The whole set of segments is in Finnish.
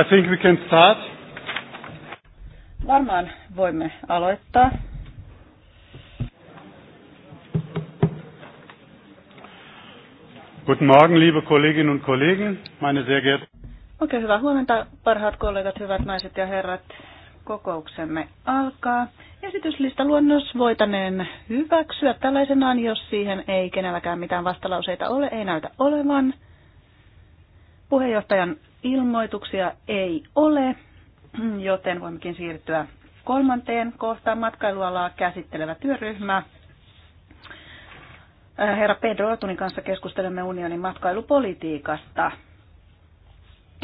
I think we can start. Varmaan voimme aloittaa. Guten Morgen, liebe Kolleginnen und Kollegen, meine sehr geehrten. okay, hyvää huomenta, parhaat kollegat, hyvät naiset ja herrat. Kokouksemme alkaa. Esityslista luonnos voitaneen hyväksyä tällaisenaan, jos siihen ei kenelläkään mitään vastalauseita ole, ei näytä olevan. Puheenjohtajan Ilmoituksia ei ole, joten voimmekin siirtyä kolmanteen kohtaan matkailualaa käsittelevä työryhmä. Äh, herra Pedro Otunin kanssa keskustelemme unionin matkailupolitiikasta.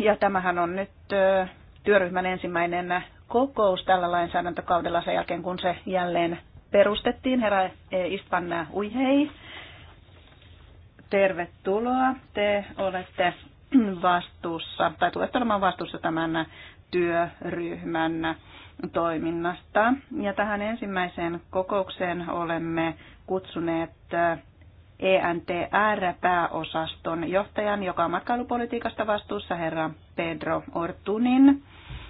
Ja tämähän on nyt äh, työryhmän ensimmäinen kokous tällä lainsäädäntökaudella sen jälkeen, kun se jälleen perustettiin. Herra eh, Ispanna Uihei, tervetuloa. Te olette vastuussa, tai tulette olemaan vastuussa tämän työryhmän toiminnasta. Ja tähän ensimmäiseen kokoukseen olemme kutsuneet ENTR-pääosaston johtajan, joka on matkailupolitiikasta vastuussa, herra Pedro Ortunin.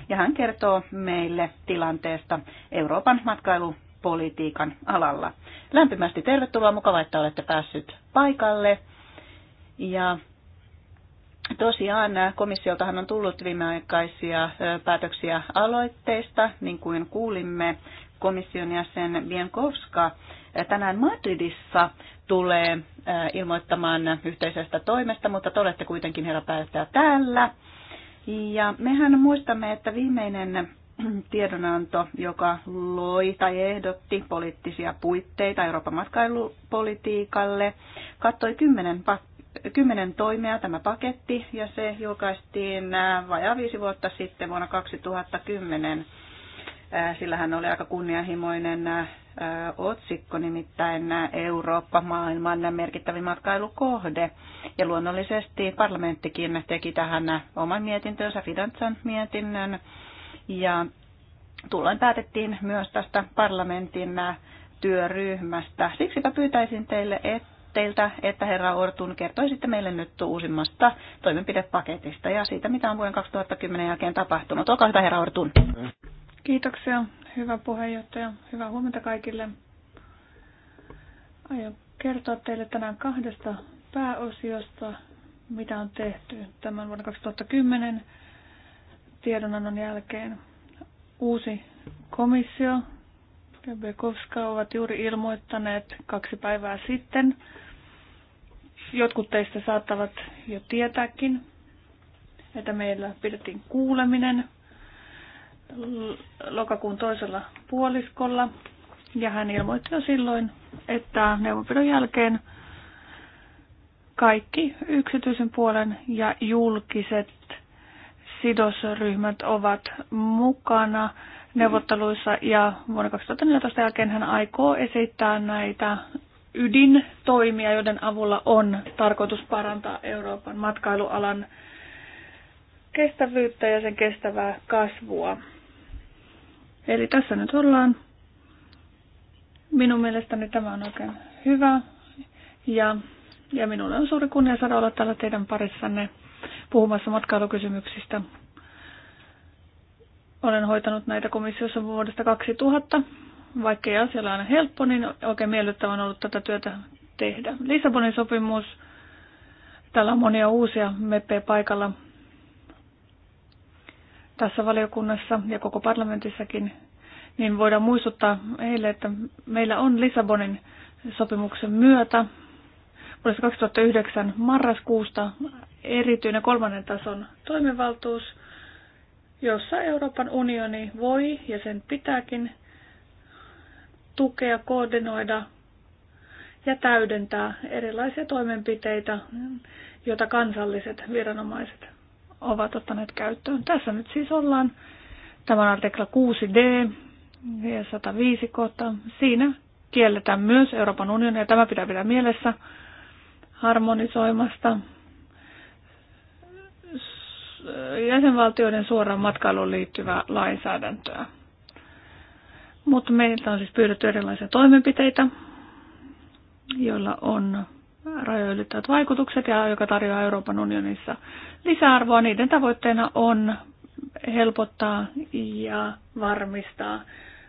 Ja hän kertoo meille tilanteesta Euroopan matkailupolitiikan alalla. Lämpimästi tervetuloa, mukava, että olette päässyt paikalle. Ja Tosiaan komissioltahan on tullut viimeaikaisia päätöksiä aloitteista, niin kuin kuulimme komission jäsen Bienkowska tänään Madridissa tulee ilmoittamaan yhteisestä toimesta, mutta te olette kuitenkin herra päättäjä täällä. Ja mehän muistamme, että viimeinen tiedonanto, joka loi tai ehdotti poliittisia puitteita Euroopan matkailupolitiikalle, kattoi kymmenen kymmenen toimea tämä paketti ja se julkaistiin äh, vajaa viisi vuotta sitten vuonna 2010. Äh, sillähän oli aika kunnianhimoinen äh, otsikko, nimittäin Eurooppa maailman merkittävin matkailukohde. Ja luonnollisesti parlamenttikin teki tähän oman mietintönsä, Fidanzan mietinnön. Ja tullaan päätettiin myös tästä parlamentin työryhmästä. Siksipä pyytäisin teille, että teiltä, että herra Ortun kertoisitte meille nyt uusimmasta toimenpidepaketista ja siitä, mitä on vuoden 2010 jälkeen tapahtunut. Olkaa hyvä, herra Ortun. Kiitoksia, hyvä puheenjohtaja. Hyvää huomenta kaikille. Aion kertoa teille tänään kahdesta pääosiosta, mitä on tehty tämän vuoden 2010 tiedonannon jälkeen. Uusi komissio ja Bekovska ovat juuri ilmoittaneet kaksi päivää sitten Jotkut teistä saattavat jo tietääkin, että meillä pidettiin kuuleminen lokakuun toisella puoliskolla. Ja hän ilmoitti jo silloin, että neuvonpidon jälkeen kaikki yksityisen puolen ja julkiset sidosryhmät ovat mukana neuvotteluissa ja vuonna 2014 jälkeen hän aikoo esittää näitä ydintoimia, joiden avulla on tarkoitus parantaa Euroopan matkailualan kestävyyttä ja sen kestävää kasvua. Eli tässä nyt ollaan. Minun mielestäni tämä on oikein hyvä ja, ja minulle on suuri kunnia saada olla täällä teidän parissanne puhumassa matkailukysymyksistä. Olen hoitanut näitä komissiossa vuodesta 2000 vaikkei asia ole aina helppo, niin oikein miellyttävä on ollut tätä työtä tehdä. Lissabonin sopimus, täällä on monia uusia meppejä paikalla tässä valiokunnassa ja koko parlamentissakin, niin voidaan muistuttaa heille, että meillä on Lissabonin sopimuksen myötä vuodesta 2009 marraskuusta erityinen kolmannen tason toimivaltuus, jossa Euroopan unioni voi ja sen pitääkin tukea, koordinoida ja täydentää erilaisia toimenpiteitä, joita kansalliset viranomaiset ovat ottaneet käyttöön. Tässä nyt siis ollaan. Tämä on artikla 6d ja 105 kohta. Siinä kielletään myös Euroopan unionia, ja tämä pitää pitää mielessä, harmonisoimasta jäsenvaltioiden suoraan matkailuun liittyvää lainsäädäntöä. Mutta meiltä on siis pyydetty erilaisia toimenpiteitä, joilla on rajoilittavat vaikutukset ja joka tarjoaa Euroopan unionissa lisäarvoa. Niiden tavoitteena on helpottaa ja varmistaa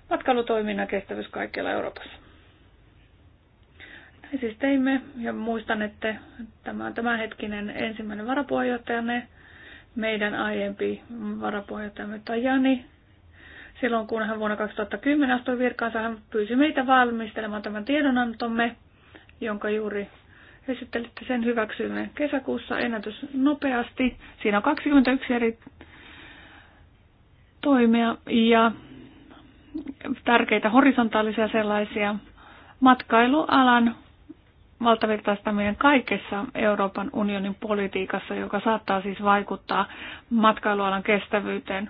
matkailutoiminnan kestävyys kaikkialla Euroopassa. Näin siis teimme ja muistan, että tämä on tämänhetkinen ensimmäinen varapuheenjohtajanne, meidän aiempi varapuheenjohtajamme Tajani Silloin kun hän vuonna 2010 astui virkaansa, hän pyysi meitä valmistelemaan tämän tiedonantomme, jonka juuri esittelitte sen hyväksymme kesäkuussa ennätys nopeasti. Siinä on 21 eri toimia ja tärkeitä horisontaalisia sellaisia. Matkailualan valtavirtaistaminen kaikessa Euroopan unionin politiikassa, joka saattaa siis vaikuttaa matkailualan kestävyyteen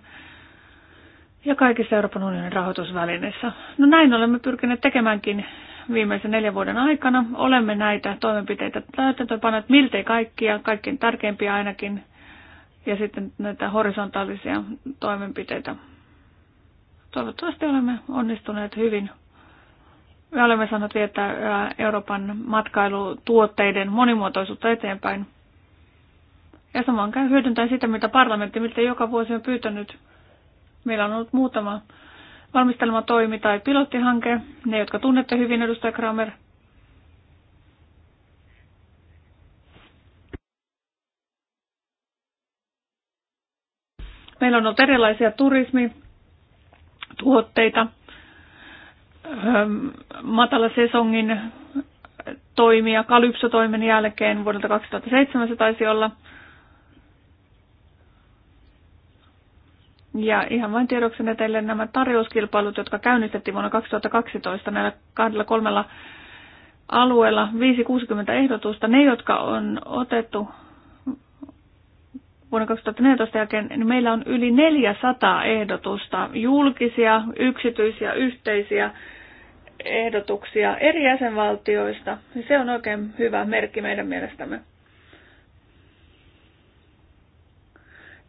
ja kaikissa Euroopan unionin rahoitusvälineissä. No näin olemme pyrkineet tekemäänkin viimeisen neljän vuoden aikana. Olemme näitä toimenpiteitä täytäntöönpaneet miltei kaikkia, kaikkein tärkeimpiä ainakin, ja sitten näitä horisontaalisia toimenpiteitä. Toivottavasti olemme onnistuneet hyvin. Me olemme saaneet viettää Euroopan matkailutuotteiden monimuotoisuutta eteenpäin. Ja samoin käy hyödyntää sitä, mitä parlamentti miltä joka vuosi on pyytänyt Meillä on ollut muutama valmistelma toimi tai pilottihanke, ne jotka tunnette hyvin, edustaja Kramer. Meillä on ollut erilaisia turismituotteita, matala sesongin toimia, kalypsotoimen jälkeen vuodelta 2007 se taisi olla – Ja ihan vain tiedoksenne teille nämä tarjouskilpailut, jotka käynnistettiin vuonna 2012 näillä kahdella kolmella alueella, 560 ehdotusta, ne jotka on otettu vuonna 2014 jälkeen, niin meillä on yli 400 ehdotusta, julkisia, yksityisiä, yhteisiä ehdotuksia eri jäsenvaltioista. Se on oikein hyvä merkki meidän mielestämme.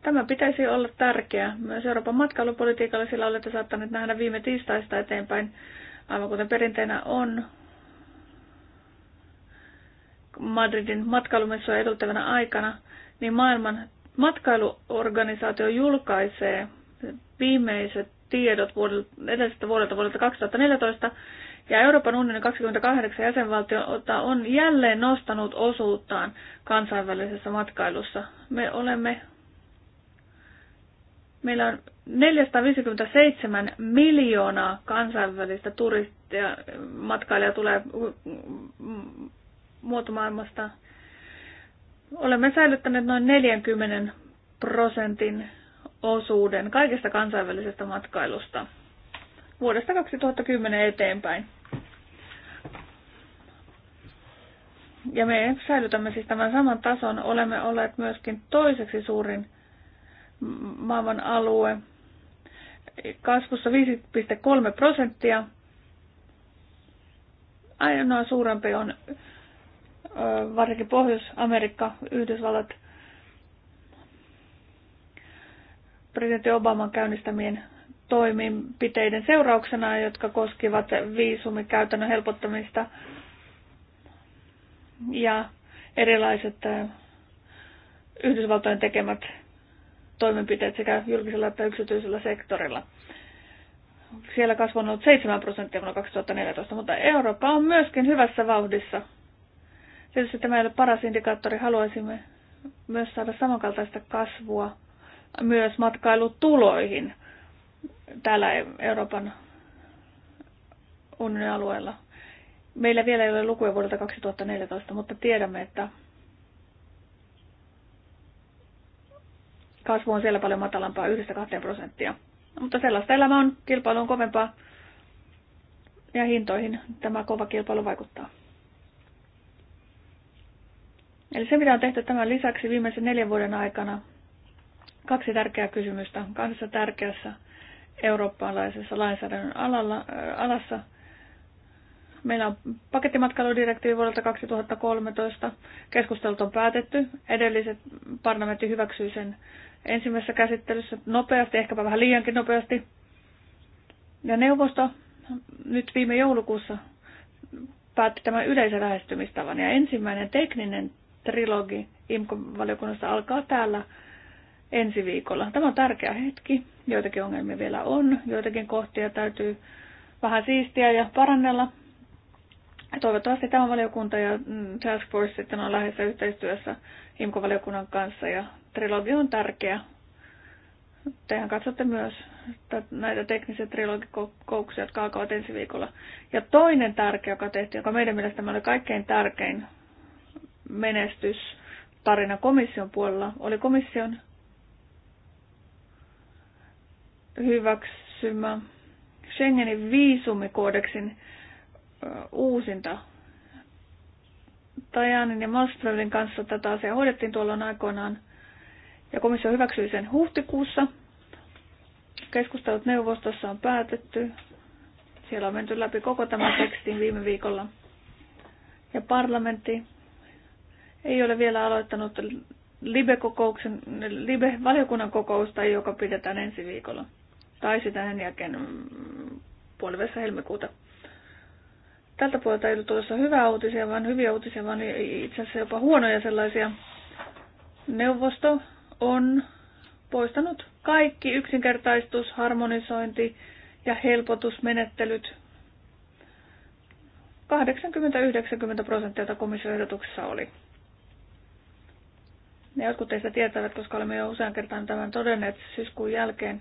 Tämä pitäisi olla tärkeää myös Euroopan matkailupolitiikalla sillä olette saattaneet nähdä viime tiistaista eteenpäin, aivan kuten perinteinä on. Madridin matkailumessua edeltävänä aikana, niin maailman matkailuorganisaatio julkaisee viimeiset tiedot vuodelta, edellisestä vuodelta vuodelta 2014, ja Euroopan unionin 28 jäsenvaltiota on jälleen nostanut osuuttaan kansainvälisessä matkailussa. Me olemme Meillä on 457 miljoonaa kansainvälistä turistia, matkailijaa tulee muotomaailmasta. Olemme säilyttäneet noin 40 prosentin osuuden kaikesta kansainvälisestä matkailusta vuodesta 2010 eteenpäin. Ja me säilytämme siis tämän saman tason. Olemme olleet myöskin toiseksi suurin maailman alue kasvussa 5,3 prosenttia. Ainoa suurempi on varsinkin Pohjois-Amerikka, Yhdysvallat, presidentti Obaman käynnistämien toimenpiteiden seurauksena, jotka koskivat viisumikäytännön helpottamista ja erilaiset Yhdysvaltojen tekemät toimenpiteet sekä julkisella että yksityisellä sektorilla. Siellä kasvanut on 7 prosenttia vuonna 2014, mutta Eurooppa on myöskin hyvässä vauhdissa. Tietysti tämä ei ole paras indikaattori, haluaisimme myös saada samankaltaista kasvua myös matkailutuloihin täällä Euroopan unionin alueella. Meillä vielä ei ole lukuja vuodelta 2014, mutta tiedämme, että kasvu on siellä paljon matalampaa, yhdestä kahteen prosenttia. Mutta sellaista elämää on, kilpailu on kovempaa ja hintoihin tämä kova kilpailu vaikuttaa. Eli se, mitä on tehty tämän lisäksi viimeisen neljän vuoden aikana, kaksi tärkeää kysymystä Kansassa tärkeässä eurooppalaisessa lainsäädännön alalla, äh, alassa. Meillä on pakettimatkailudirektiivi vuodelta 2013. Keskustelut on päätetty. Edelliset parlamentti hyväksyi sen ensimmäisessä käsittelyssä nopeasti, ehkäpä vähän liiankin nopeasti. Ja neuvosto nyt viime joulukuussa päätti tämän yleisen lähestymistavan. Ja ensimmäinen tekninen trilogi IMCO-valiokunnassa alkaa täällä ensi viikolla. Tämä on tärkeä hetki. Joitakin ongelmia vielä on. Joitakin kohtia täytyy vähän siistiä ja parannella. Toivottavasti tämä valiokunta ja mm, Task Force sitten on läheisessä yhteistyössä IMCO-valiokunnan kanssa ja trilogi on tärkeä. Tehän katsotte myös näitä teknisiä trilogikokouksia, jotka alkavat ensi viikolla. Ja toinen tärkeä, joka tehtiin, joka meidän mielestä oli kaikkein tärkein menestys tarina komission puolella, oli komission hyväksymä Schengenin viisumikoodeksin uusinta. Tajanin ja Malmströmin kanssa tätä asiaa hoidettiin tuolloin aikoinaan – ja komissio hyväksyi sen huhtikuussa. Keskustelut neuvostossa on päätetty. Siellä on menty läpi koko tämän tekstin viime viikolla. Ja parlamentti ei ole vielä aloittanut LIBE-kokouksen, LIBE-valiokunnan kokousta, joka pidetään ensi viikolla. Tai sitä sen jälkeen mm, puolivässä helmikuuta. Tältä puolelta ei ole tulossa hyvää uutisia, vaan hyviä uutisia, vaan itse asiassa jopa huonoja sellaisia. Neuvosto on poistanut kaikki yksinkertaistus, harmonisointi ja helpotusmenettelyt 80-90 prosenttia, jota komission ehdotuksessa oli. Ne jotkut teistä tietävät, koska olemme jo usean kertaan tämän todenneet syyskuun jälkeen,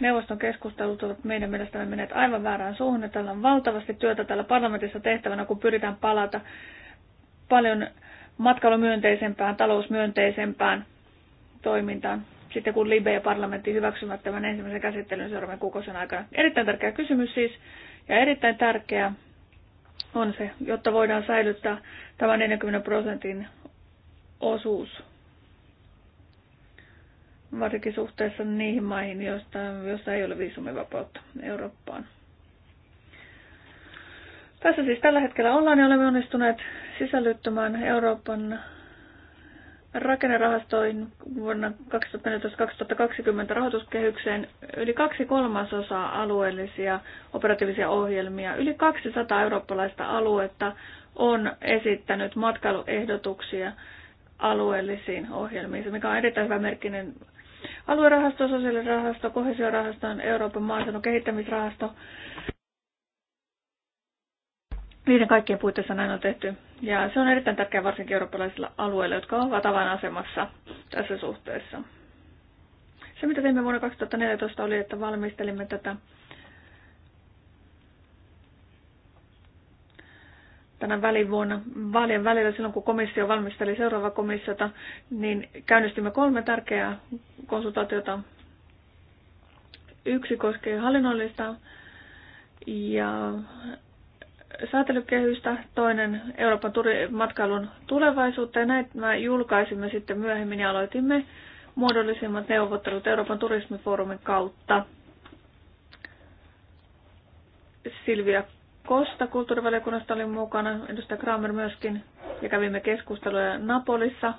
neuvoston keskustelut ovat meidän mielestämme menneet aivan väärään suuhun. tällä täällä on valtavasti työtä täällä parlamentissa tehtävänä, kun pyritään palata paljon matkailumyönteisempään, talousmyönteisempään toimintaan sitten kun Libe ja parlamentti hyväksyvät tämän ensimmäisen käsittelyn seuraavan kuukausien aikana. Erittäin tärkeä kysymys siis, ja erittäin tärkeä on se, jotta voidaan säilyttää tämä 40 prosentin osuus, varsinkin suhteessa niihin maihin, joista, joista ei ole viisumivapautta Eurooppaan. Tässä siis tällä hetkellä ollaan ja olemme onnistuneet sisällyttämään Euroopan rakennerahastoin vuonna 2014-2020 rahoituskehykseen yli kaksi kolmasosaa alueellisia operatiivisia ohjelmia. Yli 200 eurooppalaista aluetta on esittänyt matkailuehdotuksia alueellisiin ohjelmiin, mikä on erittäin hyvä merkkinen aluerahasto, sosiaalirahasto, kohesiorahasto, Euroopan maaseudun kehittämisrahasto niiden kaikkien puitteissa näin on tehty. Ja se on erittäin tärkeää varsinkin eurooppalaisilla alueilla, jotka ovat avainasemassa tässä suhteessa. Se, mitä teimme vuonna 2014, oli, että valmistelimme tätä tänä välivuonna vaalien välillä, silloin kun komissio valmisteli seuraavaa komissiota, niin käynnistimme kolme tärkeää konsultaatiota. Yksi koskee hallinnollista ja säätelykehystä, toinen Euroopan matkailun tulevaisuutta ja näitä julkaisimme sitten myöhemmin ja aloitimme muodollisimmat neuvottelut Euroopan turismifoorumin kautta. Silvia Kosta kulttuurivaliokunnasta oli mukana, edustaja Kramer myöskin, ja kävimme keskusteluja Napolissa.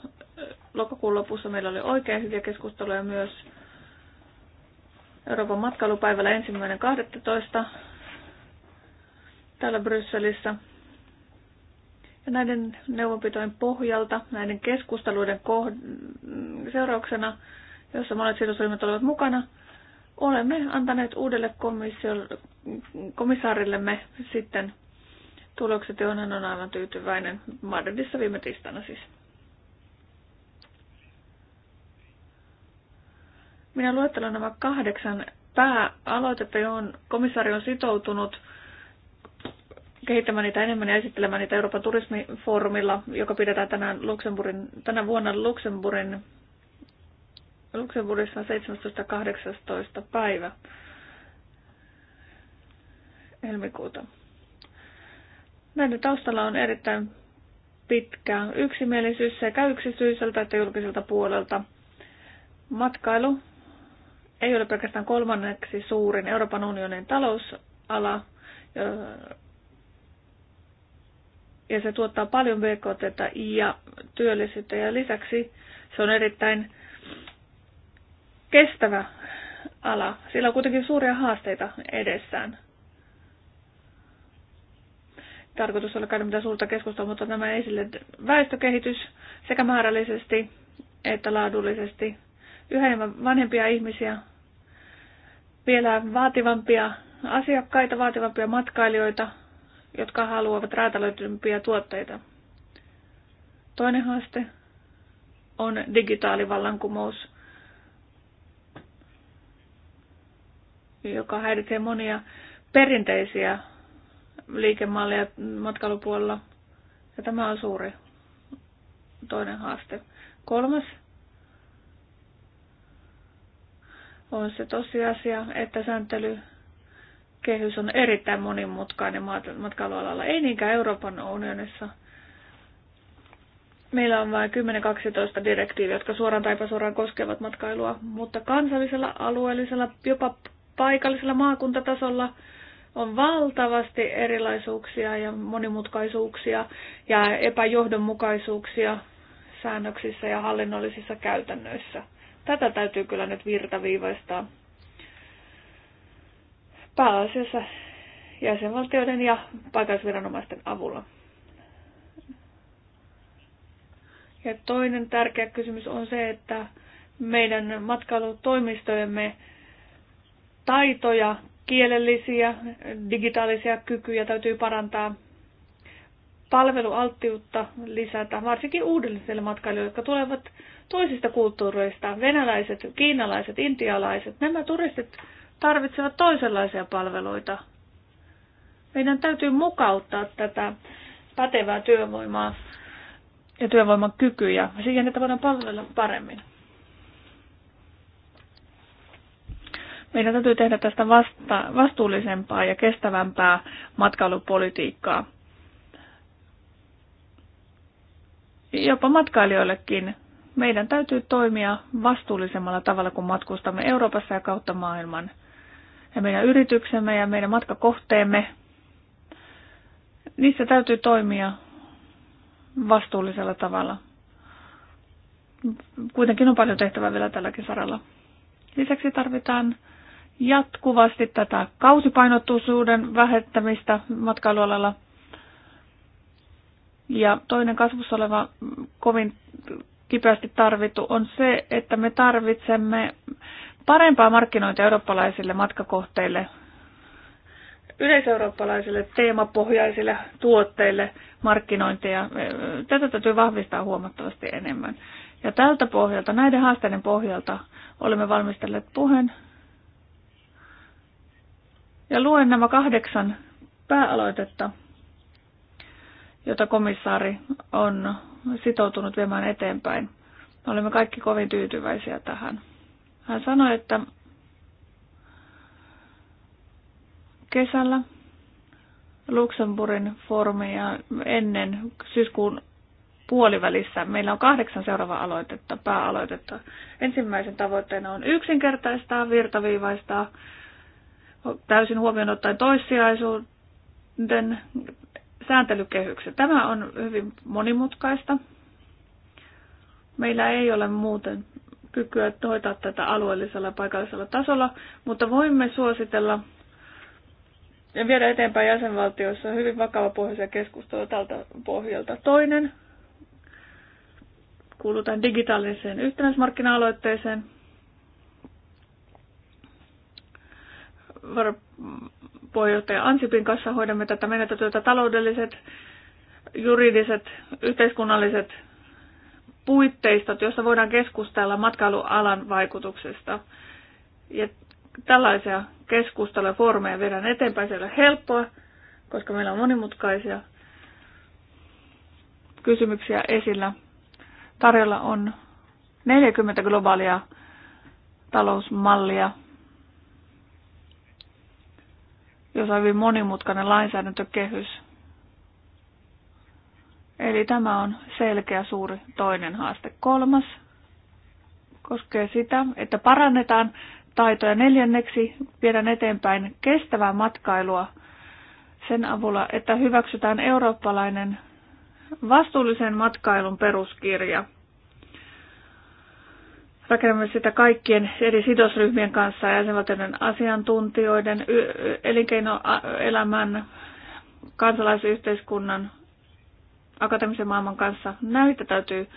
Lokakuun lopussa meillä oli oikein hyviä keskusteluja myös Euroopan matkailupäivällä ensimmäinen täällä Brysselissä. Ja näiden neuvonpitojen pohjalta, näiden keskusteluiden seurauksena, jossa monet sidosryhmät olivat mukana, olemme antaneet uudelle komissaarillemme sitten tulokset, johon hän on aivan tyytyväinen Madridissa viime tiistaina siis. Minä luettelen nämä kahdeksan pääaloitetta, johon komissaari on sitoutunut kehittämään niitä enemmän ja esittelemään niitä Euroopan turismifoorumilla, joka pidetään tänään Luxemburgin, tänä vuonna Luxemburgin, Luxemburgissa 17.18. päivä helmikuuta. Näiden taustalla on erittäin pitkään yksimielisyys sekä yksityiseltä että julkiselta puolelta. Matkailu ei ole pelkästään kolmanneksi suurin Euroopan unionin talousala, ja se tuottaa paljon BKT ja työllisyyttä ja lisäksi se on erittäin kestävä ala. Sillä on kuitenkin suuria haasteita edessään. Tarkoitus oli käydä mitään suurta keskustelua, mutta tämä esille väestökehitys sekä määrällisesti että laadullisesti. Yhä enemmän vanhempia ihmisiä, vielä vaativampia asiakkaita, vaativampia matkailijoita, jotka haluavat räätälöitympiä tuotteita. Toinen haaste on digitaalivallankumous, joka häiritsee monia perinteisiä liikemalleja matkailupuolella. Ja tämä on suuri toinen haaste. Kolmas on se tosiasia, että sääntely kehys on erittäin monimutkainen matkailualalla, ei niinkään Euroopan unionissa. Meillä on vain 10-12 direktiiviä, jotka suoraan tai epäsuoraan koskevat matkailua, mutta kansallisella, alueellisella, jopa paikallisella maakuntatasolla on valtavasti erilaisuuksia ja monimutkaisuuksia ja epäjohdonmukaisuuksia säännöksissä ja hallinnollisissa käytännöissä. Tätä täytyy kyllä nyt virtaviivaistaa pääasiassa jäsenvaltioiden ja paikallisviranomaisten avulla. Ja toinen tärkeä kysymys on se, että meidän matkailutoimistojemme taitoja, kielellisiä, digitaalisia kykyjä täytyy parantaa, palvelualttiutta lisätä, varsinkin uudellisille matkailijoille, jotka tulevat toisista kulttuureista, venäläiset, kiinalaiset, intialaiset, nämä turistit tarvitsevat toisenlaisia palveluita. Meidän täytyy mukauttaa tätä pätevää työvoimaa ja työvoiman kykyjä siihen, että voidaan palvella paremmin. Meidän täytyy tehdä tästä vasta, vastuullisempaa ja kestävämpää matkailupolitiikkaa. Jopa matkailijoillekin meidän täytyy toimia vastuullisemmalla tavalla, kun matkustamme Euroopassa ja kautta maailman – ja meidän yrityksemme ja meidän matkakohteemme, niissä täytyy toimia vastuullisella tavalla. Kuitenkin on paljon tehtävää vielä tälläkin saralla. Lisäksi tarvitaan jatkuvasti tätä kausipainottuisuuden vähettämistä matkailualalla. Ja toinen kasvussa oleva kovin kipeästi tarvittu on se, että me tarvitsemme parempaa markkinointia eurooppalaisille matkakohteille, yleiseurooppalaisille teemapohjaisille tuotteille markkinointia. Tätä täytyy vahvistaa huomattavasti enemmän. Ja tältä pohjalta, näiden haasteiden pohjalta, olemme valmistelleet puheen. Ja luen nämä kahdeksan pääaloitetta, jota komissaari on sitoutunut viemään eteenpäin. Olemme kaikki kovin tyytyväisiä tähän. Hän sanoi, että kesällä Luxemburgin foorumia ennen syyskuun puolivälissä. Meillä on kahdeksan seuraavaa aloitetta, pääaloitetta. Ensimmäisen tavoitteena on yksinkertaistaa, virtaviivaistaa, täysin huomioon ottaen toissijaisuuden sääntelykehykset. Tämä on hyvin monimutkaista. Meillä ei ole muuten kykyä hoitaa tätä alueellisella ja paikallisella tasolla, mutta voimme suositella ja viedä eteenpäin jäsenvaltioissa hyvin vakava vakavapohjaisia keskustelua tältä pohjalta. Toinen kuuluu tähän digitaaliseen yhtenäismarkkina-aloitteeseen. Puheenjohtaja Ansipin kanssa hoidamme tätä menetetyötä taloudelliset, juridiset, yhteiskunnalliset puitteistot, joissa voidaan keskustella matkailualan vaikutuksesta. Ja tällaisia keskusteluja foorumeja vedän eteenpäin. Se ei ole helppoa, koska meillä on monimutkaisia kysymyksiä esillä. Tarjolla on 40 globaalia talousmallia, jossa on hyvin monimutkainen lainsäädäntökehys – Eli tämä on selkeä suuri toinen haaste. Kolmas koskee sitä, että parannetaan taitoja. Neljänneksi viedään eteenpäin kestävää matkailua sen avulla, että hyväksytään eurooppalainen vastuullisen matkailun peruskirja. Rakennamme sitä kaikkien eri sidosryhmien kanssa ja jäsenvaltioiden asiantuntijoiden, elinkeinoelämän, kansalaisyhteiskunnan akateemisen maailman kanssa. Näitä täytyy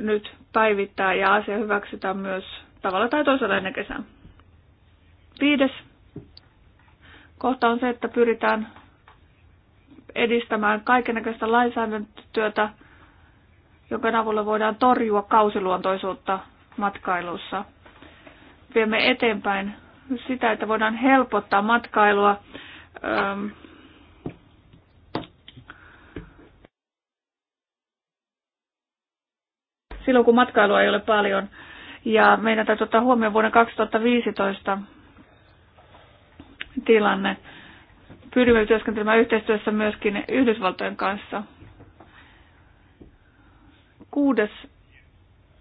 nyt päivittää ja asia hyväksytään myös tavalla tai toisella ennen kesää. Viides kohta on se, että pyritään edistämään kaikenlaista lainsäädäntötyötä, jonka avulla voidaan torjua kausiluontoisuutta matkailussa. Viemme eteenpäin sitä, että voidaan helpottaa matkailua ähm, silloin, kun matkailua ei ole paljon. Ja meidän täytyy ottaa huomioon vuoden 2015 tilanne. Pyrimme työskentelemään yhteistyössä myöskin Yhdysvaltojen kanssa. Kuudes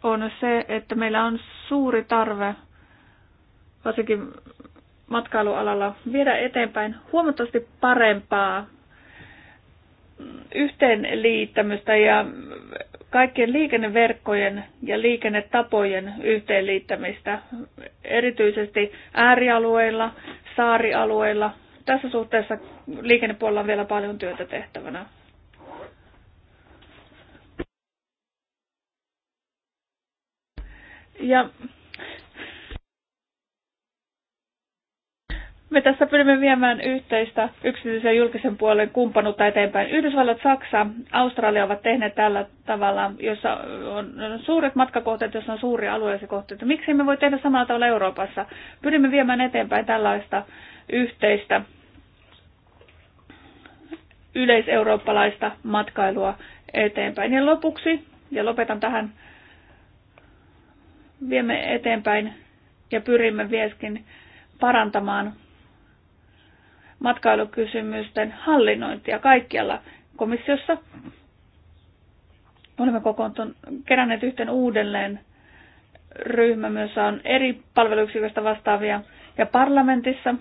on se, että meillä on suuri tarve, varsinkin matkailualalla, viedä eteenpäin huomattavasti parempaa yhteenliittämistä ja kaikkien liikenneverkkojen ja liikennetapojen yhteenliittämistä, erityisesti äärialueilla, saarialueilla. Tässä suhteessa liikennepuolella on vielä paljon työtä tehtävänä. Ja Me tässä pyrimme viemään yhteistä yksityisen ja julkisen puolen kumppanuutta eteenpäin. Yhdysvallat, Saksa, Australia ovat tehneet tällä tavalla, jossa on suuret matkakohteet, jossa on suuria alueellisia kohteita. Miksi me voi tehdä samalla tavalla Euroopassa? Pyrimme viemään eteenpäin tällaista yhteistä yleiseurooppalaista matkailua eteenpäin. Ja lopuksi, ja lopetan tähän, viemme eteenpäin ja pyrimme vieskin parantamaan matkailukysymysten hallinnointia kaikkialla komissiossa. Olemme kokoontun, keränneet yhteen uudelleen ryhmä, myös on eri palveluyksiköistä vastaavia. Ja parlamentissa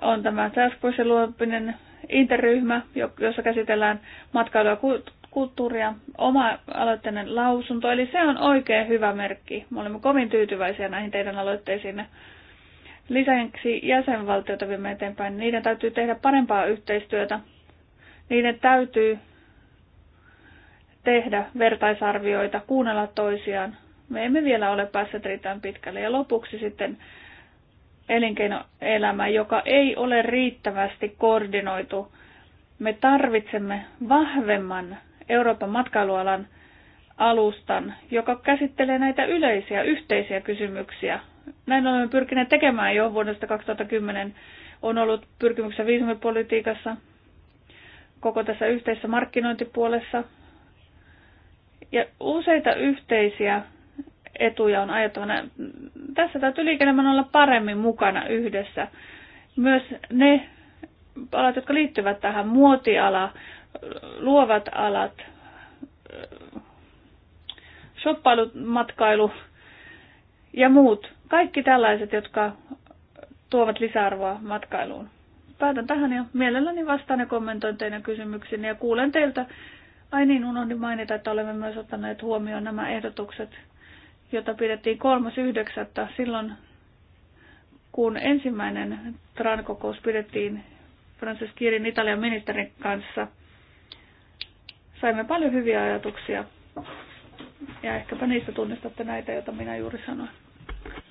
on tämä Task luopinen interryhmä, jossa käsitellään ja kulttuuria, oma-aloitteinen lausunto, eli se on oikein hyvä merkki. Me olemme kovin tyytyväisiä näihin teidän aloitteisiinne. Lisäksi jäsenvaltiota viemme eteenpäin. Niiden täytyy tehdä parempaa yhteistyötä. Niiden täytyy tehdä vertaisarvioita, kuunnella toisiaan. Me emme vielä ole päässeet riittävän pitkälle. Ja lopuksi sitten elinkeinoelämä, joka ei ole riittävästi koordinoitu. Me tarvitsemme vahvemman Euroopan matkailualan alustan, joka käsittelee näitä yleisiä, yhteisiä kysymyksiä, näin olemme pyrkineet tekemään jo vuodesta 2010. On ollut pyrkimyksessä viisumipolitiikassa, koko tässä yhteisessä markkinointipuolessa. Ja useita yhteisiä etuja on ajattavana. Tässä täytyy liikennemän olla paremmin mukana yhdessä. Myös ne alat, jotka liittyvät tähän, muotiala, luovat alat, shoppailumatkailu, matkailu, ja muut. Kaikki tällaiset, jotka tuovat lisäarvoa matkailuun. Päätän tähän ja mielelläni vastaan ja kommentoin teidän kysymyksiin ja kuulen teiltä. Ai niin, unohdin mainita, että olemme myös ottaneet huomioon nämä ehdotukset, joita pidettiin 3.9. silloin, kun ensimmäinen TRAN-kokous pidettiin Francis Kirin Italian ministerin kanssa. Saimme paljon hyviä ajatuksia ja ehkäpä niistä tunnistatte näitä, joita minä juuri sanoin.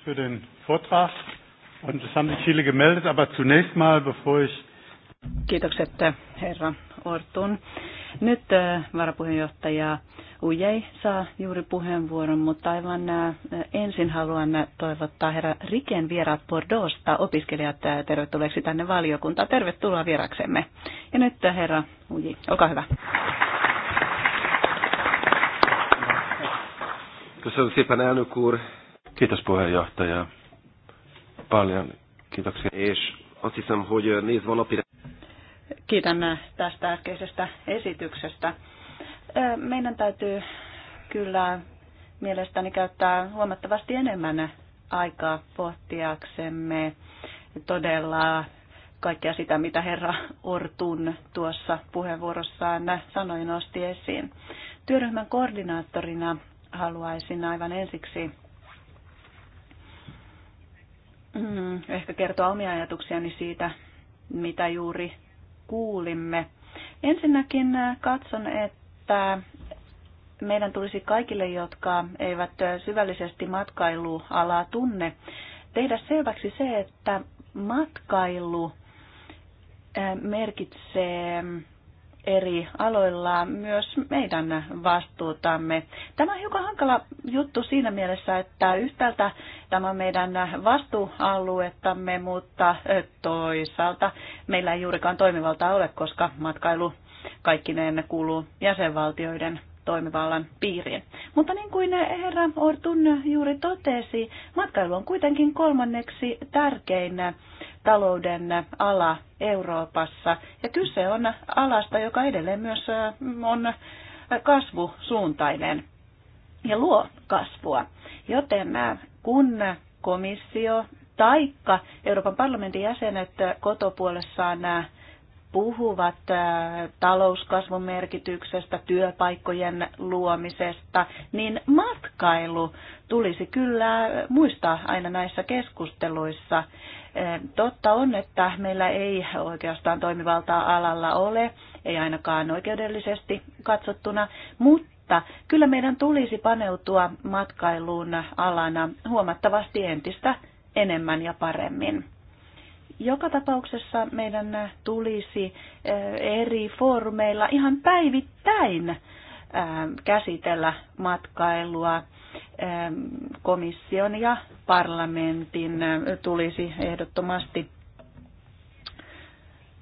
Für den Vortrag. Und es haben sich viele gemeldet, aber zunächst mal, bevor ich... Kiitokset, herra Ortun. Nyt äh, varapuheenjohtaja Ujei saa juuri puheenvuoron, mutta aivan äh, ensin haluan toivottaa herra Riken vieraat Bordeauxsta opiskelijat äh, tervetulleeksi tänne valiokuntaan. Tervetuloa vieraksemme. Ja nyt herra Uji, olkaa hyvä. Köszönöm elnök úr. Kiitos puheenjohtaja. Paljon kiitoksia. És azt hiszem, hogy nézve a napire... Kiitän tästä äskeisestä esityksestä. Meidän täytyy kyllä mielestäni käyttää huomattavasti enemmän aikaa pohtiaksemme todella kaikkea sitä, mitä herra Ortun tuossa puheenvuorossaan sanoi nosti esiin. Työryhmän koordinaattorina haluaisin aivan ensiksi mm, ehkä kertoa omia ajatuksiani siitä, mitä juuri kuulimme. Ensinnäkin äh, katson, että meidän tulisi kaikille, jotka eivät äh, syvällisesti matkailualaa tunne, tehdä selväksi se, että matkailu äh, merkitsee eri aloilla myös meidän vastuutamme. Tämä on hiukan hankala juttu siinä mielessä, että yhtäältä tämä on meidän vastuualuettamme, mutta toisaalta meillä ei juurikaan toimivaltaa ole, koska matkailu kaikkineen kuuluu jäsenvaltioiden toimivallan piiriin. Mutta niin kuin herra Ortun juuri totesi, matkailu on kuitenkin kolmanneksi tärkein talouden ala Euroopassa. Ja kyse on alasta, joka edelleen myös on kasvusuuntainen ja luo kasvua. Joten kun komissio taikka Euroopan parlamentin jäsenet kotopuolessaan puhuvat talouskasvun merkityksestä, työpaikkojen luomisesta, niin matkailu tulisi kyllä muistaa aina näissä keskusteluissa. Totta on, että meillä ei oikeastaan toimivaltaa alalla ole, ei ainakaan oikeudellisesti katsottuna, mutta kyllä meidän tulisi paneutua matkailuun alana huomattavasti entistä enemmän ja paremmin. Joka tapauksessa meidän tulisi eri foorumeilla ihan päivittäin käsitellä matkailua komission ja parlamentin tulisi ehdottomasti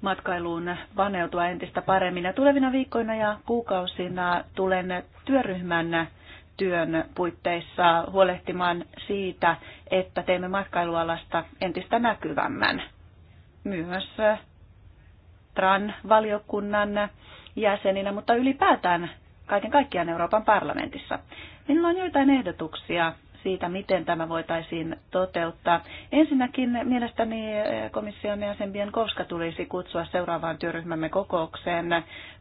matkailuun paneutua entistä paremmin. Ja tulevina viikkoina ja kuukausina tulen työryhmän työn puitteissa huolehtimaan siitä, että teemme matkailualasta entistä näkyvämmän. Myös eh, TRAN-valiokunnan jäseninä, mutta ylipäätään kaiken kaikkiaan Euroopan parlamentissa. Minulla on joitain ehdotuksia siitä, miten tämä voitaisiin toteuttaa. Ensinnäkin mielestäni komission jäsen koska tulisi kutsua seuraavaan työryhmämme kokoukseen.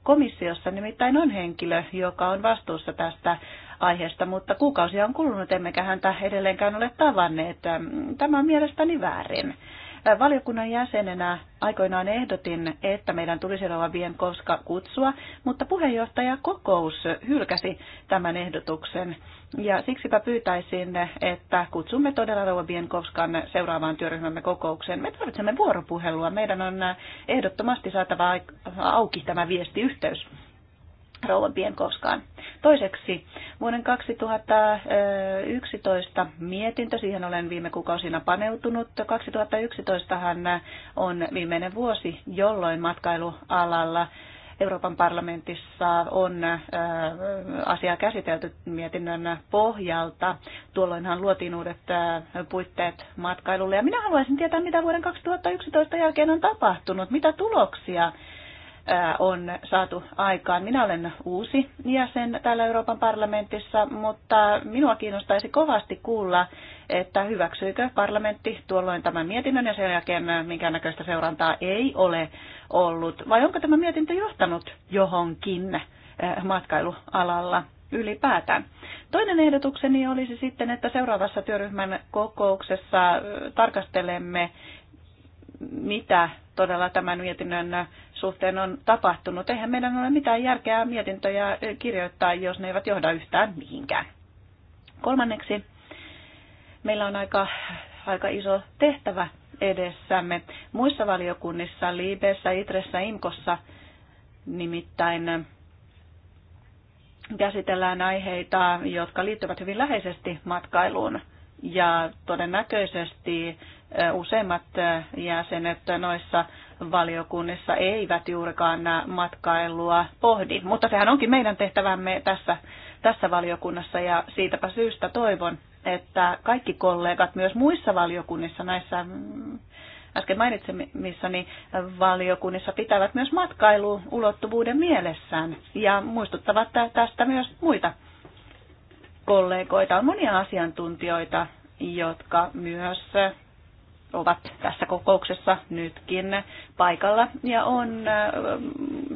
Komissiossa nimittäin on henkilö, joka on vastuussa tästä aiheesta, mutta kuukausia on kulunut, emmekä häntä edelleenkään ole tavanneet. Tämä on mielestäni väärin. Valiokunnan jäsenenä aikoinaan ehdotin, että meidän tulisi olla koska kutsua, mutta kokous hylkäsi tämän ehdotuksen. Ja siksipä pyytäisin, että kutsumme todella Rouva Bienkovskan seuraavaan työryhmämme kokoukseen. Me tarvitsemme vuoropuhelua. Meidän on ehdottomasti saatava auki tämä viestiyhteys rouvan Bienkoskaan. Toiseksi vuoden 2011 mietintö, siihen olen viime kuukausina paneutunut. 2011han on viimeinen vuosi, jolloin matkailualalla Euroopan parlamentissa on asiaa käsitelty mietinnön pohjalta. Tuolloinhan luotiin uudet puitteet matkailulle. Ja minä haluaisin tietää, mitä vuoden 2011 jälkeen on tapahtunut, mitä tuloksia on saatu aikaan. Minä olen uusi jäsen täällä Euroopan parlamentissa, mutta minua kiinnostaisi kovasti kuulla, että hyväksyykö parlamentti tuolloin tämän mietinnön ja sen jälkeen minkäännäköistä seurantaa ei ole ollut. Vai onko tämä mietintö johtanut johonkin matkailualalla? ylipäätään. Toinen ehdotukseni olisi sitten, että seuraavassa työryhmän kokouksessa tarkastelemme, mitä todella tämän mietinnön suhteen on tapahtunut. Eihän meidän ole mitään järkeä mietintöjä kirjoittaa, jos ne eivät johda yhtään mihinkään. Kolmanneksi, meillä on aika, aika iso tehtävä edessämme. Muissa valiokunnissa, Liibessä, Itressä, Imkossa nimittäin käsitellään aiheita, jotka liittyvät hyvin läheisesti matkailuun. Ja todennäköisesti useimmat jäsenet noissa valiokunnissa eivät juurikaan matkailua pohdi. Mutta sehän onkin meidän tehtävämme tässä, tässä valiokunnassa ja siitäpä syystä toivon, että kaikki kollegat myös muissa valiokunnissa näissä mm, äsken mainitsemissani valiokunnissa pitävät myös matkailuulottuvuuden mielessään ja muistuttavat tästä myös muita kollegoita. On monia asiantuntijoita, jotka myös ovat tässä kokouksessa nytkin paikalla ja on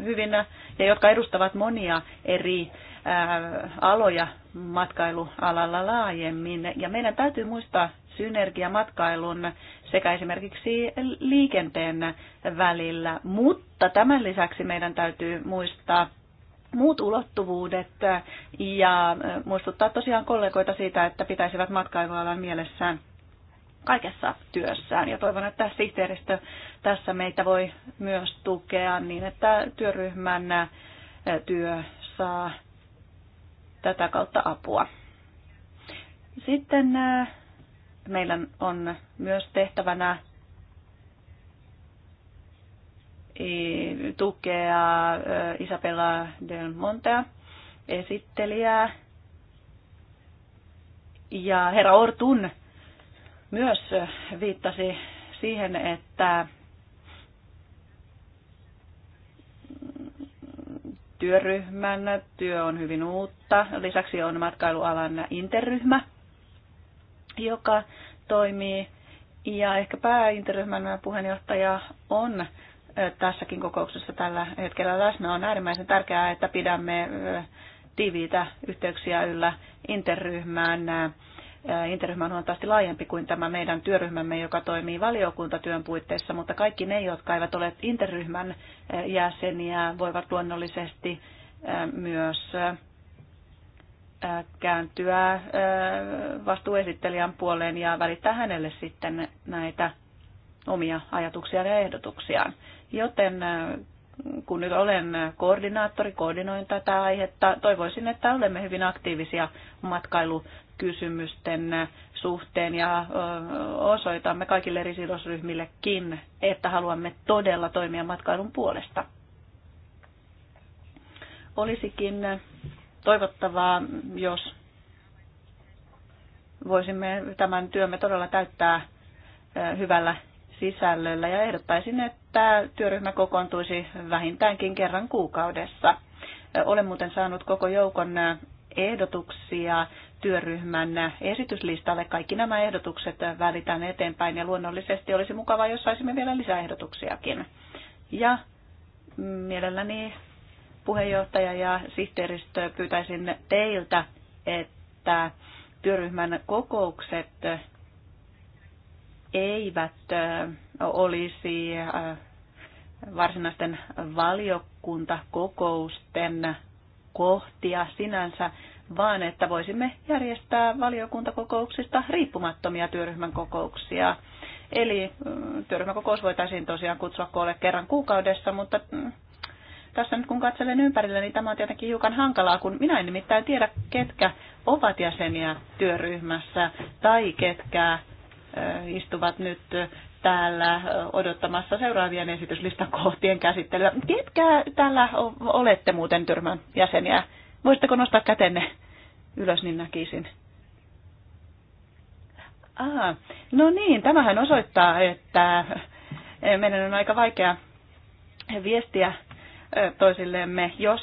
hyvin, ja jotka edustavat monia eri aloja matkailualalla laajemmin. Ja meidän täytyy muistaa synergia matkailun sekä esimerkiksi liikenteen välillä, mutta tämän lisäksi meidän täytyy muistaa muut ulottuvuudet ja muistuttaa tosiaan kollegoita siitä, että pitäisivät matkailualan mielessään kaikessa työssään. Ja toivon, että sihteeristö tässä meitä voi myös tukea niin, että työryhmän työ saa tätä kautta apua. Sitten meillä on myös tehtävänä tukea Isabella del Montea, esittelijää, ja herra Ortun myös viittasi siihen, että työryhmän työ on hyvin uutta. Lisäksi on matkailualan interryhmä, joka toimii. Ja ehkä pääinteryhmän puheenjohtaja on tässäkin kokouksessa tällä hetkellä läsnä. On äärimmäisen tärkeää, että pidämme tiiviitä yhteyksiä yllä interryhmään Interryhmä on huomattavasti laajempi kuin tämä meidän työryhmämme, joka toimii valiokuntatyön puitteissa, mutta kaikki ne, jotka eivät ole interryhmän jäseniä, voivat luonnollisesti myös kääntyä vastuuesittelijän puoleen ja välittää hänelle sitten näitä omia ajatuksia ja ehdotuksiaan. Joten kun nyt olen koordinaattori, koordinoin tätä aihetta, toivoisin, että olemme hyvin aktiivisia matkailukysymysten suhteen ja osoitamme kaikille eri sidosryhmillekin, että haluamme todella toimia matkailun puolesta. Olisikin toivottavaa, jos voisimme tämän työmme todella täyttää hyvällä sisällöllä ja ehdottaisin, että työryhmä kokoontuisi vähintäänkin kerran kuukaudessa. Olen muuten saanut koko joukon ehdotuksia työryhmän esityslistalle. Kaikki nämä ehdotukset välitään eteenpäin ja luonnollisesti olisi mukavaa, jos saisimme vielä lisäehdotuksiakin. Ja mielelläni puheenjohtaja ja sihteeristö pyytäisin teiltä, että työryhmän kokoukset eivät olisi varsinaisten valiokuntakokousten kohtia sinänsä, vaan että voisimme järjestää valiokuntakokouksista riippumattomia työryhmän kokouksia. Eli työryhmäkokous voitaisiin tosiaan kutsua koolle kerran kuukaudessa, mutta mm, tässä nyt kun katselen ympärillä, niin tämä on tietenkin hiukan hankalaa, kun minä en nimittäin tiedä, ketkä ovat jäseniä työryhmässä tai ketkä istuvat nyt täällä odottamassa seuraavien esityslistan kohtien käsittelyä. Ketkä täällä olette muuten tyrmän jäseniä? Voisitteko nostaa kätenne ylös, niin näkisin. Aha. No niin, tämähän osoittaa, että meidän on aika vaikea viestiä toisillemme, jos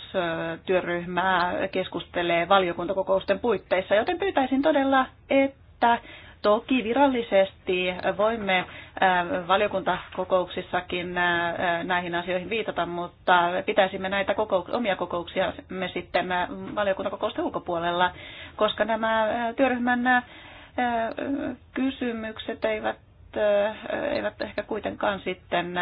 työryhmää keskustelee valiokuntakokousten puitteissa, joten pyytäisin todella, että Toki virallisesti voimme äh, valiokuntakokouksissakin äh, äh, näihin asioihin viitata, mutta pitäisimme näitä omia kokouksia me sitten valiokuntakokousten ulkopuolella, koska nämä työryhmän kysymykset eivät, eivät ehkä kuitenkaan sitten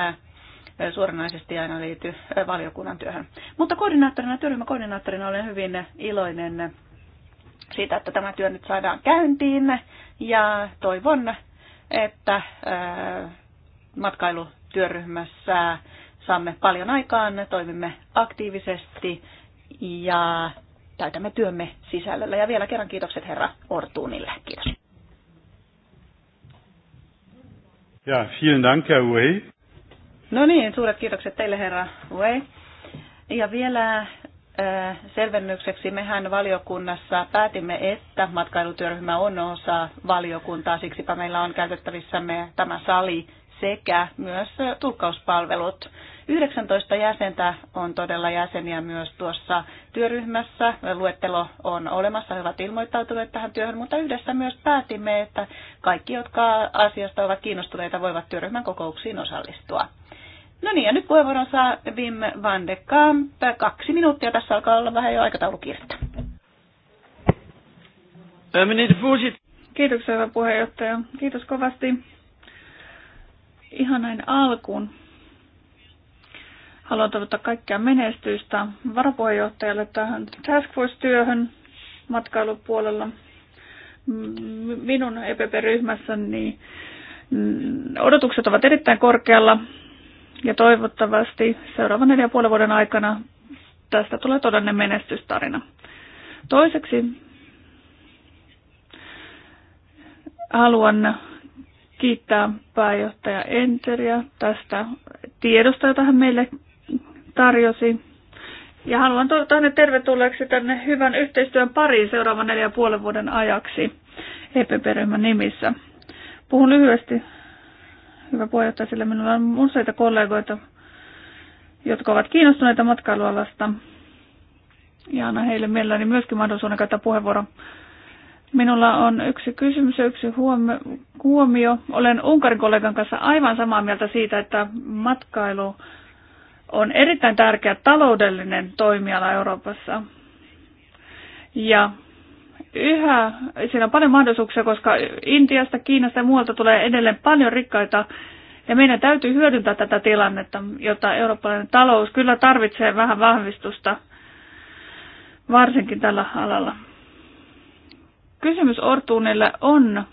suoranaisesti aina liity valiokunnan työhön. Mutta koordinaattorina, työryhmäkoordinaattorina olen hyvin iloinen siitä, että tämä työ nyt saadaan käyntiin ja toivon, että matkailutyöryhmässä saamme paljon aikaan, toimimme aktiivisesti ja täytämme työmme sisällöllä. Ja vielä kerran kiitokset herra Ortuunille. Kiitos. Ja, vielen dank, Herr Wei. No niin, suuret kiitokset teille, herra Wei. Ja vielä selvennykseksi. Mehän valiokunnassa päätimme, että matkailutyöryhmä on osa valiokuntaa, siksipä meillä on käytettävissämme tämä sali sekä myös tulkkauspalvelut. 19 jäsentä on todella jäseniä myös tuossa työryhmässä. Luettelo on olemassa, he ovat ilmoittautuneet tähän työhön, mutta yhdessä myös päätimme, että kaikki, jotka asiasta ovat kiinnostuneita, voivat työryhmän kokouksiin osallistua. No niin, ja nyt puheenvuoron saa Wim van de Kamp. Kaksi minuuttia, tässä alkaa olla vähän jo aikataulukirjettä. Äh, Kiitoksia, hyvä puheenjohtaja. Kiitos kovasti. Ihan näin alkuun. Haluan toivottaa kaikkea menestystä varapuheenjohtajalle tähän Task Force-työhön matkailupuolella. Minun EPP-ryhmässäni mm, odotukset ovat erittäin korkealla ja toivottavasti seuraavan neljän puolen vuoden aikana tästä tulee todellinen menestystarina. Toiseksi haluan kiittää pääjohtaja Enteriä tästä tiedosta, jota hän meille tarjosi. Ja haluan toivottaa hänet tervetulleeksi tänne hyvän yhteistyön pariin seuraavan neljän puolen vuoden ajaksi EPP-ryhmän nimissä. Puhun lyhyesti hyvä puheenjohtaja, sillä minulla on useita kollegoita, jotka ovat kiinnostuneita matkailualasta. Ja anna heille mielelläni myöskin mahdollisuuden käyttää puheenvuoro. Minulla on yksi kysymys ja yksi huomio. Olen Unkarin kollegan kanssa aivan samaa mieltä siitä, että matkailu on erittäin tärkeä taloudellinen toimiala Euroopassa. Ja yhä, siinä on paljon mahdollisuuksia, koska Intiasta, Kiinasta ja muualta tulee edelleen paljon rikkaita ja meidän täytyy hyödyntää tätä tilannetta, jota eurooppalainen talous kyllä tarvitsee vähän vahvistusta, varsinkin tällä alalla. Kysymys Ortuunille on,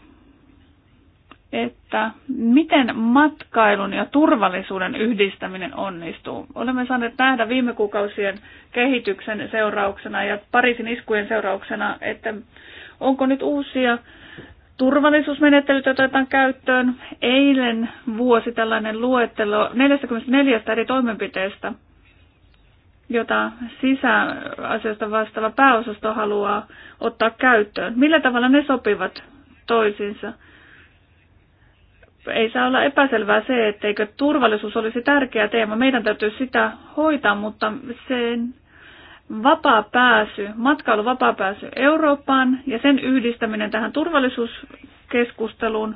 että miten matkailun ja turvallisuuden yhdistäminen onnistuu. Olemme saaneet nähdä viime kuukausien kehityksen seurauksena ja Pariisin iskujen seurauksena, että onko nyt uusia turvallisuusmenettelyt otetaan käyttöön. Eilen vuosi tällainen luettelo 44 eri toimenpiteestä, jota sisäasioista vastaava pääosasto haluaa ottaa käyttöön. Millä tavalla ne sopivat toisiinsa? ei saa olla epäselvää se, etteikö turvallisuus olisi tärkeä teema. Meidän täytyy sitä hoitaa, mutta sen vapaa pääsy, matkailu vapaa pääsy Eurooppaan ja sen yhdistäminen tähän turvallisuuskeskusteluun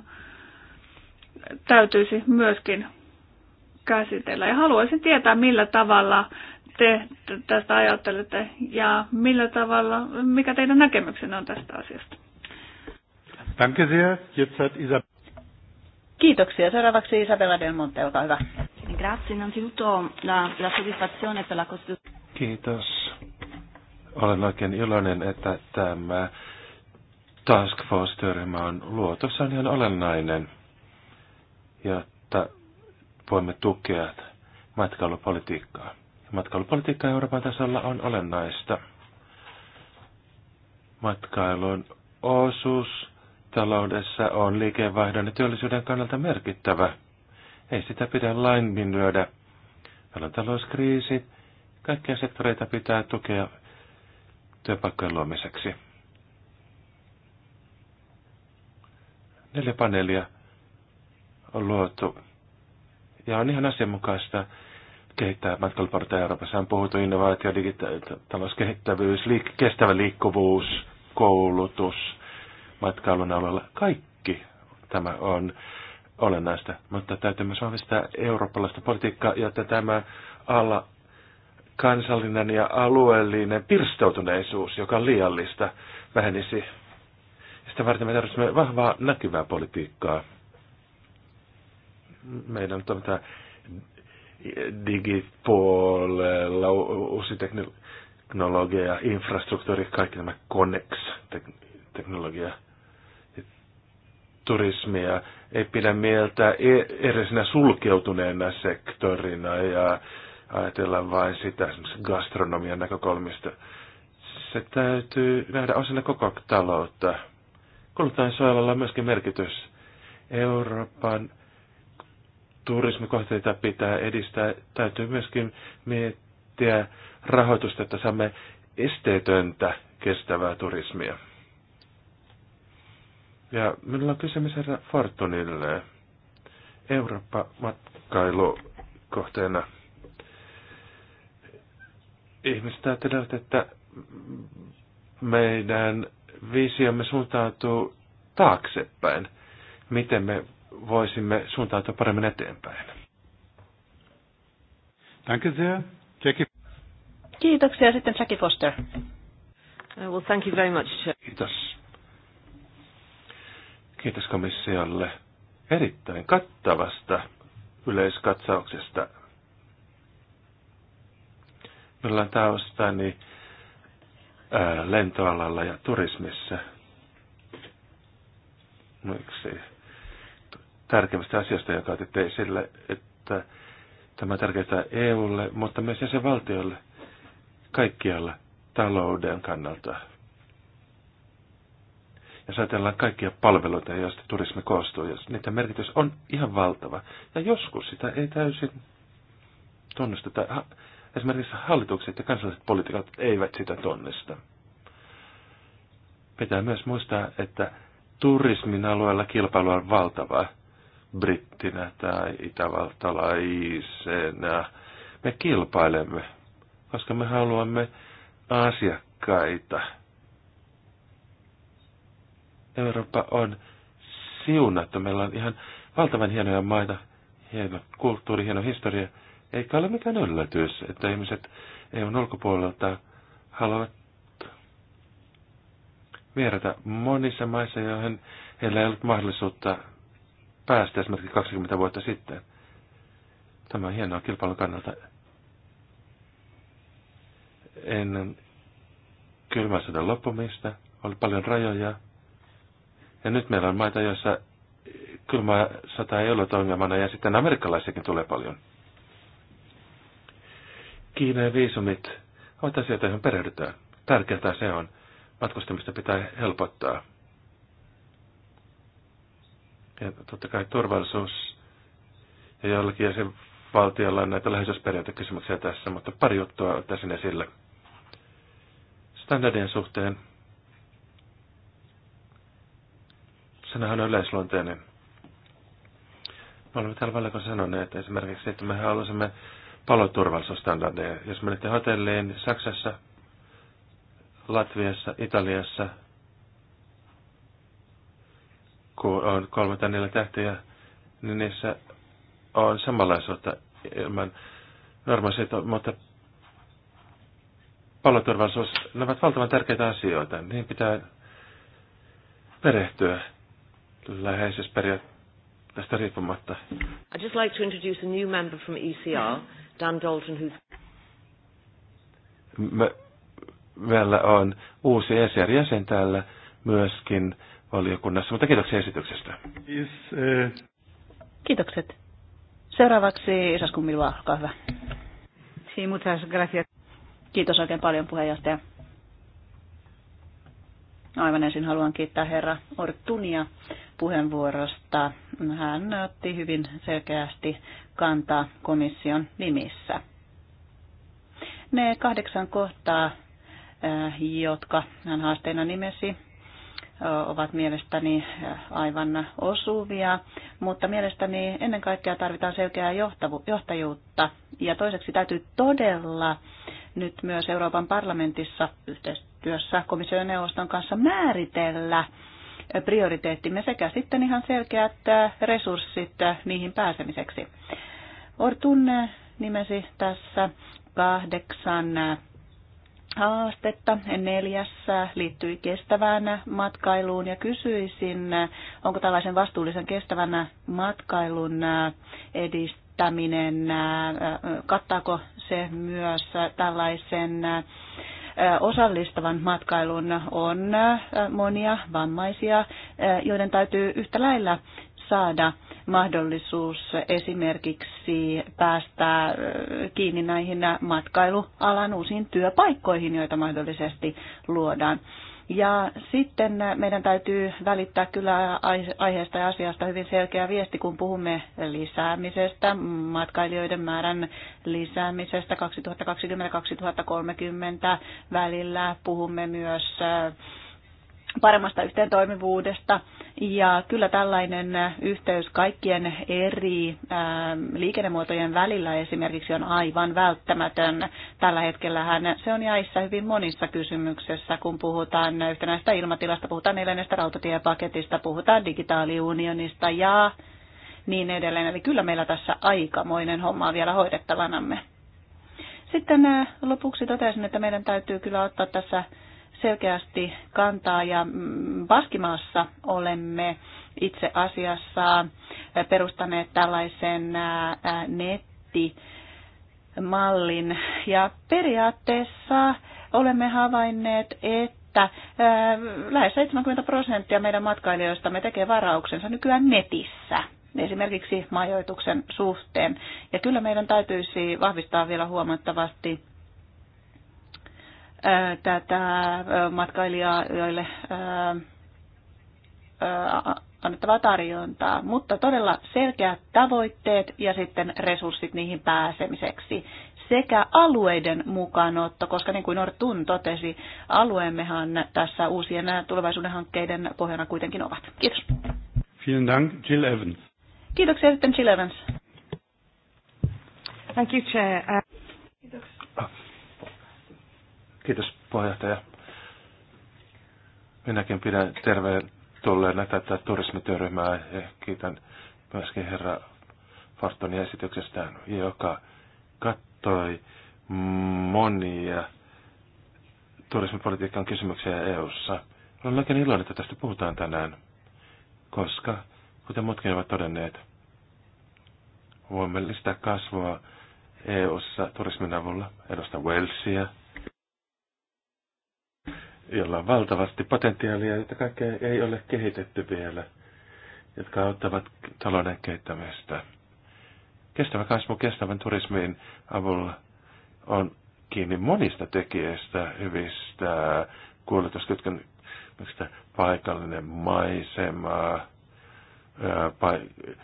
täytyisi myöskin käsitellä. Ja haluaisin tietää, millä tavalla te tästä ajattelette ja millä tavalla, mikä teidän näkemyksenne on tästä asiasta. Danke sehr. Jetzt hat Isabel Kiitoksia. Seuraavaksi Isabella Del Monte, olkaa hyvä. Grazie innanzitutto la, la soddisfazione per la Kiitos. Olen oikein iloinen, että tämä Task Force-työryhmä on luotu. Se on ihan olennainen, jotta voimme tukea matkailupolitiikkaa. Matkailupolitiikka Euroopan tasolla on olennaista. Matkailun osuus taloudessa on liikevaihdon ja työllisyyden kannalta merkittävä. Ei sitä pidä laiminlyödä. Meillä on talouskriisi. Kaikkia sektoreita pitää tukea työpaikkojen luomiseksi. Neljä paneelia on luotu. Ja on ihan asianmukaista kehittää matkailuportaa Euroopassa. On puhuttu innovaatio, digitalouskehittyvyys, liik- kestävä liikkuvuus, koulutus – matkailun alalla. Kaikki tämä on olennaista, mutta täytyy myös vahvistaa eurooppalaista politiikkaa, jotta tämä alla kansallinen ja alueellinen pirstoutuneisuus, joka on liiallista, vähenisi. Sitä varten me tarvitsemme vahvaa näkyvää politiikkaa. Meidän toimintaa digipuolella, uusi teknologia ja infrastruktuuri, kaikki nämä Connex-teknologia turismia ei pidä mieltä e- eräisenä sulkeutuneena sektorina ja ajatella vain sitä gastronomian näkökulmista. Se täytyy nähdä osana koko taloutta. Kuluttajan on myöskin merkitys. Euroopan turismikohteita pitää edistää. Täytyy myöskin miettiä rahoitusta, että saamme esteetöntä kestävää turismia. Ja minulla on kysymys herra Fortunille. Eurooppa-matkailu kohteena. Ihmiset ajattelevat, että meidän visiomme suuntautuu taaksepäin. Miten me voisimme suuntautua paremmin eteenpäin? Danke sehr. Jackie. Kiitoksia. Sitten Jackie Foster. Uh, well, thank you very much. Kiitos Kiitos komissiolle erittäin kattavasta yleiskatsauksesta. Meillä on taustani niin lentoalalla ja turismissa. No, yksi tärkeimmistä asioista, joka otitte esille, että tämä tärkeää EUlle, mutta myös jäsenvaltiolle kaikkialla talouden kannalta – jos ajatellaan kaikkia palveluita, joista turismi koostuu, ja niiden merkitys on ihan valtava. Ja joskus sitä ei täysin tunnusteta. Esimerkiksi hallitukset ja kansalliset poliitikot eivät sitä tunnista. Pitää myös muistaa, että turismin alueella kilpailu on valtava, Brittinä tai itävaltalaisena me kilpailemme, koska me haluamme asiakkaita – Eurooppa on siunattu. Meillä on ihan valtavan hienoja maita, hieno kulttuuri, hieno historia. Eikä ole mikään yllätys, että ihmiset EUn ulkopuolelta haluavat vierata monissa maissa, joihin heillä ei ollut mahdollisuutta päästä esimerkiksi 20 vuotta sitten. Tämä on hienoa kilpailun kannalta. Ennen kylmän sodan loppumista oli paljon rajoja, ja nyt meillä on maita, joissa kylmä sata ei ole ongelmana ja sitten amerikkalaisiakin tulee paljon. Kiinan viisumit ovat asioita, joihin perehdytään. Tärkeintä se on. Matkustamista pitää helpottaa. Ja totta kai turvallisuus ja jollakin jäsenvaltiolla on näitä läheisyysperiaatekysymyksiä tässä, mutta pari juttua ottaisin esille. Standardien suhteen sanahan on yleisluonteinen. Me olemme täällä välillä sanoneet että esimerkiksi, että me haluaisimme paloturvallisuusstandardeja. Jos menette hotelliin Saksassa, Latviassa, Italiassa, kun on kolme tai neljä tähtiä, niin niissä on samanlaisuutta ilman normaalisti, mutta paloturvallisuus, ne ovat valtavan tärkeitä asioita, niin pitää perehtyä periaatteessa riippumatta. I'd just like to introduce a new member from ECR, Dan Dalton, who's... Me, meillä on uusi ECR-jäsen täällä myöskin valiokunnassa, mutta kiitoksia esityksestä. Yes, uh... Eh, Kiitokset. Seuraavaksi Isaskun Milva, olkaa hyvä. Sí, muchas gracias. Kiitos oikein paljon puheenjohtaja. Aivan ensin haluan kiittää herra Ortunia puheenvuorosta. Hän otti hyvin selkeästi kantaa komission nimissä. Ne kahdeksan kohtaa, eh, jotka hän haasteena nimesi, eh, ovat mielestäni eh, aivan osuvia, mutta mielestäni ennen kaikkea tarvitaan selkeää johtajuutta. Ja toiseksi täytyy todella nyt myös Euroopan parlamentissa yhteistyössä komission ja neuvoston kanssa määritellä prioriteettimme sekä sitten ihan selkeät äh, resurssit äh, niihin pääsemiseksi. Ortun äh, nimesi tässä kahdeksan haastetta. Neljäs liittyi kestävään matkailuun ja kysyisin, onko tällaisen vastuullisen kestävän matkailun edistäminen, kattaako se myös tällaisen osallistavan matkailun on monia vammaisia, joiden täytyy yhtä lailla saada mahdollisuus esimerkiksi päästä kiinni näihin matkailualan uusiin työpaikkoihin, joita mahdollisesti luodaan. Ja sitten meidän täytyy välittää kyllä aiheesta ja asiasta hyvin selkeä viesti, kun puhumme lisäämisestä, matkailijoiden määrän lisäämisestä 2020-2030 välillä. Puhumme myös äh, paremmasta yhteen toimivuudesta. Ja kyllä tällainen yhteys kaikkien eri ähm, liikennemuotojen välillä esimerkiksi on aivan välttämätön. Tällä hetkellähän se on jäissä hyvin monissa kysymyksissä, kun puhutaan yhtenäistä ilmatilasta, puhutaan neljännestä rautatiepaketista, puhutaan digitaaliunionista ja niin edelleen. Eli kyllä meillä tässä aikamoinen homma on vielä hoidettavanamme. Sitten äh, lopuksi totesin, että meidän täytyy kyllä ottaa tässä selkeästi kantaa ja mm, Baskimaassa olemme itse asiassa perustaneet tällaisen nettimallin Ja periaatteessa olemme havainneet, että lähes 70 prosenttia meidän matkailijoista me tekee varauksensa nykyään netissä esimerkiksi majoituksen suhteen. Ja kyllä meidän täytyisi vahvistaa vielä huomattavasti tätä matkailijaa, joille annettavaa tarjontaa, mutta todella selkeät tavoitteet ja sitten resurssit niihin pääsemiseksi sekä alueiden mukaanotto, koska niin kuin Nortun totesi, alueemmehan tässä uusien tulevaisuuden hankkeiden pohjana kuitenkin ovat. Kiitos. Vielen Dank, Jill Evans. Kiitoksia sitten Jill Evans. Thank you, Chair. Uh, Kiitoksia. Ah. Kiitos puheenjohtaja. Minäkin pidän tulleena tätä turismityöryhmää ja kiitän myöskin herra Fartonin esityksestään, joka kattoi monia turismipolitiikan kysymyksiä EU-ssa. Olen oikein iloinen, että tästä puhutaan tänään, koska, kuten muutkin ovat todenneet, voimme lisätä kasvua EU-ssa turismin avulla, edustaa Walesia – jolla on valtavasti potentiaalia, jota kaikkea ei ole kehitetty vielä, jotka auttavat talouden kehittämistä. Kestävä kasvu kestävän turismin avulla on kiinni monista tekijöistä, hyvistä kuljetuskytkennyksistä, paikallinen maisema, pa-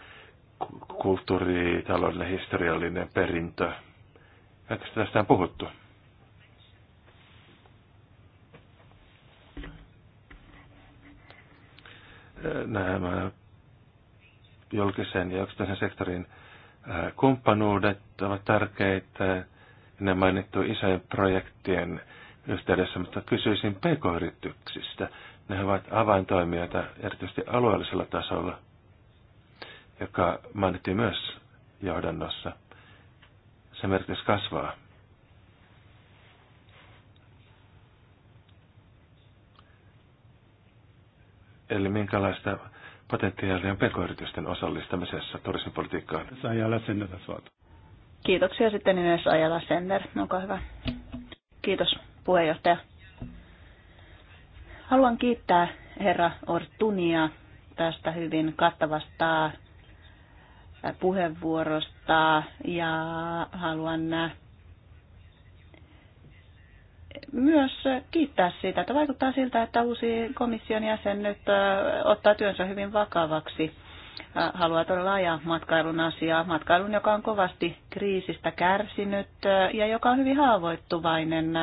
kulttuuri, taloudellinen, historiallinen perintö. Kaikesta tästä on puhuttu. nämä julkisen ja yksityisen sektorin kumppanuudet ovat tärkeitä. Ne mainittu isojen projektien yhteydessä, mutta kysyisin pk-yrityksistä. Ne ovat avaintoimijoita erityisesti alueellisella tasolla, joka mainittiin myös johdannossa. Se merkitys kasvaa. Eli minkälaista potentiaalia on pk-yritysten osallistamisessa turismipolitiikkaan? Ajala Sender Kiitoksia sitten Ines Ajala Senner, onko hyvä. Kiitos puheenjohtaja. Haluan kiittää herra Ortunia tästä hyvin kattavasta äh, puheenvuorosta ja haluan äh, myös kiittää siitä, että vaikuttaa siltä, että uusi komission jäsen nyt ottaa työnsä hyvin vakavaksi. Haluaa todella ajaa matkailun asiaa, matkailun, joka on kovasti kriisistä kärsinyt ja joka on hyvin haavoittuvainen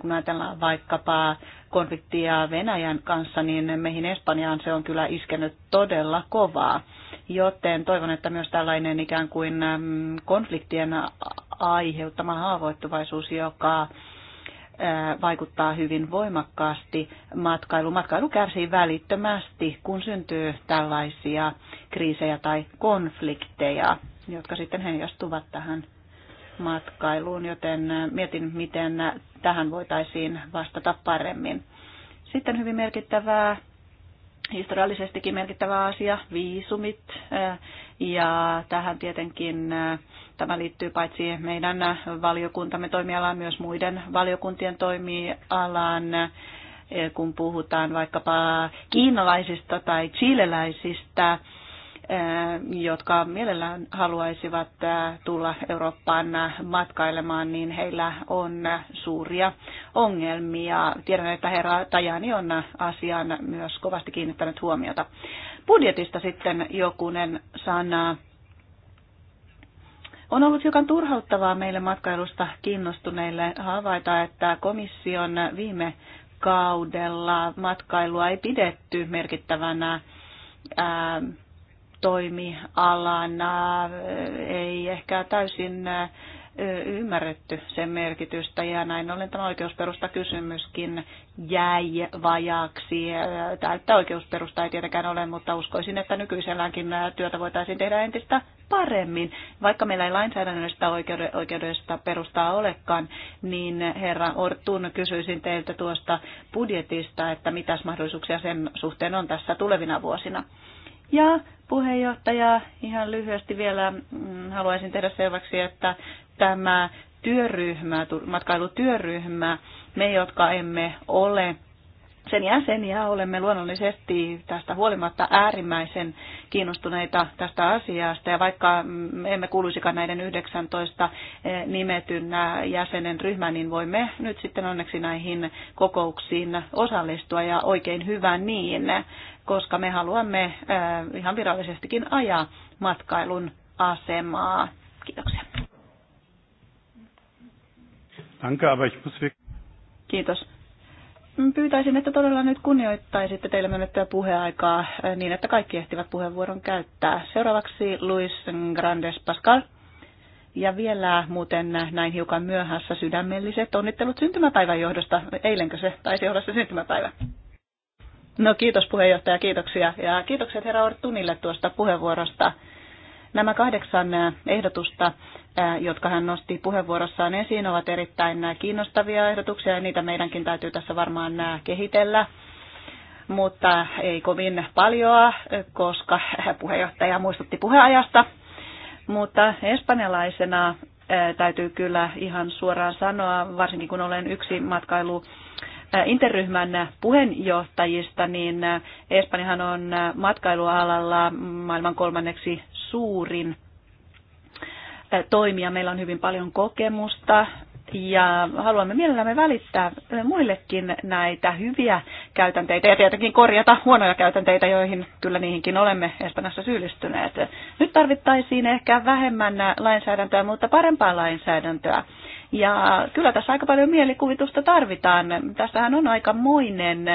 kun ajatellaan vaikkapa konfliktia Venäjän kanssa, niin meihin Espanjaan se on kyllä iskenyt todella kovaa. Joten toivon, että myös tällainen ikään kuin konfliktien aiheuttama haavoittuvaisuus, joka vaikuttaa hyvin voimakkaasti matkailu. Matkailu kärsii välittömästi, kun syntyy tällaisia kriisejä tai konflikteja, jotka sitten heijastuvat tähän matkailuun, joten mietin, miten tähän voitaisiin vastata paremmin. Sitten hyvin merkittävää historiallisestikin merkittävä asia, viisumit. Äh, ja tähän tietenkin äh, tämä liittyy paitsi meidän valiokuntamme toimialaan, myös muiden valiokuntien toimialaan, äh, kun puhutaan vaikkapa kiinalaisista tai chileläisistä Eh, jotka mielellään haluaisivat eh, tulla Eurooppaan matkailemaan, niin heillä on suuria ongelmia. Tiedän, että herra Tajani on asian myös kovasti kiinnittänyt huomiota. Budjetista sitten jokunen sana. On ollut hiukan turhauttavaa meille matkailusta kiinnostuneille havaita, että komission viime kaudella matkailua ei pidetty merkittävänä toimialana ei ehkä täysin ymmärretty sen merkitystä ja näin ollen tämä oikeusperusta kysymyskin jäi vajaksi. Täyttä oikeusperusta ei tietenkään ole, mutta uskoisin, että nykyiselläänkin työtä voitaisiin tehdä entistä paremmin. Vaikka meillä ei lainsäädännöllistä oikeudellista perustaa olekaan, niin herra Ortun kysyisin teiltä tuosta budjetista, että mitäs mahdollisuuksia sen suhteen on tässä tulevina vuosina. Ja puheenjohtaja, ihan lyhyesti vielä mm, haluaisin tehdä selväksi, että tämä työryhmä, matkailutyöryhmä, me jotka emme ole sen jäseniä olemme luonnollisesti tästä huolimatta äärimmäisen kiinnostuneita tästä asiasta. Ja vaikka mm, emme kuuluisikaan näiden 19 eh, nimetyn jäsenen ryhmään, niin voimme nyt sitten onneksi näihin kokouksiin osallistua ja oikein hyvä niin koska me haluamme äh, ihan virallisestikin ajaa matkailun asemaa. Kiitoksia. Kiitos. Pyytäisin, että todella nyt kunnioittaisitte teille myönnettyä puheaikaa äh, niin, että kaikki ehtivät puheenvuoron käyttää. Seuraavaksi Luis Grandes Pascal. Ja vielä muuten näin hiukan myöhässä sydämelliset onnittelut syntymäpäivän johdosta. Eilenkö se taisi olla se syntymäpäivä? No kiitos puheenjohtaja, kiitoksia. Ja kiitokset herra Ortunille tuosta puheenvuorosta. Nämä kahdeksan ehdotusta, jotka hän nosti puheenvuorossaan esiin, ovat erittäin kiinnostavia ehdotuksia ja niitä meidänkin täytyy tässä varmaan kehitellä. Mutta ei kovin paljoa, koska puheenjohtaja muistutti puheajasta. Mutta espanjalaisena täytyy kyllä ihan suoraan sanoa, varsinkin kun olen yksi matkailu Äh, interryhmän puheenjohtajista, niin äh, Espanjahan on äh, matkailualalla maailman kolmanneksi suurin toimija. Meillä on hyvin paljon kokemusta ja haluamme mielellämme välittää muillekin näitä hyviä käytänteitä ja tietenkin korjata huonoja käytänteitä, joihin kyllä niihinkin olemme Espanjassa syyllistyneet. Nyt tarvittaisiin ehkä vähemmän lainsäädäntöä, mutta parempaa lainsäädäntöä. Ja kyllä tässä aika paljon mielikuvitusta tarvitaan. Tässähän on aikamoinen...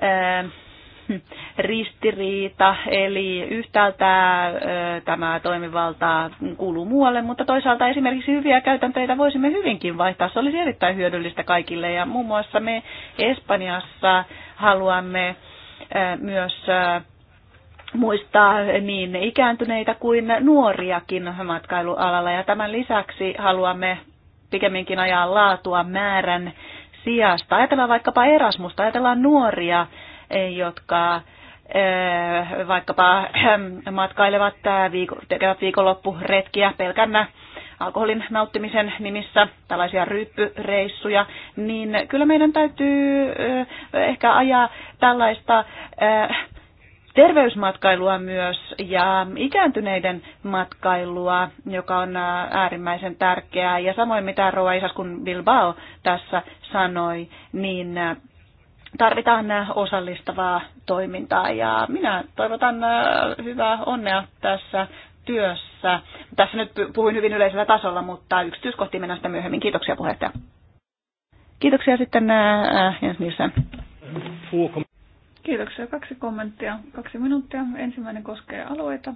Ää, ristiriita, eli yhtäältä tämä toimivalta kuuluu muualle, mutta toisaalta esimerkiksi hyviä käytänteitä voisimme hyvinkin vaihtaa. Se olisi erittäin hyödyllistä kaikille ja muun muassa me Espanjassa haluamme myös muistaa niin ikääntyneitä kuin nuoriakin matkailualalla ja tämän lisäksi haluamme pikemminkin ajaa laatua määrän sijasta. Ajatellaan vaikkapa Erasmusta, ajatellaan nuoria jotka eh, vaikkapa ehm, matkailevat, eh, tekevät viikonloppuretkiä pelkänä alkoholin nauttimisen nimissä, tällaisia ryyppyreissuja, niin kyllä meidän täytyy eh, ehkä ajaa tällaista terveysmatkailua myös ja ikääntyneiden matkailua, joka on äärimmäisen tärkeää. Ja samoin mitä Roa Isaskun Bilbao tässä sanoi, niin tarvitaan äh, osallistavaa toimintaa ja minä toivotan äh, hyvää onnea tässä työssä. Tässä nyt puhuin hyvin yleisellä tasolla, mutta yksityiskohtiin mennään sitten myöhemmin. Kiitoksia puheenjohtaja. Kiitoksia sitten äh, Jens Nielsen. Kiitoksia. Kaksi kommenttia. Kaksi minuuttia. Ensimmäinen koskee alueita.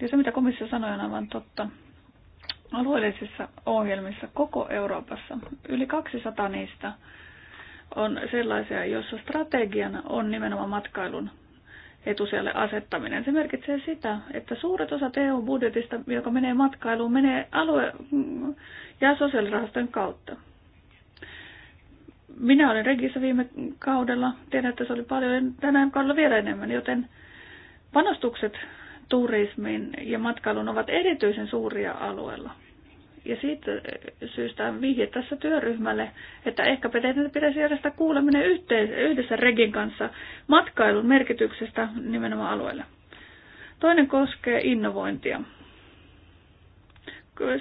Ja se, mitä komissio sanoi, on aivan totta alueellisissa ohjelmissa koko Euroopassa. Yli 200 niistä on sellaisia, joissa strategiana on nimenomaan matkailun etusijalle asettaminen. Se merkitsee sitä, että suuret osat EU-budjetista, joka menee matkailuun, menee alue- ja sosiaalirahastojen kautta. Minä olin regissä viime kaudella, tiedän, että se oli paljon, tänään kaudella vielä enemmän, joten panostukset turismin ja matkailun ovat erityisen suuria alueella. Ja siitä syystä vihje tässä työryhmälle, että ehkä teidän pitäisi järjestää kuuleminen yhdessä Regin kanssa matkailun merkityksestä nimenomaan alueelle. Toinen koskee innovointia.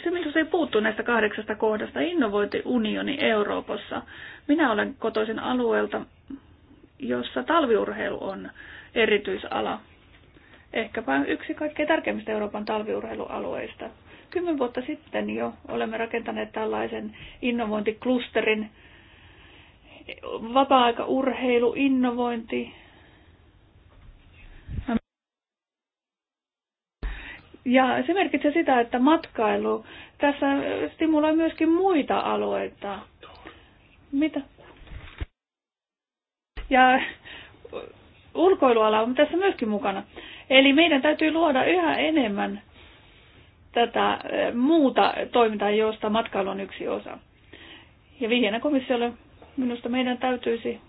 Se, mitä se ei puuttu näistä kahdeksasta kohdasta, innovointiunioni Euroopassa. Minä olen kotoisin alueelta, jossa talviurheilu on erityisala ehkäpä yksi kaikkein tärkeimmistä Euroopan talviurheilualueista. Kymmen vuotta sitten jo olemme rakentaneet tällaisen innovointiklusterin, vapaa-aika, urheilu, innovointi. Ja se merkitsee sitä, että matkailu tässä stimuloi myöskin muita alueita. Mitä? Ja ulkoiluala on tässä myöskin mukana. Eli meidän täytyy luoda yhä enemmän tätä eh, muuta toimintaa, josta matkailu on yksi osa. Ja vihjeenä komissiolle minusta meidän täytyisi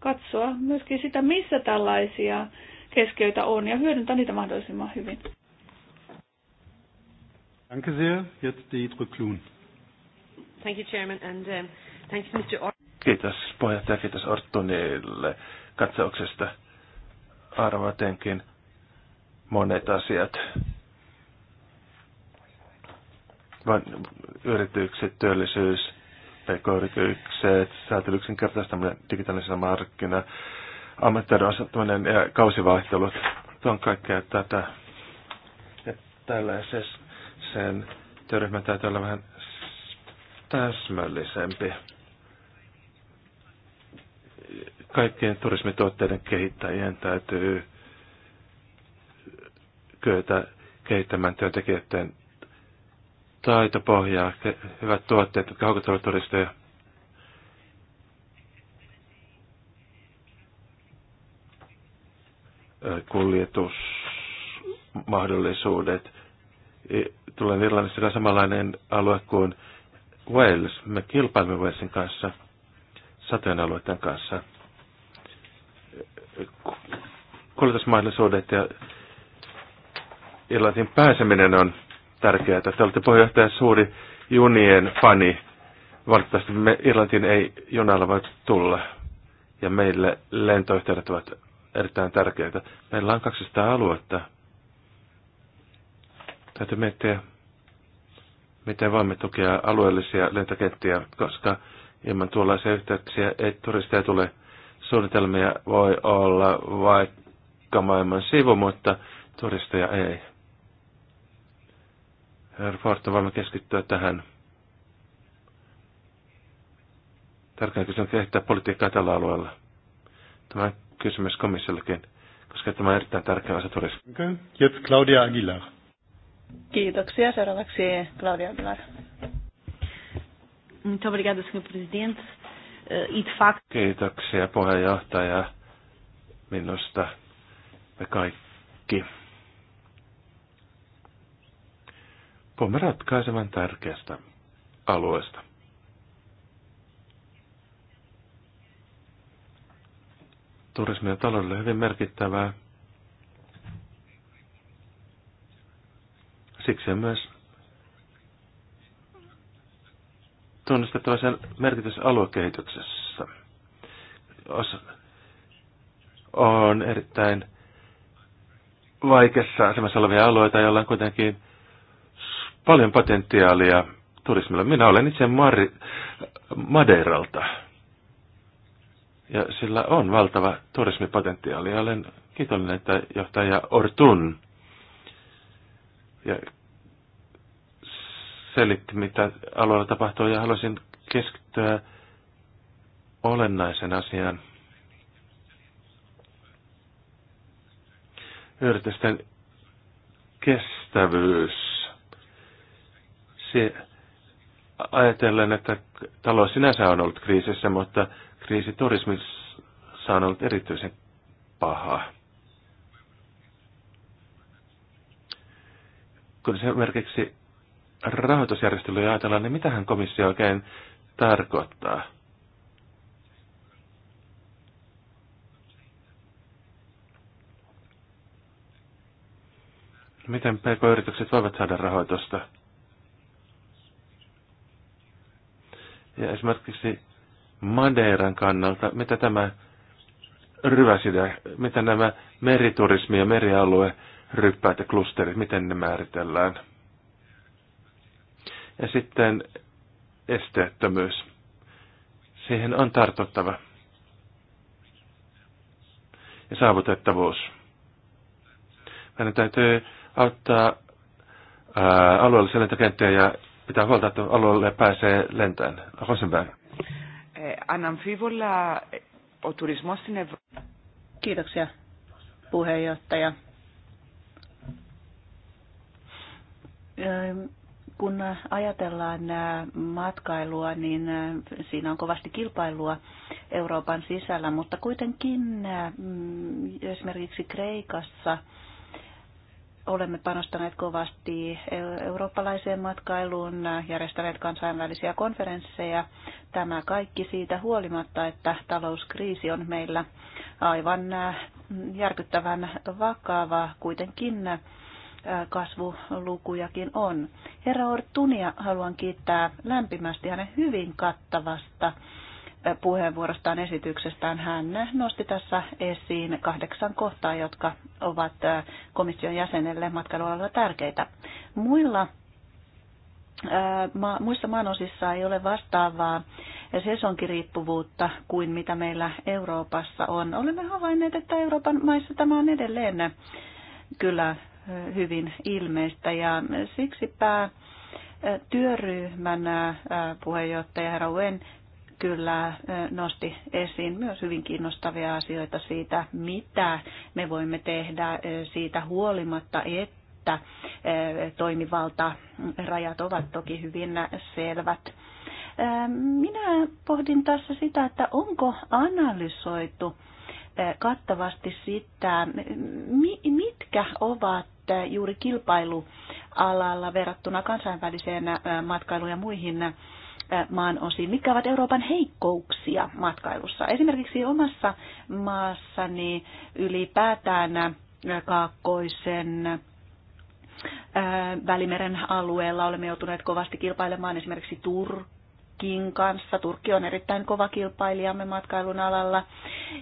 katsoa myöskin sitä, missä tällaisia keskeitä on ja hyödyntää niitä mahdollisimman hyvin. Danke sehr. Jetzt Thank you, Chairman, and um, thanks, Mr. Or- kiitos puheenjohtaja, kiitos Ortonille katsauksesta arvatenkin monet asiat. Vain yritykset, työllisyys, pk-yritykset, säätelyn yksinkertaistaminen, markkina, ammattitaidon asettaminen ja kausivaihtelut. Tuo on kaikkea tätä. Ja tällaisessa sen työryhmän täytyy olla vähän täsmällisempi kaikkien turismituotteiden kehittäjien täytyy kyetä kehittämään työntekijöiden taitopohjaa, hyvät tuotteet, jotka houkuttelevat turisteja. kuljetusmahdollisuudet. Tulen Irlannista samanlainen alue kuin Wales. Me kilpailemme Walesin kanssa, satojen alueiden kanssa kuljetusmahdollisuudet ja Irlantiin pääseminen on tärkeää. Te olette puheenjohtaja suuri junien fani. Valitettavasti me Irlantiin ei junalla voi tulla. Ja meille lentoyhteydet ovat erittäin tärkeitä. Meillä on 200 aluetta. Täytyy miettiä, miten voimme tukea alueellisia lentokenttiä, koska ilman tuollaisia yhteyksiä ei turisteja tule suunnitelmia voi olla vaikka maailman sivu, mutta turisteja ei. Herra on voimme keskittyä tähän. Tärkeä kysymys kehittää politiikkaa tällä alueella. Tämä kysymys komissiollekin, koska tämä on erittäin tärkeä asia turismia. Okay. Jetzt Claudia Aguilar. Kiitoksia. Seuraavaksi Claudia Aguilar. Muito obrigada, senhor presidente. Eh, it fact... Kiitoksia puheenjohtaja. Minusta me kaikki puhumme ratkaisevan tärkeästä alueesta. Turismi on taloudelle hyvin merkittävää. Siksi on myös tunnistettava sen merkitys aluekehityksessä. Os, on erittäin vaikeassa asemassa olevia alueita, joilla on kuitenkin paljon potentiaalia turismilla. Minä olen itse Mari, Madeiralta. Ja sillä on valtava turismipotentiaali. Olen kiitollinen, että johtaja Ortun ja selitti, mitä alueella tapahtuu, ja haluaisin keskittyä olennaisen asian. Yritysten kestävyys. Se, ajatellen, että talous sinänsä on ollut kriisissä, mutta kriisi turismissa on ollut erityisen paha. Kun esimerkiksi rahoitusjärjestelyjä ajatellaan, niin mitähän komissio oikein tarkoittaa? Miten pk-yritykset voivat saada rahoitusta? Ja esimerkiksi Madeiran kannalta, mitä tämä ryväsidä, mitä nämä meriturismi ja merialue, ryppäät ja klusterit, miten ne määritellään? Ja sitten esteettömyys. Siihen on tartuttava. Ja saavutettavuus. Meidän täytyy auttaa ää, alueellisia lentokenttiä ja pitää huolta, että alueelle pääsee lentämään. Rosenberg. Eh, Anamfivolla ο Kiitoksia puheenjohtaja kun ajatellaan äh, matkailua, niin äh, siinä on kovasti kilpailua Euroopan sisällä, mutta kuitenkin äh, mm, esimerkiksi Kreikassa olemme panostaneet kovasti eurooppalaiseen matkailuun, järjestäneet kansainvälisiä konferensseja. Tämä kaikki siitä huolimatta, että talouskriisi on meillä aivan järkyttävän vakava. Kuitenkin kasvulukujakin on. Herra Ortunia haluan kiittää lämpimästi hänen hyvin kattavasta puheenvuorostaan esityksestään. Hän nosti tässä esiin kahdeksan kohtaa, jotka ovat komission jäsenelle matkailualalla tärkeitä. Muilla Ma, muissa maanosissa ei ole vastaavaa sesonkiriippuvuutta kuin mitä meillä Euroopassa on. Olemme havainneet, että Euroopan maissa tämä on edelleen kyllä hyvin ilmeistä ja siksipä työryhmän puheenjohtaja herra Wen kyllä nosti esiin myös hyvin kiinnostavia asioita siitä, mitä me voimme tehdä siitä huolimatta, että rajat ovat toki hyvin selvät. Minä pohdin tässä sitä, että onko analysoitu kattavasti sitä, mitkä ovat juuri kilpailualalla verrattuna kansainväliseen matkailuun ja muihin maan osiin. Mitkä ovat Euroopan heikkouksia matkailussa? Esimerkiksi omassa maassani ylipäätään kaakkoisen Välimeren alueella olemme joutuneet kovasti kilpailemaan esimerkiksi Turkin kanssa. Turkki on erittäin kova kilpailijamme matkailun alalla.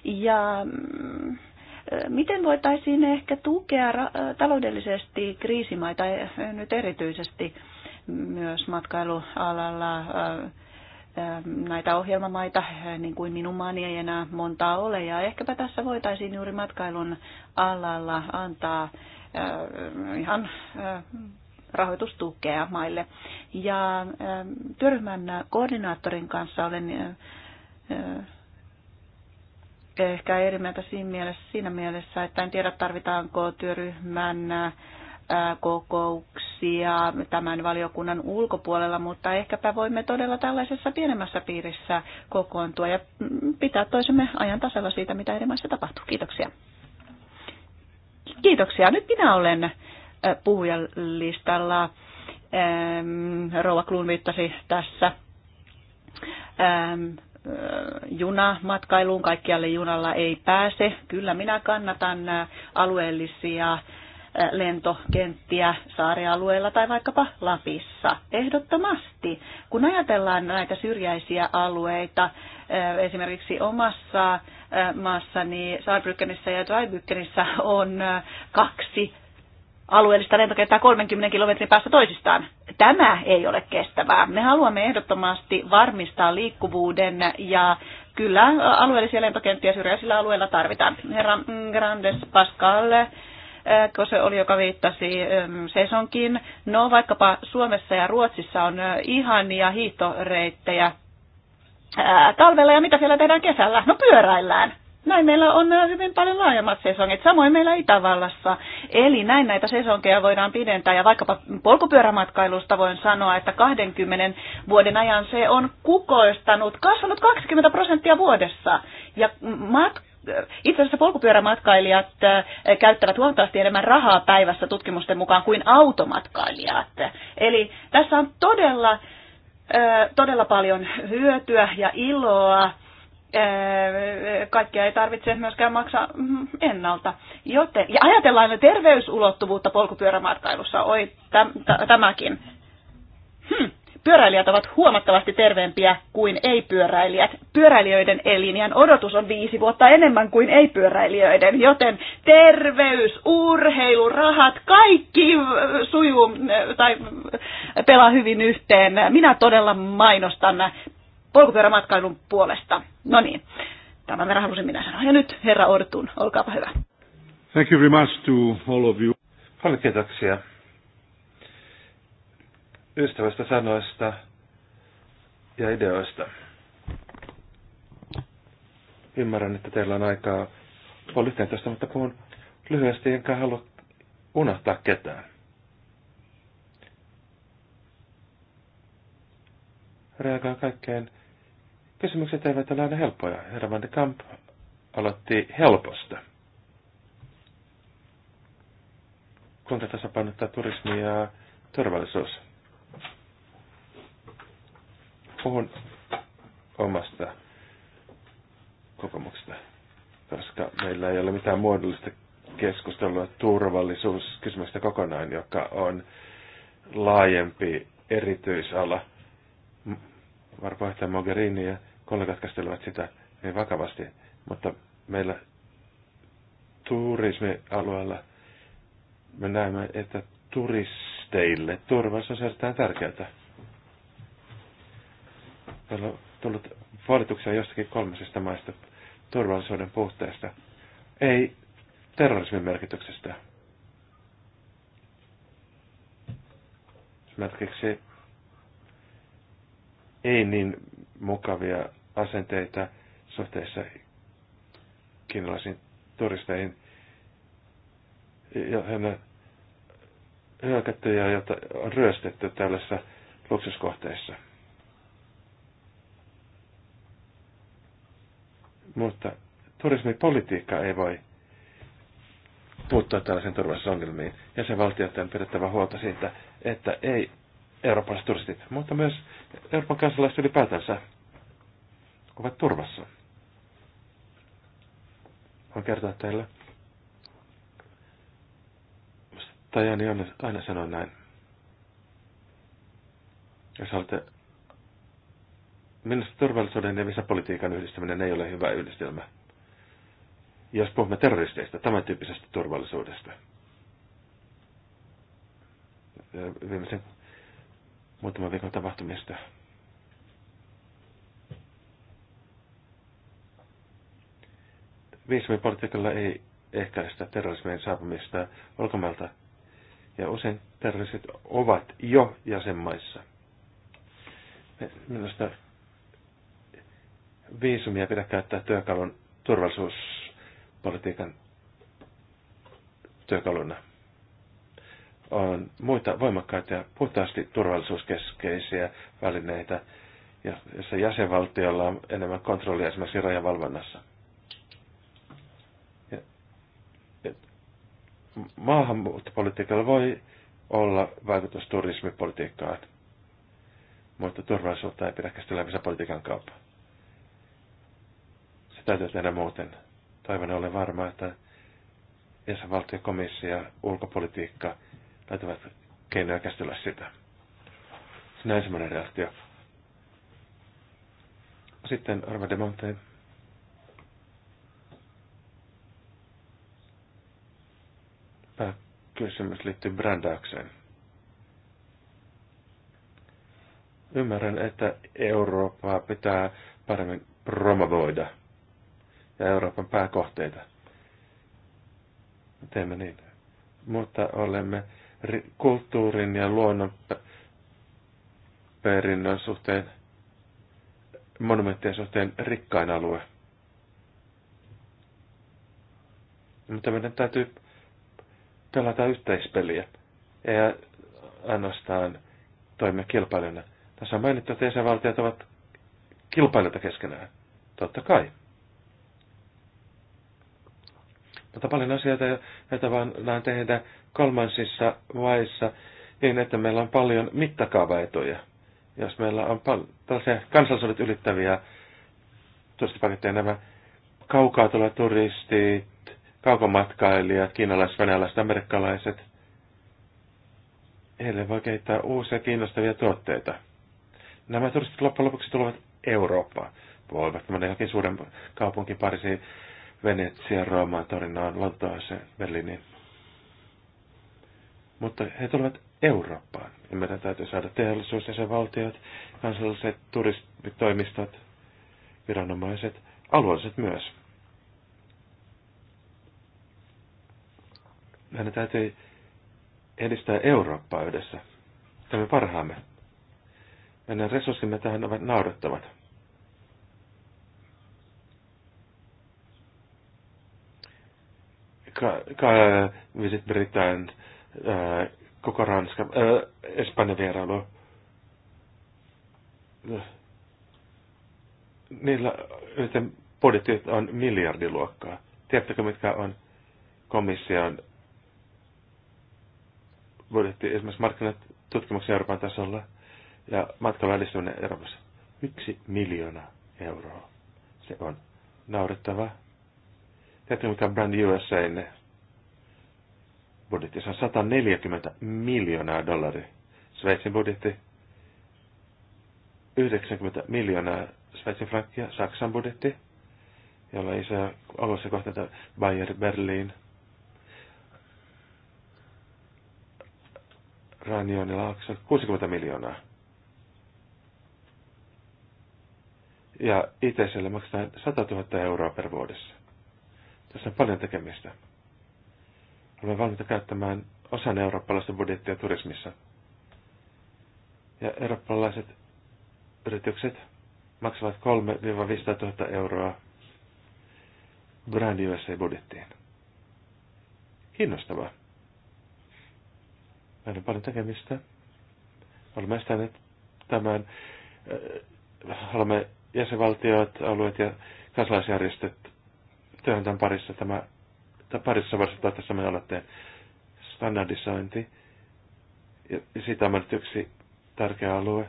Ja mm, Miten voitaisiin ehkä tukea taloudellisesti kriisimaita, e, nyt erityisesti myös matkailualalla näitä ohjelmamaita, niin kuin minun maani ei enää montaa ole, ja ehkäpä tässä voitaisiin juuri matkailun alalla antaa ihan rahoitustukea maille. Ja työryhmän koordinaattorin kanssa olen ehkä eri mieltä siinä mielessä, siinä mielessä, että en tiedä tarvitaanko työryhmän kokouksia tämän valiokunnan ulkopuolella, mutta ehkäpä voimme todella tällaisessa pienemmässä piirissä kokoontua ja mm, pitää toisemme ajan tasalla siitä, mitä eri maissa tapahtuu. Kiitoksia. Kiitoksia. Nyt minä olen puhujalistalla. Mm, Rouva Kluun viittasi tässä mm, junamatkailuun, kaikkialle junalla ei pääse. Kyllä minä kannatan alueellisia lentokenttiä saarialueella tai vaikkapa Lapissa. Ehdottomasti, kun ajatellaan näitä syrjäisiä alueita, esimerkiksi omassa maassani Saarbrückenissä ja Dreibykkenissä on kaksi alueellista lentokenttää 30 kilometrin päästä toisistaan. Tämä ei ole kestävää. Me haluamme ehdottomasti varmistaa liikkuvuuden ja kyllä alueellisia lentokenttiä syrjäisillä alueilla tarvitaan. Herra Grandes Pascal, äh, kun se oli, joka viittasi ähm, sesonkin. No vaikkapa Suomessa ja Ruotsissa on äh, ihania hiihtoreittejä äh, talvella ja mitä siellä tehdään kesällä? No pyöräillään. Näin meillä on äh, hyvin paljon laajemmat sesongit, samoin meillä Itävallassa. Eli näin näitä sesonkeja voidaan pidentää ja vaikkapa polkupyörämatkailusta voin sanoa, että 20 vuoden ajan se on kukoistanut, kasvanut 20 prosenttia vuodessa. Ja mat- itse asiassa polkupyörämatkailijat äh, käyttävät huomattavasti enemmän rahaa päivässä tutkimusten mukaan kuin automatkailijat. Eli tässä on todella, äh, todella paljon hyötyä ja iloa kaikkia ei tarvitse myöskään maksaa ennalta. Joten, ja ajatellaan terveysulottuvuutta polkupyörämatkailussa, oi täm, tämäkin. Hm. Pyöräilijät ovat huomattavasti terveempiä kuin ei-pyöräilijät. Pyöräilijöiden elinjän odotus on viisi vuotta enemmän kuin ei-pyöräilijöiden, joten terveys, urheilu, rahat, kaikki sujuu tai pelaa hyvin yhteen. Minä todella mainostan polkupyörämatkailun puolesta. No niin, tämän verran halusin minä sanoa. Ja nyt herra Ortun, olkaapa hyvä. Thank you very much to all of you. Paljon kiitoksia ystävästä sanoista ja ideoista. Ymmärrän, että teillä on aikaa puoli mutta puhun lyhyesti enkä halua unohtaa ketään. Reagoin kaikkeen Kysymykset eivät ole aina helppoja. Herra Van de Kamp aloitti helposta. Kuinka tasapainottaa turismi ja turvallisuus? Puhun omasta kokemuksesta, koska meillä ei ole mitään muodollista keskustelua turvallisuuskysymyksestä kokonaan, joka on laajempi erityisala – varapuheenjohtaja Mogherini ja kollegat käsittelevät sitä niin vakavasti, mutta meillä turismialueella me näemme, että turisteille turvallisuus on erittäin tärkeää. Meillä on tullut valituksia jostakin kolmasesta maista turvallisuuden puutteesta, ei terrorismin merkityksestä. Esimerkiksi ei niin mukavia asenteita suhteessa kiinalaisiin turisteihin, hän on hyökätty ja jota on ryöstetty tällaisissa luksuskohteissa. Mutta turismipolitiikka ei voi puuttua tällaisen turvallisuusongelmiin. Jäsenvaltioiden on pidettävä huolta siitä, että ei eurooppalaiset turistit, mutta myös Euroopan kansalaiset ylipäätänsä ovat turvassa. Voin kertoa teille. Tajani aina sanoa näin. Jos olette Minusta turvallisuuden ja visapolitiikan yhdistäminen ei ole hyvä yhdistelmä. Jos puhumme terroristeista, tämän tyyppisestä turvallisuudesta. Viimeisen muutaman viikon tapahtumista. Viisumipolitiikalla ei ehkäistä terrorismien saapumista ulkomailta, ja usein terroristit ovat jo jäsenmaissa. Minusta viisumia pidä käyttää työkalun turvallisuuspolitiikan työkaluna on muita voimakkaita ja puhtaasti turvallisuuskeskeisiä välineitä, jossa jäsenvaltiolla on enemmän kontrollia esimerkiksi rajavalvonnassa. Maahanmuuttopolitiikalla voi olla vaikutus turismipolitiikkaan, mutta turvallisuutta ei pidä käsitellä politiikan kautta. Se täytyy tehdä muuten. Toivon olen varma, että jäsenvaltiokomissio, ulkopolitiikka – Taitavat keinoja käsitellä sitä. Se on ensimmäinen reaktio. Sitten Arva Demonte. Pääkysymys liittyy brändäykseen. Ymmärrän, että Eurooppaa pitää paremmin promovoida ja Euroopan pääkohteita. Teemme niin. Mutta olemme kulttuurin ja luonnon perinnön suhteen, monumenttien suhteen rikkain alue. Mutta meidän täytyy pelata yhteispeliä, ei ainoastaan toimia kilpailijana. Tässä on mainittu, että jäsenvaltiot ovat kilpailijoita keskenään. Totta kai. Mutta paljon asioita, joita voidaan tehdä kolmansissa vaiheissa niin, että meillä on paljon mittakaavaetuja. Jos meillä on pal- tällaisia kansallisuudet ylittäviä turistipaketteja, nämä kaukaa tulevat turistit, kaukomatkailijat, kiinalaiset, venäläiset, amerikkalaiset, heille voi kehittää uusia kiinnostavia tuotteita. Nämä turistit loppujen lopuksi tulevat Eurooppaan. Voivat mennä johonkin suuren kaupunkiin Pariisiin, Venetsiaan, Roomaan, Torinaan, Lontooseen, Berliiniin. Mutta he tulevat Eurooppaan. Ja meidän täytyy saada teollisuus ja sen valtiot, kansalliset turistitoimistot, viranomaiset, alueelliset myös. Meidän täytyy edistää Eurooppaa yhdessä. Tämä parhaamme. Meidän resurssimme tähän ovat naurettavat. ka, ka, visit Britain, ää, äh, koko Ranska, äh, Espanjan vierailu. Niillä yritin on miljardiluokkaa. Tiedättekö, mitkä on komission budjetti esimerkiksi markkinat tutkimuksen Euroopan tasolla ja matkavälisyyden Euroopassa? Yksi miljoona euroa. Se on naurettavaa. Täytyy mikä Brand budjetti? Se on 140 miljoonaa dollaria. Sveitsin budjetti 90 miljoonaa Sveitsin frankkia, Saksan budjetti, jolla ei saa alussa kohtaa Bayer Berlin. Ranjoonilla 60 miljoonaa. Ja ITClle maksetaan 100 000 euroa per vuodessa. Tässä on paljon tekemistä. Olemme valmiita käyttämään osan eurooppalaista budjettia turismissa. Ja eurooppalaiset yritykset maksavat 3-500 000 euroa Brand USA-budjettiin. Kiinnostavaa. Meillä on paljon tekemistä. Olemme estäneet tämän. Äh, haluamme jäsenvaltiot, alueet ja kansalaisjärjestöt työhön tämän parissa. Tämä, tämän parissa varsinkin tässä me aloitteen standardisointi. Ja siitä on yksi tärkeä alue.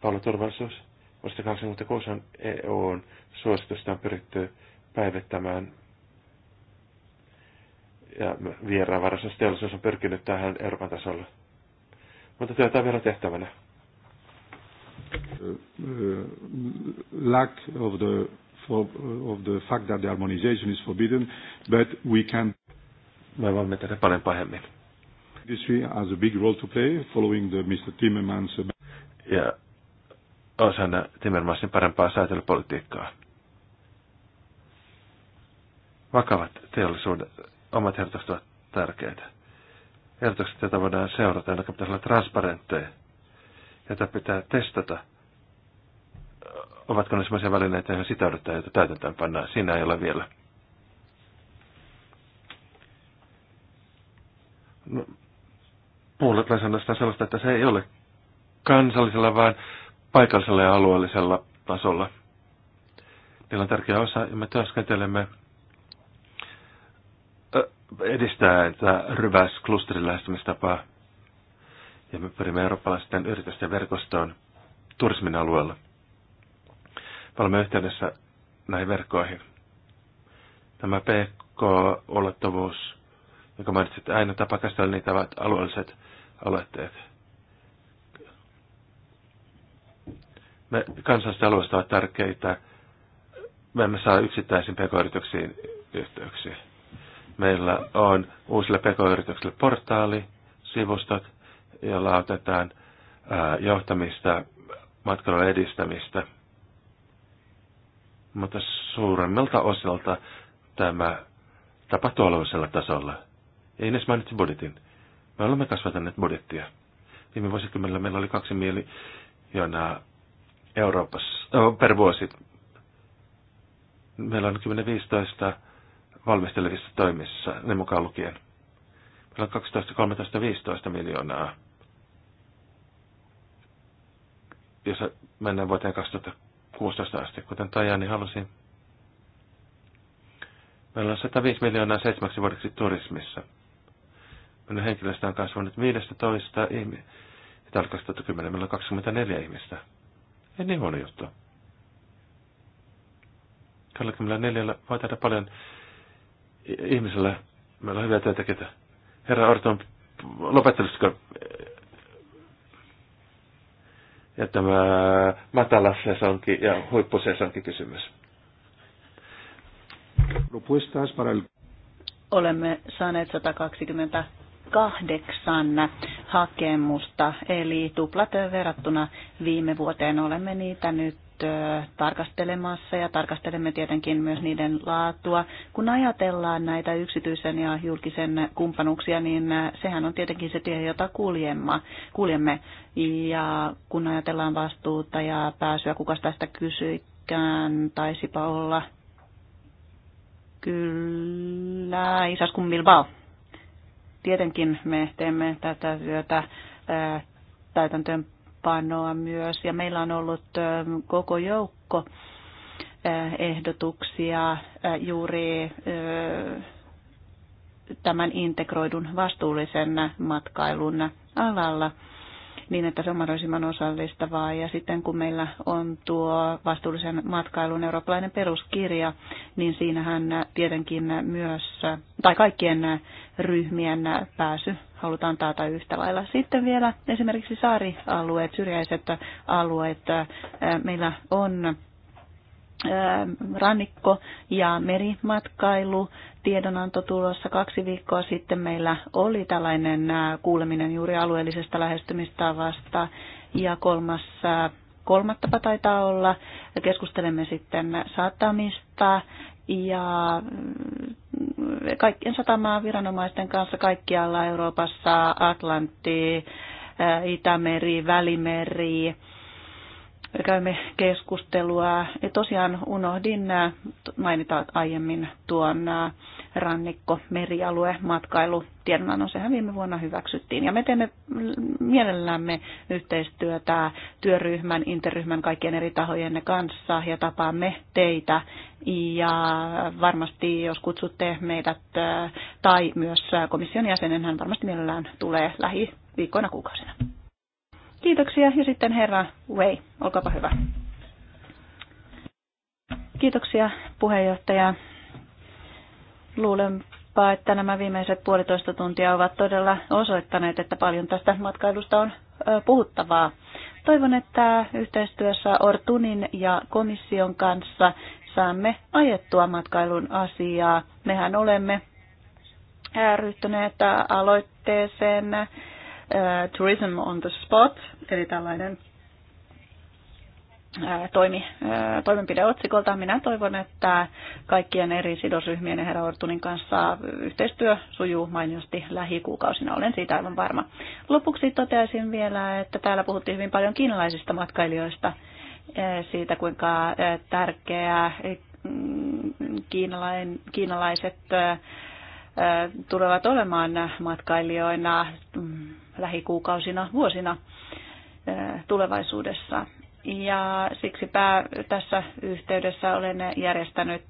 Palveluturvallisuus. Vuodesta 1986 on EUn suositusta on pyritty päivittämään ja vieraanvaraisuus teollisuus on pyrkinyt tähän Euroopan tasolle, Mutta työtä on vielä tehtävänä. lack of the of the fact that the harmonization is forbidden, but we can me Industry has a big role to play following the Mr. Timmermans. Ja osana Timmermansin parempaa säätelypolitiikkaa. Vakavat teollisuuden omat ehdotukset ovat tärkeitä. Ehdotukset, joita voidaan seurata, jotka pitäisi olla transparentteja, joita pitää testata ovatko ne sellaisia välineitä, joihin sitoudutaan, joita täytäntöön pannaan. Siinä ei ole vielä. No, puolet sanoa sellaista, että se ei ole kansallisella, vaan paikallisella ja alueellisella tasolla. Niillä on tärkeä osa, ja me työskentelemme edistää tätä ryväs klusterin lähestymistapaa. Ja me pyrimme eurooppalaisten yritysten verkostoon turismin alueella. Me olemme yhteydessä näihin verkkoihin. Tämä PK-ulottuvuus, jonka mainitsit aina tapa käsitellä niitä ovat alueelliset aloitteet. Me kansalliset alueet ovat tärkeitä. Me emme saa yksittäisiin pk-yrityksiin yhteyksiä. Meillä on uusille pk-yrityksille portaali, sivustot, joilla otetaan johtamista, matkailun edistämistä – mutta suuremmalta osalta tämä tapahtuu alueellisella tasolla. Ei edes mainitsi budjetin. Me olemme kasvataneet budjettia. Viime vuosikymmenellä meillä oli kaksi miljoonaa Euroopassa oh, per vuosi. Meillä on 10-15 valmistelevissa toimissa, ne mukaan lukien. Meillä on 12, 13, 15 miljoonaa. Jos mennään vuoteen 2000 2016 asti, kuten Tajani halusi. Meillä on 105 miljoonaa seitsemäksi vuodeksi turismissa. Minun henkilöstö on kasvanut 15 ihmistä. Täällä 2010 meillä on 24 ihmistä. Ei niin huono juttu. 24 voi tehdä paljon ihmisellä. Meillä on hyviä työntekijöitä. Herra Orton, lopettelisitko ja tämä matala sesonki ja huippusesonki kysymys. Olemme saaneet 128 hakemusta, eli tuplatöön verrattuna viime vuoteen. Olemme niitä nyt tarkastelemassa ja tarkastelemme tietenkin myös niiden laatua. Kun ajatellaan näitä yksityisen ja julkisen kumppanuuksia, niin sehän on tietenkin se tie, jota kuljemme. Ja kun ajatellaan vastuuta ja pääsyä, kuka tästä kysyikään, taisipa olla kyllä isas Bilbao. Tietenkin me teemme tätä työtä täytäntöön toimeenpanoa myös. Ja meillä on ollut koko joukko ehdotuksia juuri tämän integroidun vastuullisen matkailun alalla niin, että se on mahdollisimman osallistavaa. Ja sitten kun meillä on tuo vastuullisen matkailun eurooppalainen peruskirja, niin siinähän tietenkin myös, tai kaikkien ryhmien pääsy halutaan taata yhtä lailla. Sitten vielä esimerkiksi saarialueet, syrjäiset alueet. Meillä on rannikko- ja merimatkailu. Tiedonanto tulossa kaksi viikkoa sitten meillä oli tällainen kuuleminen juuri alueellisesta lähestymistavasta ja kolmas kolmattapa taitaa olla. Keskustelemme sitten satamista ja mm, kaikkien satamaa viranomaisten kanssa kaikkialla Euroopassa, Atlantti, Itämeri, Välimeri, käymme keskustelua. Ja tosiaan unohdin äh, mainita aiemmin tuon äh, rannikko, merialue, matkailu, tiedonannon, sehän viime vuonna hyväksyttiin. Ja me teemme mielellämme yhteistyötä työryhmän, interryhmän, kaikkien eri tahojenne kanssa ja tapaamme teitä. Ja varmasti, jos kutsutte meidät äh, tai myös komission jäsenen, hän varmasti mielellään tulee lähiviikkoina kuukausina. Kiitoksia ja sitten herra Wei, olkaapa hyvä. Kiitoksia puheenjohtaja. Luulenpa, että nämä viimeiset puolitoista tuntia ovat todella osoittaneet, että paljon tästä matkailusta on puhuttavaa. Toivon, että yhteistyössä Ortunin ja komission kanssa saamme ajettua matkailun asiaa. Mehän olemme ryhtyneet aloitteeseen Äh, tourism on the Spot, eli tällainen äh, toimi, äh, toimenpideotsikolta. Minä toivon, että kaikkien eri sidosryhmien ja herraortunin kanssa yhteistyö sujuu mainiosti lähikuukausina. Olen siitä aivan varma. Lopuksi toteaisin vielä, että täällä puhuttiin hyvin paljon kiinalaisista matkailijoista siitä, kuinka tärkeää mm, kiinalaiset tulevat olemaan matkailijoina mm, lähikuukausina, vuosina tulevaisuudessa. Ja siksi tässä yhteydessä olen järjestänyt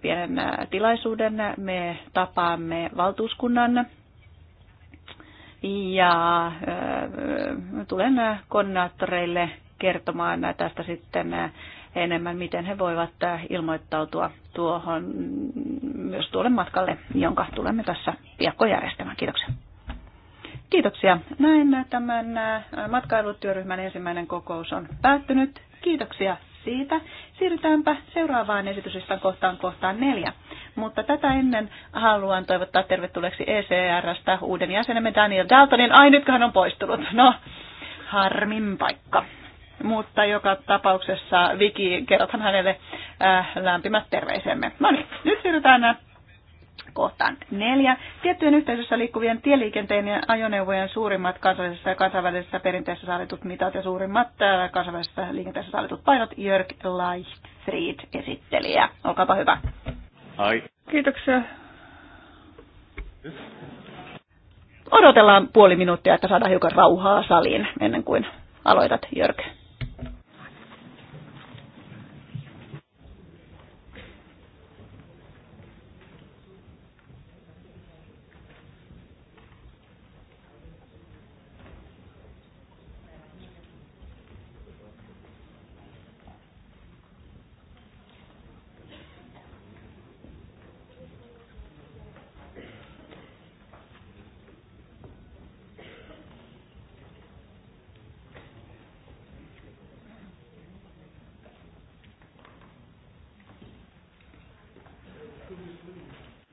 pienen tilaisuuden. Me tapaamme valtuuskunnan ja tulen koordinaattoreille kertomaan tästä sitten enemmän, miten he voivat äh, ilmoittautua tuohon mm, myös tuolle matkalle, jonka tulemme tässä piakko järjestämään. Kiitoksia. Kiitoksia. Näin tämän äh, matkailutyöryhmän ensimmäinen kokous on päättynyt. Kiitoksia siitä. Siirrytäänpä seuraavaan esityslistan kohtaan kohtaan neljä. Mutta tätä ennen haluan toivottaa tervetulleeksi ECRstä uuden jäsenemme Daniel Daltonin. Ai, hän on poistunut. No, harmin paikka mutta joka tapauksessa Viki, kerrothan hänelle äh, lämpimät terveisemme. No niin, nyt siirrytään äh, kohtaan neljä. Tiettyjen yhteisössä liikkuvien tieliikenteen ja ajoneuvojen suurimmat kansallisessa ja kansainvälisessä perinteessä saalitut mitat ja suurimmat äh, kansainvälisessä liikenteessä saalitut painot Jörg Leichtfried esittelijä. Olkaapa hyvä. Ai. Kiitoksia. Odotellaan puoli minuuttia, että saadaan hiukan rauhaa saliin ennen kuin aloitat, Jörg.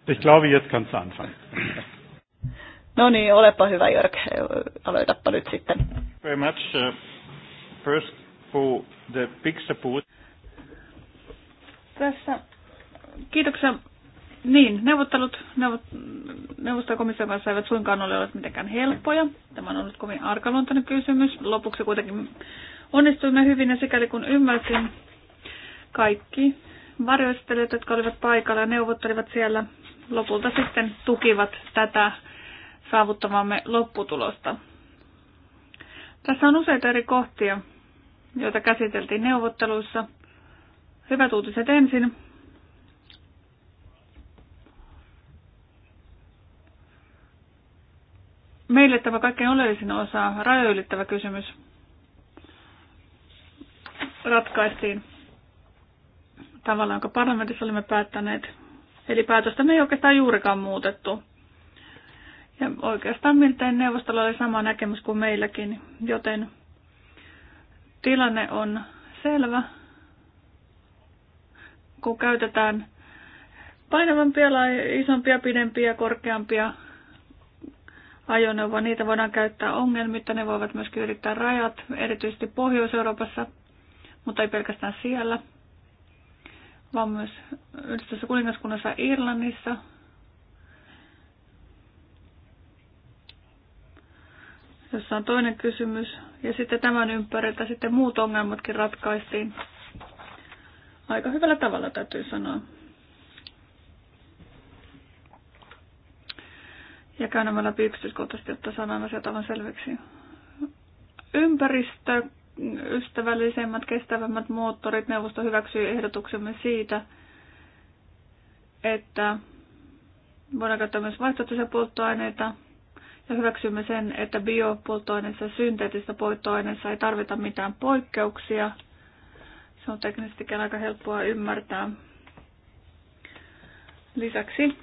Ich glaube, jetzt kannst du anfangen. No niin, olepa hyvä Jörg, aloitapa nyt sitten. Very much. Uh, first for the big support. Tässä. Kiitoksia. Niin, neuvottelut neuvot, neuvostokomission kanssa eivät suinkaan ole olleet mitenkään helppoja. Tämä on ollut kovin arkaluontainen kysymys. Lopuksi kuitenkin onnistuimme hyvin ja sikäli kun ymmärsin, kaikki varjoistelijat, jotka olivat paikalla ja neuvottelivat siellä, lopulta sitten tukivat tätä saavuttamamme lopputulosta. Tässä on useita eri kohtia, joita käsiteltiin neuvotteluissa. Hyvät uutiset ensin. Meille tämä kaikkein oleellisin osa, rajoylittävä kysymys, ratkaistiin tavalla, jonka parlamentissa olimme päättäneet Eli päätöstä me ei oikeastaan juurikaan muutettu. Ja oikeastaan miltei neuvostolla oli sama näkemys kuin meilläkin, joten tilanne on selvä. Kun käytetään painavampia tai isompia, pidempiä, korkeampia ajoneuvoa, niitä voidaan käyttää ongelmitta. Ne voivat myöskin yrittää rajat, erityisesti Pohjois-Euroopassa, mutta ei pelkästään siellä – vaan myös yhdistössä kuningaskunnassa Irlannissa. Jossa on toinen kysymys. Ja sitten tämän ympäriltä sitten muut ongelmatkin ratkaistiin. Aika hyvällä tavalla täytyy sanoa. Ja käyn nämä läpi yksityiskohtaisesti, jotta saadaan asiat aivan selväksi. Ympäristö, ympäristöystävällisemmät, kestävämmät moottorit. Neuvosto hyväksyi ehdotuksemme siitä, että voidaan käyttää myös vaihtoehtoisia polttoaineita ja hyväksymme sen, että biopolttoaineissa ja synteettisissä polttoaineissa ei tarvita mitään poikkeuksia. Se on teknisesti aika helppoa ymmärtää. Lisäksi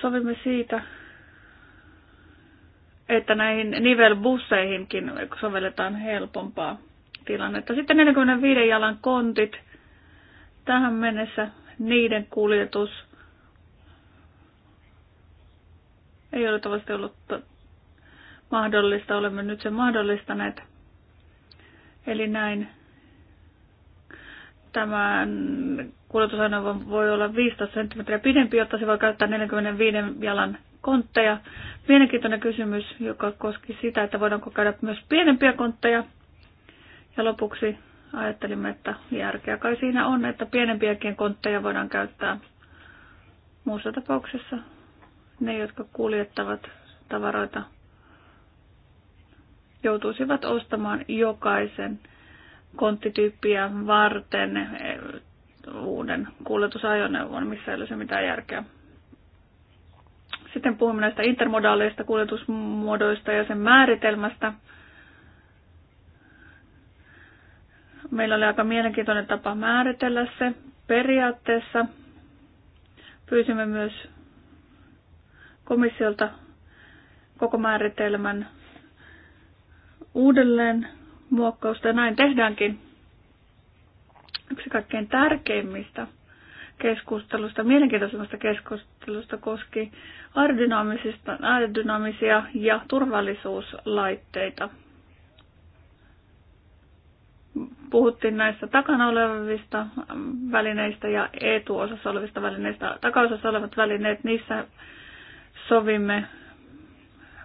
sovimme siitä, että näihin nivelbusseihinkin sovelletaan helpompaa tilannetta. Sitten 45 jalan kontit. Tähän mennessä niiden kuljetus ei ole tavasti ollut mahdollista. Olemme nyt sen mahdollistaneet. Eli näin tämän kuljetusaineuvo voi olla 15 senttimetriä pidempi, jotta se voi käyttää 45 jalan kontteja. Mielenkiintoinen kysymys, joka koski sitä, että voidaanko käydä myös pienempiä kontteja. Ja lopuksi ajattelimme, että järkeä kai siinä on, että pienempiäkin kontteja voidaan käyttää muussa tapauksessa. Ne, jotka kuljettavat tavaroita, joutuisivat ostamaan jokaisen konttityyppiä varten eh, uuden kuljetusajoneuvon, missä ei ole se mitään järkeä. Sitten puhumme näistä intermodaaleista kuljetusmuodoista ja sen määritelmästä. Meillä oli aika mielenkiintoinen tapa määritellä se. Periaatteessa pyysimme myös komissiolta koko määritelmän uudelleen muokkausta ja näin tehdäänkin. Yksi kaikkein tärkeimmistä keskustelusta, mielenkiintoisemmasta keskustelusta koski aerodynaamisia ja turvallisuuslaitteita. Puhuttiin näistä takana olevista välineistä ja etuosassa olevista välineistä. Takaosassa olevat välineet, niissä sovimme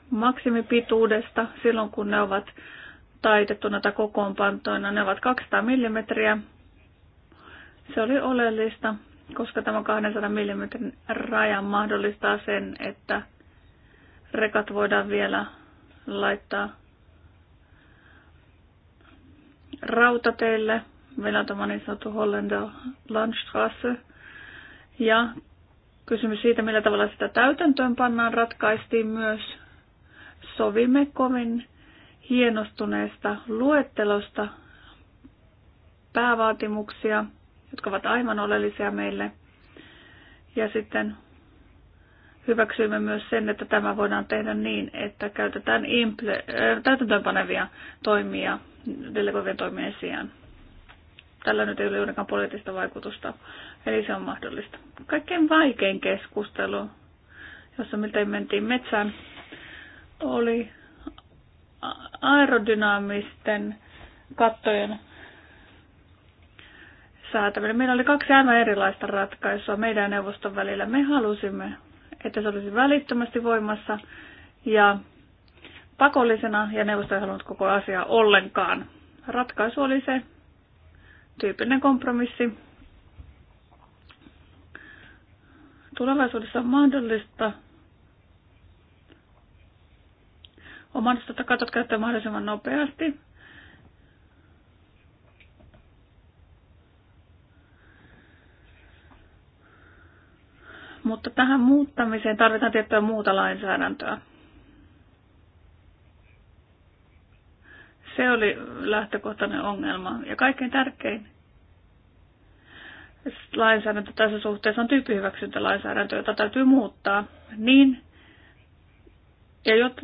maksimipituudesta silloin, kun ne ovat taitettuna tai kokoonpantoina. Ne ovat 200 mm. Se oli oleellista koska tämä 200 mm raja mahdollistaa sen, että rekat voidaan vielä laittaa rautateille. Meillä on tämä niin sanottu Hollander Landstrasse. Ja kysymys siitä, millä tavalla sitä täytäntöön pannaan, ratkaistiin myös. Sovimme kovin hienostuneesta luettelosta päävaatimuksia – jotka ovat aivan oleellisia meille. Ja sitten hyväksyimme myös sen, että tämä voidaan tehdä niin, että käytetään imple- äh, täytäntöönpanevia toimia delegoivien toimien sijaan. Tällä nyt ei ole juurikaan poliittista vaikutusta, eli se on mahdollista. Kaikkein vaikein keskustelu, jossa miltei mentiin metsään, oli aerodynaamisten kattojen säätäminen. Meillä oli kaksi aivan erilaista ratkaisua meidän neuvoston välillä. Me halusimme, että se olisi välittömästi voimassa ja pakollisena, ja neuvosto ei halunnut koko asiaa ollenkaan. Ratkaisu oli se tyypillinen kompromissi. Tulevaisuudessa on mahdollista on mahdollista katot käyttää mahdollisimman nopeasti mutta tähän muuttamiseen tarvitaan tiettyä muuta lainsäädäntöä. Se oli lähtökohtainen ongelma. Ja kaikkein tärkein lainsäädäntö tässä suhteessa on tyyppihyväksyntälainsäädäntö, jota täytyy muuttaa niin, ja jotta,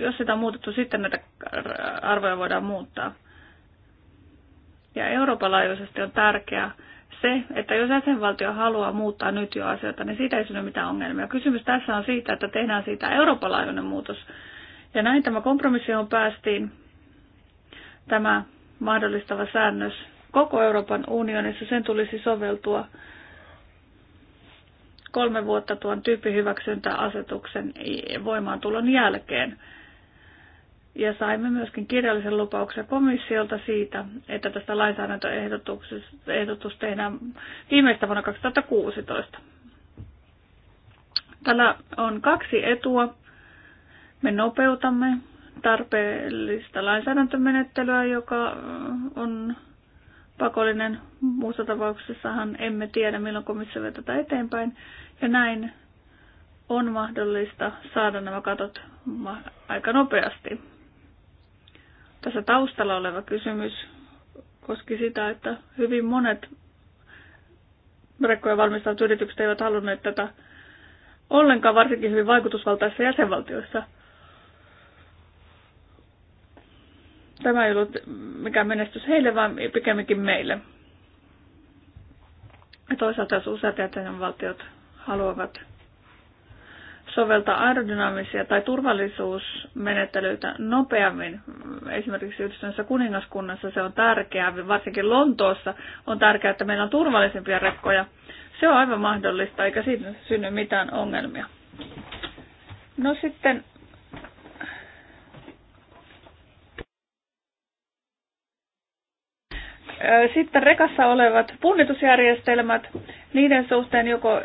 jos sitä on muutettu, sitten näitä arvoja voidaan muuttaa. Ja Euroopan laajuisesti on tärkeää, se, että jos jäsenvaltio haluaa muuttaa nyt jo asioita, niin siitä ei synny mitään ongelmia. Kysymys tässä on siitä, että tehdään siitä Euroopan laajuinen muutos. Ja näin tämä kompromissi on päästiin, tämä mahdollistava säännös koko Euroopan unionissa, sen tulisi soveltua kolme vuotta tuon tyyppihyväksyntäasetuksen voimaantulon jälkeen ja saimme myöskin kirjallisen lupauksen komissiolta siitä, että tästä lainsäädäntöehdotus tehdään viimeistä vuonna 2016. Tällä on kaksi etua. Me nopeutamme tarpeellista lainsäädäntömenettelyä, joka on pakollinen. Muussa tapauksessahan emme tiedä, milloin komissio vie tätä eteenpäin. Ja näin on mahdollista saada nämä katot aika nopeasti. Tässä taustalla oleva kysymys koski sitä, että hyvin monet rekkoja valmistavat yritykset eivät halunneet tätä ollenkaan, varsinkin hyvin vaikutusvaltaisissa jäsenvaltioissa. Tämä ei ollut mikään menestys heille, vaan pikemminkin meille. Ja toisaalta jos useat jäsenvaltiot haluavat soveltaa aerodynaamisia tai turvallisuusmenettelyitä nopeammin. Esimerkiksi yhdistyneessä kuningaskunnassa se on tärkeää, varsinkin Lontoossa on tärkeää, että meillä on turvallisempia rekkoja. Se on aivan mahdollista, eikä siitä synny mitään ongelmia. No sitten Sitten rekassa olevat punnitusjärjestelmät, niiden suhteen joko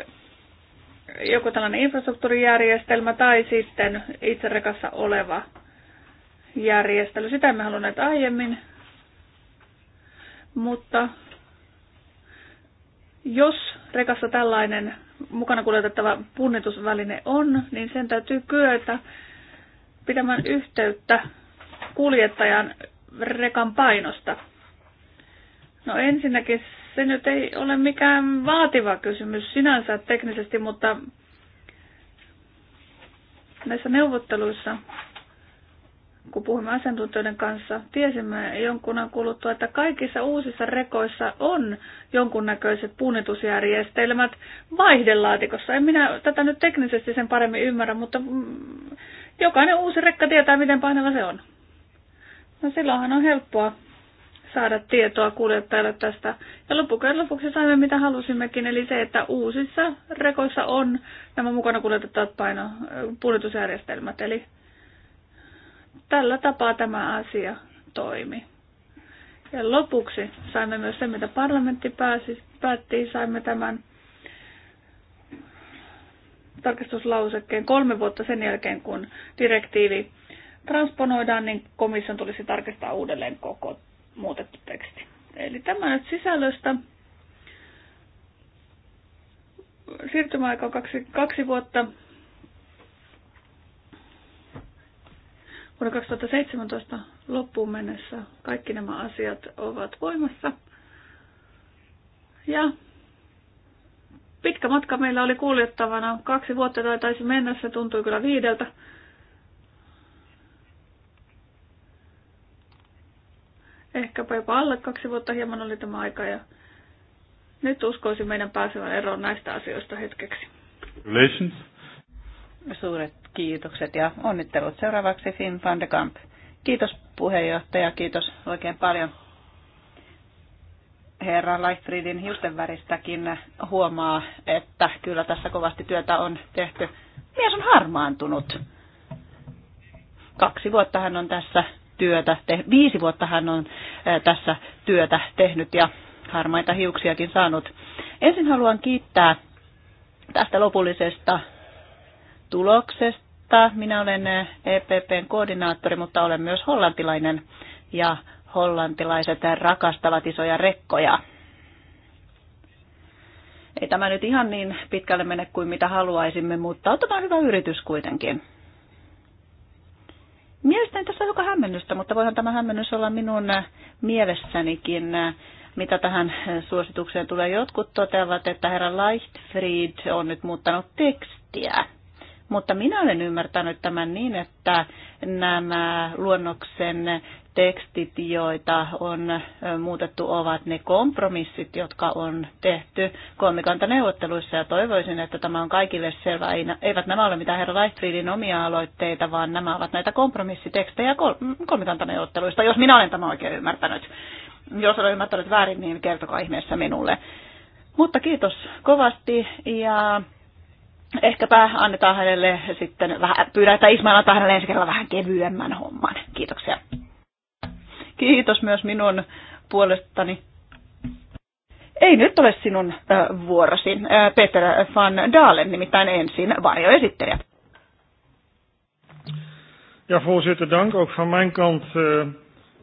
joku tällainen infrastruktuurijärjestelmä tai sitten itse rekassa oleva järjestely. Sitä emme halunneet aiemmin, mutta jos rekassa tällainen mukana kuljetettava punnitusväline on, niin sen täytyy kyetä pitämään yhteyttä kuljettajan rekan painosta. No ensinnäkin se nyt ei ole mikään vaativa kysymys sinänsä teknisesti, mutta näissä neuvotteluissa, kun puhumme asiantuntijoiden kanssa, tiesimme jonkun ajan kuluttua, että kaikissa uusissa rekoissa on jonkunnäköiset punnitusjärjestelmät vaihdelaatikossa. En minä tätä nyt teknisesti sen paremmin ymmärrä, mutta mm, jokainen uusi rekka tietää, miten painava se on. No silloinhan on helppoa saada tietoa kuljettajalle tästä. Ja lopuksi lopuksi saimme mitä halusimmekin, eli se, että uusissa rekoissa on nämä mukana kuljetettavat paino, pudotusjärjestelmät. Eli tällä tapaa tämä asia toimi. Ja lopuksi saimme myös sen, mitä parlamentti pääsi, päätti, saimme tämän tarkistuslausekkeen kolme vuotta sen jälkeen, kun direktiivi transponoidaan, niin komission tulisi tarkistaa uudelleen koko muutettu teksti. Eli tämä nyt sisällöstä. Siirtymäaika on kaksi, kaksi vuotta. Vuonna 2017 loppuun mennessä kaikki nämä asiat ovat voimassa. Ja pitkä matka meillä oli kuljettavana. Kaksi vuotta taisi mennä, se tuntui kyllä viideltä. ehkäpä jopa alle kaksi vuotta hieman oli tämä aika ja nyt uskoisin meidän pääsevän eroon näistä asioista hetkeksi. Relations. Suuret kiitokset ja onnittelut seuraavaksi Finn van de Kamp. Kiitos puheenjohtaja, kiitos oikein paljon herra hiusten väristäkin huomaa, että kyllä tässä kovasti työtä on tehty. Mies on harmaantunut. Kaksi vuotta hän on tässä työtä Te, Viisi vuotta hän on tässä työtä tehnyt ja harmaita hiuksiakin saanut. Ensin haluan kiittää tästä lopullisesta tuloksesta. Minä olen EPPn koordinaattori, mutta olen myös hollantilainen ja hollantilaiset rakastavat isoja rekkoja. Ei tämä nyt ihan niin pitkälle mene kuin mitä haluaisimme, mutta otetaan hyvä yritys kuitenkin. Mielestäni tässä on hiukan hämmennystä, mutta voihan tämä hämmennys olla minun mielessänikin, mitä tähän suositukseen tulee. Jotkut toteavat, että herra Leichtfried on nyt muuttanut tekstiä. Mutta minä olen ymmärtänyt tämän niin, että nämä luonnoksen tekstit, joita on muutettu, ovat ne kompromissit, jotka on tehty kolmikantaneuvotteluissa. Ja toivoisin, että tämä on kaikille selvä. Eivät nämä ole mitään herra Lightfieldin omia aloitteita, vaan nämä ovat näitä kompromissitekstejä kolmikantaneuvotteluista, jos minä olen tämä oikein ymmärtänyt. Jos olen ymmärtänyt väärin, niin kertokaa ihmeessä minulle. Mutta kiitos kovasti ja ehkäpä annetaan hänelle sitten vähän, pyydän, että Ismail antaa hänelle ensi kerralla vähän kevyemmän homman. Kiitoksia. Kiitos myös minun puolestani. Ei nyt ole sinun vuorosi. Peter van Dalen nimittäin ensin varjoesittelijä. Ja voorzitter, dank ook van mijn kant eh,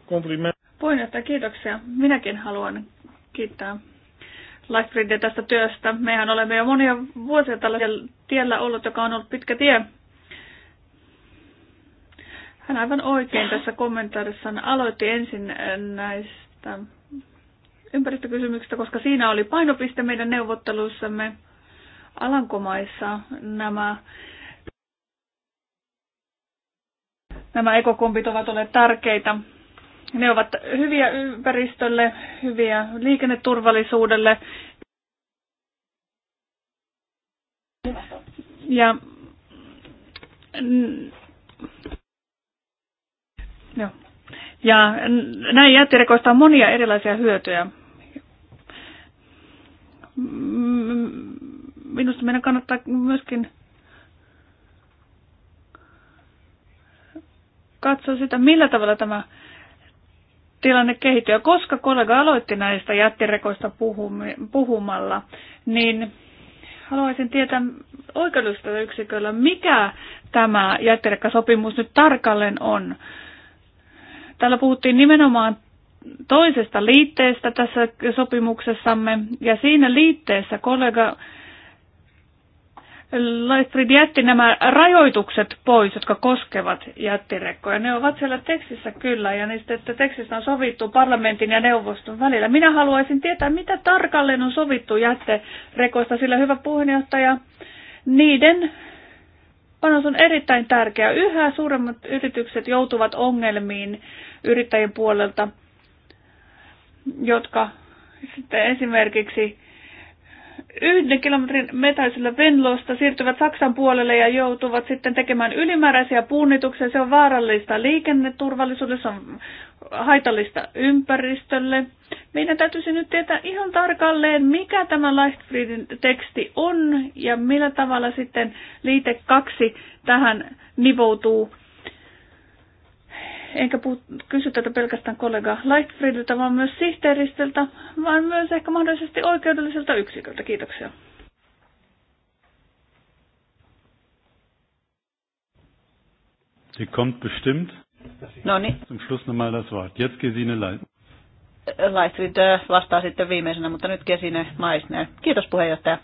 compliment. Puheenjohtaja, kiitoksia. Minäkin haluan kiittää Lifegridia tästä työstä. Mehän olemme jo monia vuosia tällä tiellä ollut, joka on ollut pitkä tie. Hän aivan oikein tässä kommentaarissa aloitti ensin eh, näistä ympäristökysymyksistä, koska siinä oli painopiste meidän neuvotteluissamme Alankomaissa nämä nämä ekokumpit ovat olleet tärkeitä. Ne ovat hyviä ympäristölle, hyviä liikenneturvallisuudelle. Ja Joo. Ja näin jättirekoista on monia erilaisia hyötyjä. Mm, minusta meidän kannattaa myöskin katsoa sitä, millä tavalla tämä tilanne kehittyy. koska kollega aloitti näistä jättirekoista puhumalla, niin haluaisin tietää oikeudellisesta yksiköllä, mikä tämä jättirekkasopimus nyt tarkalleen on. Täällä puhuttiin nimenomaan toisesta liitteestä tässä sopimuksessamme, ja siinä liitteessä kollega Leifrid jätti nämä rajoitukset pois, jotka koskevat jättirekkoja. Ne ovat siellä tekstissä kyllä, ja niistä että tekstissä on sovittu parlamentin ja neuvoston välillä. Minä haluaisin tietää, mitä tarkalleen on sovittu jätterekoista, sillä hyvä puheenjohtaja, niiden panos on erittäin tärkeä. Yhä suuremmat yritykset joutuvat ongelmiin yrittäjien puolelta, jotka sitten esimerkiksi yhden kilometrin metäisellä Venlosta siirtyvät Saksan puolelle ja joutuvat sitten tekemään ylimääräisiä punnituksia. Se on vaarallista liikenneturvallisuudessa, on haitallista ympäristölle. Meidän täytyisi nyt tietää ihan tarkalleen, mikä tämä Lightfriedin teksti on ja millä tavalla sitten liite kaksi tähän nivoutuu enkä puhu, kysy tätä pelkästään kollega Lightfriediltä, vaan myös sihteeristeltä vaan myös ehkä mahdollisesti oikeudelliselta yksiköltä. Kiitoksia. Die kommt bestimmt. No niin. Zum Schluss nochmal das Wort. Jetzt Gesine Leit. Äh, vastaa sitten viimeisenä, mutta nyt Gesine Maisner. Kiitos puheenjohtaja.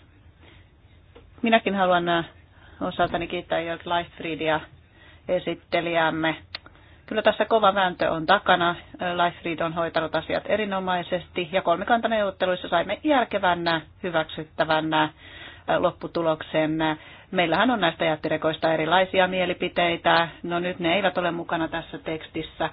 Minäkin haluan äh, osaltani kiittää Jörg Leitfriedia esittelijämme Kyllä tässä kova vääntö on takana. Read on hoitanut asiat erinomaisesti ja kolmikantaneuvotteluissa saimme järkevän, hyväksyttävän lopputuloksen. Meillähän on näistä jättirekoista erilaisia mielipiteitä. No nyt ne eivät ole mukana tässä tekstissä,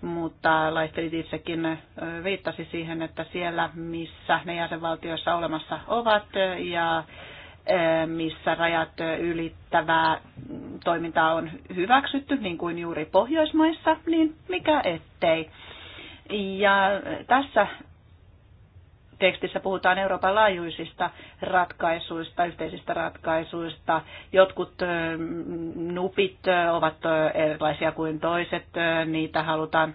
mutta Laittelit itsekin viittasi siihen, että siellä missä ne jäsenvaltioissa olemassa ovat ja Eh, missä rajat ylittävää toimintaa on hyväksytty, niin kuin juuri Pohjoismaissa, niin mikä ettei. Ja tässä tekstissä puhutaan Euroopan laajuisista ratkaisuista, yhteisistä ratkaisuista. Jotkut eh, nupit eh, ovat erilaisia kuin toiset, niitä halutaan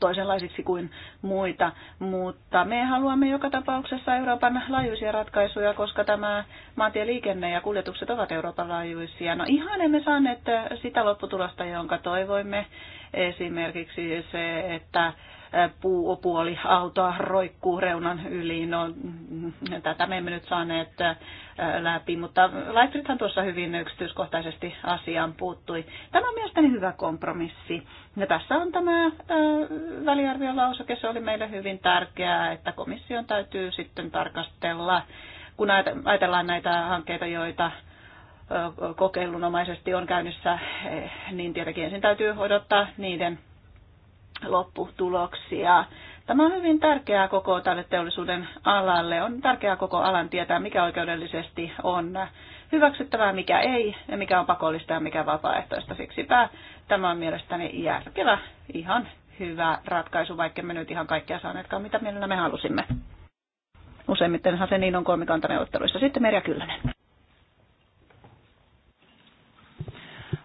toisenlaisiksi kuin muita, mutta me haluamme joka tapauksessa Euroopan laajuisia ratkaisuja, koska tämä maantieliikenne ja kuljetukset ovat Euroopan laajuisia. No ihan emme saaneet sitä lopputulosta, jonka toivoimme. Esimerkiksi se, että puuopuoli autoa roikkuu reunan yli. No, tätä me emme nyt saaneet läpi, mutta Leifrithan tuossa hyvin yksityiskohtaisesti asiaan puuttui. Tämä on mielestäni hyvä kompromissi. Ja tässä on tämä väliarviolauseke, se oli meille hyvin tärkeää, että komission täytyy sitten tarkastella, kun ajatellaan näitä hankkeita, joita kokeilunomaisesti on käynnissä, eh, niin tietenkin ensin täytyy odottaa niiden lopputuloksia. Tämä on hyvin tärkeää koko tälle teollisuuden alalle. On tärkeää koko alan tietää, mikä oikeudellisesti on hyväksyttävää, mikä ei, ja mikä on pakollista ja mikä vapaaehtoista. Siksipä tämä on mielestäni järkevä, ihan hyvä ratkaisu, vaikka me nyt ihan kaikkea saaneetkaan, mitä mielellä me halusimme. Useimmitenhan se niin on kolmikantaneuvotteluissa. Sitten Merja Kyllönen.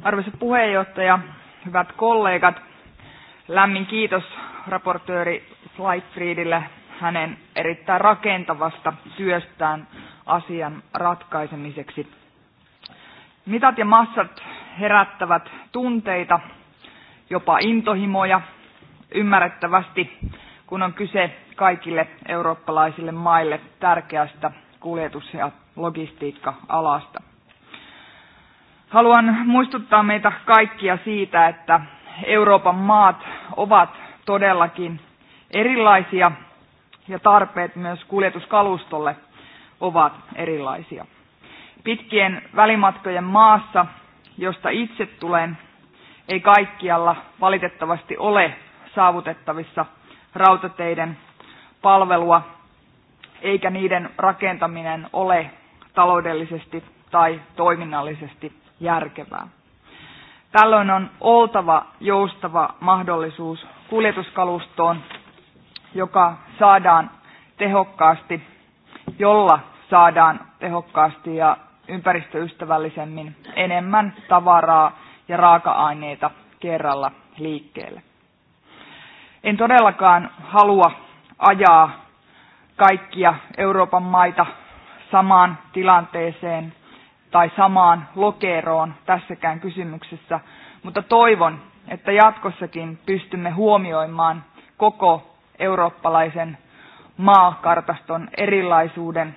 Arvoisa puheenjohtaja, hyvät kollegat, lämmin kiitos raportööri Flightfriedille hänen erittäin rakentavasta työstään asian ratkaisemiseksi. Mitat ja massat herättävät tunteita, jopa intohimoja, ymmärrettävästi, kun on kyse kaikille eurooppalaisille maille tärkeästä kuljetus- ja logistiikka-alasta. Haluan muistuttaa meitä kaikkia siitä, että Euroopan maat ovat todellakin erilaisia ja tarpeet myös kuljetuskalustolle ovat erilaisia. Pitkien välimatkojen maassa, josta itse tulen, ei kaikkialla valitettavasti ole saavutettavissa rautateiden palvelua, eikä niiden rakentaminen ole taloudellisesti tai toiminnallisesti järkevää. Tällöin on oltava joustava mahdollisuus kuljetuskalustoon, joka saadaan tehokkaasti, jolla saadaan tehokkaasti ja ympäristöystävällisemmin enemmän tavaraa ja raaka-aineita kerralla liikkeelle. En todellakaan halua ajaa kaikkia Euroopan maita samaan tilanteeseen tai samaan lokeroon tässäkään kysymyksessä, mutta toivon, että jatkossakin pystymme huomioimaan koko eurooppalaisen maakartaston erilaisuuden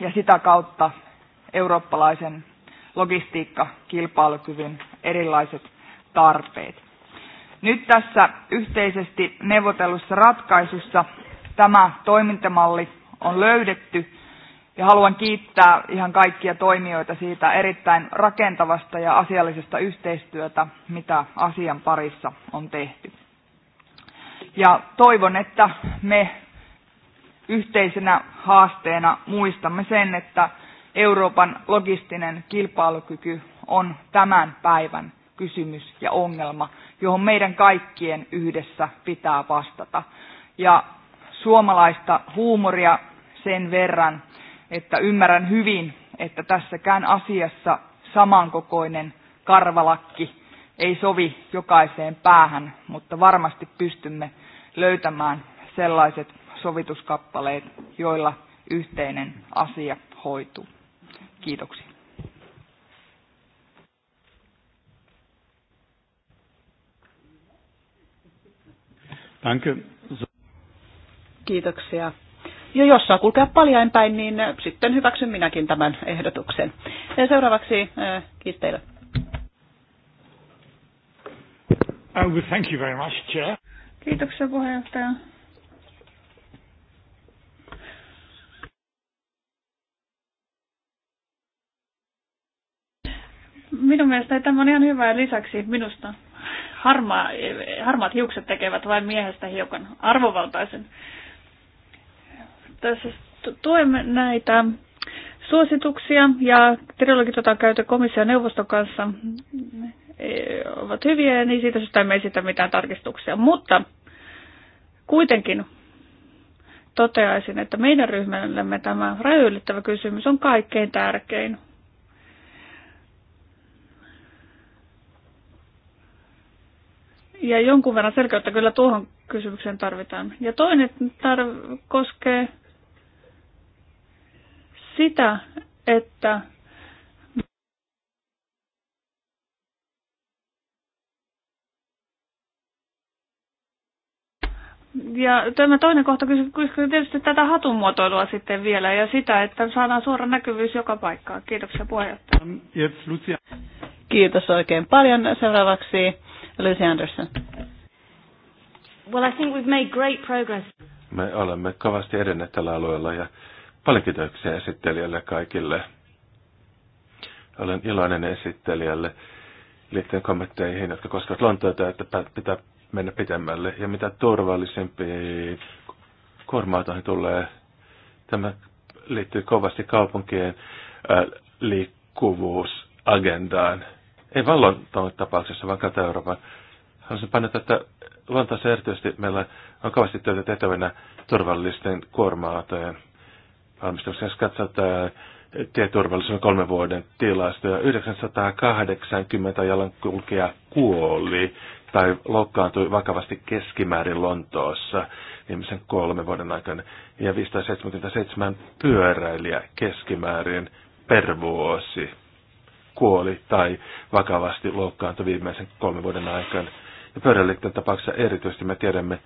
ja sitä kautta eurooppalaisen logistiikkakilpailukyvyn erilaiset tarpeet. Nyt tässä yhteisesti neuvotellussa ratkaisussa tämä toimintamalli on löydetty ja haluan kiittää ihan kaikkia toimijoita siitä erittäin rakentavasta ja asiallisesta yhteistyötä, mitä asian parissa on tehty. Ja toivon, että me yhteisenä haasteena muistamme sen, että Euroopan logistinen kilpailukyky on tämän päivän kysymys ja ongelma, johon meidän kaikkien yhdessä pitää vastata. Ja suomalaista huumoria sen verran, että ymmärrän hyvin, että tässäkään asiassa samankokoinen karvalakki ei sovi jokaiseen päähän, mutta varmasti pystymme löytämään sellaiset sovituskappaleet, joilla yhteinen asia hoituu. Kiitoksia. Danke. Kiitoksia. Ja jos saa kulkea paljain päin, niin äh, sitten hyväksyn minäkin tämän ehdotuksen. Ja seuraavaksi äh, Kisteilö. Oh, thank you very much, Chair. Kiitoksia puheenjohtaja. Minun mielestäni tämä on ihan hyvä lisäksi minusta harmaa, harmaat hiukset tekevät vain miehestä hiukan arvovaltaisen. Tässä tuemme näitä suosituksia ja trilogit, joita on komission neuvoston kanssa, e, ovat hyviä ja niin siitä syystä emme esitä mitään tarkistuksia. Mutta kuitenkin toteaisin, että meidän ryhmällemme tämä rajoittava kysymys on kaikkein tärkein. Ja jonkun verran selkeyttä kyllä tuohon kysymykseen tarvitaan. Ja toinen tarv koskee sitä, että ja tämä toinen kohta kysyy tietysti tätä hatun muotoilua sitten vielä ja sitä, että saadaan suora näkyvyys joka paikkaan. Kiitoksia puheenjohtaja. Um, Kiitos oikein paljon. Seuraavaksi Lucy Anderson. Well, I think we've made great progress. Me olemme kovasti edenneet tällä alueella ja Paljon kiitoksia esittelijälle kaikille. Olen iloinen esittelijälle liittyen kommentteihin, jotka koskevat Lontoota, että pitää mennä pitemmälle. Ja mitä turvallisempiin kuorma tulee, tämä liittyy kovasti kaupunkien liikkuvuusagendaan. Ei vain Lontoon tapauksessa, vaan kautta Euroopan. Haluaisin painottaa, että Lontoossa erityisesti meillä on kovasti työtä tehtävänä turvallisten kuorma-autojen valmistuksen jos katsotaan tieturvallisuuden kolmen vuoden tilastoja, 980 jalankulkijaa kuoli tai loukkaantui vakavasti keskimäärin Lontoossa viimeisen kolmen vuoden aikana ja 577 pyöräilijä keskimäärin per vuosi kuoli tai vakavasti loukkaantui viimeisen kolmen vuoden aikana. Ja pyöräilijöiden tapauksessa erityisesti me tiedämme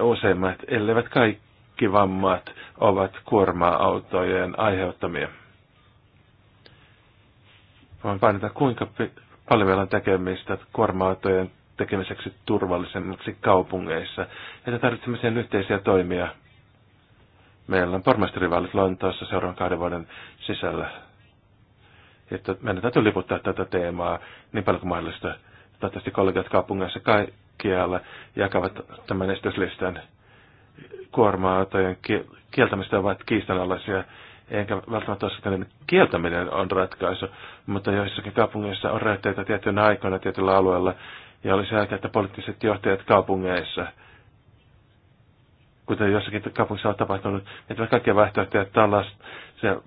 useimmat, elleivät kaikki kaikki vammat ovat kuorma-autojen aiheuttamia. Voin painata, kuinka paljon meillä on tekemistä kuorma-autojen tekemiseksi turvallisemmaksi kaupungeissa. Että tarvitsemme sen yhteisiä toimia. Meillä on pormestarivaalit Lontoossa seuraavan kahden vuoden sisällä. Että meidän täytyy liputtaa tätä teemaa niin paljon kuin mahdollista. Toivottavasti kollegat kaupungeissa kaikkialla jakavat tämän esityslistan kuorma-autojen kieltämistä ovat kiistanalaisia, enkä välttämättä ole sitä, kieltäminen on ratkaisu, mutta joissakin kaupungeissa on räjähteitä tietynä aikoina tietyllä alueella, ja olisi aika, että poliittiset johtajat kaupungeissa, kuten jossakin kaupungissa on tapahtunut, että kaikkia vaihtoehtoja tällaisia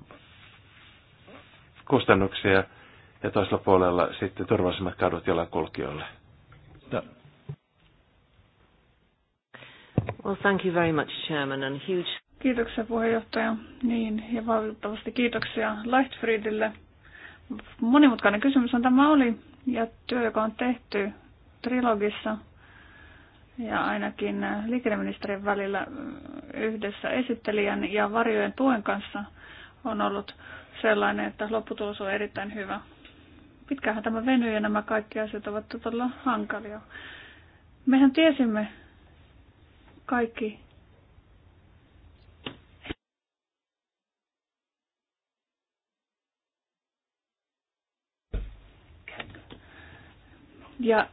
kustannuksia ja toisella puolella sitten turvallisemmat kadut jollain kulkijoille. Well, thank you very much, Chairman, and huge... Kiitoksia puheenjohtaja. Niin, ja valitettavasti kiitoksia Lightfriedille. Monimutkainen kysymys on tämä oli, ja työ, joka on tehty trilogissa ja ainakin liikenneministerin välillä yhdessä esittelijän ja varjojen tuen kanssa on ollut sellainen, että lopputulos on erittäin hyvä. Pitkähän tämä venyy ja nämä kaikki asiat ovat todella hankalia. Mehän tiesimme kaikki Ja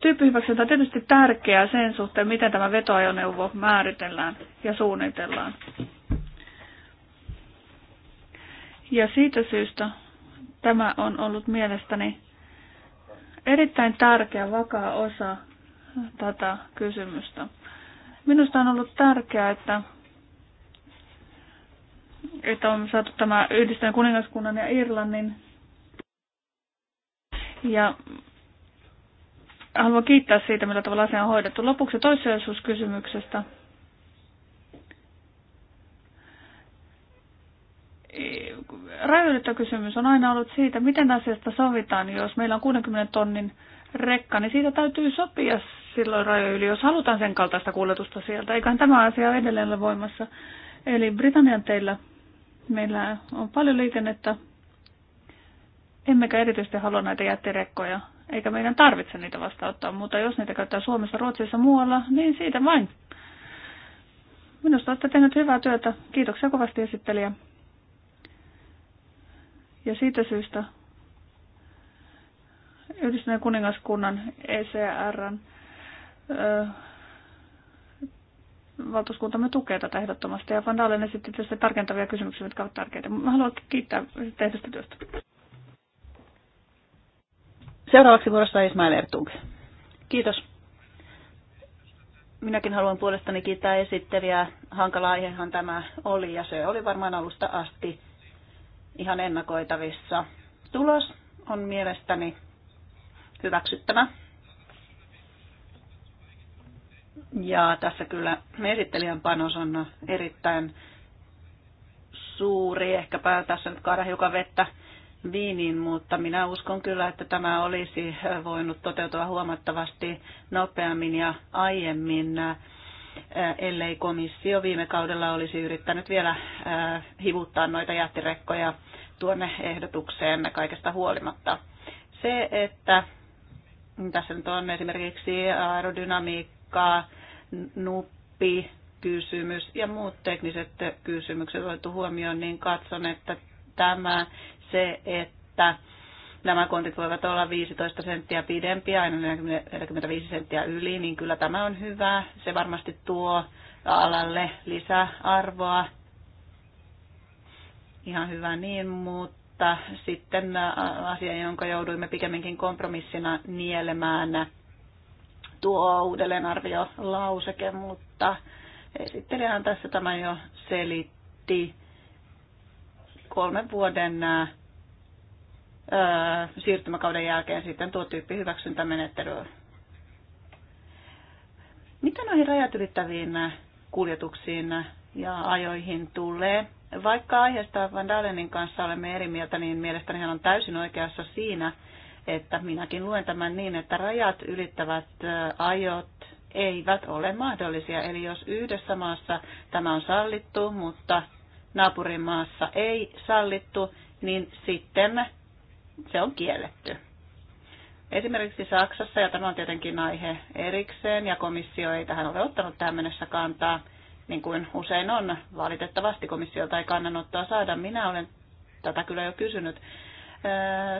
tyyppihyväksyntä on tietysti tärkeää sen suhteen, miten tämä vetoajoneuvo määritellään ja suunnitellaan. Ja siitä syystä tämä on ollut mielestäni erittäin tärkeä, vakaa osa tätä kysymystä. Minusta on ollut tärkeää, että, että on saatu tämä yhdistyneen kuningaskunnan ja Irlannin. Ja haluan kiittää siitä, millä tavalla asia on hoidettu. Lopuksi toissijaisuuskysymyksestä. Rajoitettu kysymys on aina ollut siitä, miten asiasta sovitaan, jos meillä on 60 tonnin rekka, niin siitä täytyy sopia silloin rajojen yli, jos halutaan sen kaltaista kuljetusta sieltä. Eiköhän tämä asia edelleen ole voimassa. Eli Britannian teillä meillä on paljon liikennettä, emmekä erityisesti halua näitä jättirekkoja, eikä meidän tarvitse niitä vastaanottaa, mutta jos niitä käyttää Suomessa, Ruotsissa, muualla, niin siitä vain. Minusta olette tehneet hyvää työtä. Kiitoksia kovasti esittelijä. Ja siitä syystä Yhdistyneen kuningaskunnan ECRn ö, valtuuskuntamme tukee tätä ehdottomasti. Ja Van esitti tietysti tarkentavia kysymyksiä, jotka ovat tärkeitä. Mä haluan kiittää tehdystä työstä. Seuraavaksi vuorossa Ismail Ertug. Kiitos. Minäkin haluan puolestani kiittää esittäviä. Hankala aihehan tämä oli ja se oli varmaan alusta asti ihan ennakoitavissa. Tulos on mielestäni hyväksyttävä. Ja tässä kyllä esittelijän panos on erittäin suuri. Ehkäpä tässä nyt kaada hiukan vettä viiniin, mutta minä uskon kyllä, että tämä olisi voinut toteutua huomattavasti nopeammin ja aiemmin, ellei komissio viime kaudella olisi yrittänyt vielä hivuttaa noita jättirekkoja tuonne ehdotukseen kaikesta huolimatta. Se, että tässä nyt on esimerkiksi aerodynamiikka, nuppi, kysymys ja muut tekniset kysymykset otettu huomioon, niin katson, että tämä se, että nämä kontit voivat olla 15 senttiä pidempiä, aina 45 senttiä yli, niin kyllä tämä on hyvä. Se varmasti tuo alalle lisäarvoa. Ihan hyvä niin, mutta että sitten äh, asia, jonka jouduimme pikemminkin kompromissina nielemään tuo lauseke, mutta esittelijähän tässä tämä jo selitti kolmen vuoden äh, äh, siirtymäkauden jälkeen sitten tuo tyyppi hyväksyntämenettely. Mitä noihin rajat ylittäviin kuljetuksiin ja ajoihin tulee? Vaikka aiheesta Van Dalenin kanssa olemme eri mieltä, niin mielestäni hän on täysin oikeassa siinä, että minäkin luen tämän niin, että rajat ylittävät ajot eivät ole mahdollisia. Eli jos yhdessä maassa tämä on sallittu, mutta naapurimaassa ei sallittu, niin sitten se on kielletty. Esimerkiksi Saksassa, ja tämä on tietenkin aihe erikseen, ja komissio ei tähän ole ottanut tähän mennessä kantaa, niin kuin usein on. Valitettavasti komissiolta ei kannanottoa saada. Minä olen tätä kyllä jo kysynyt.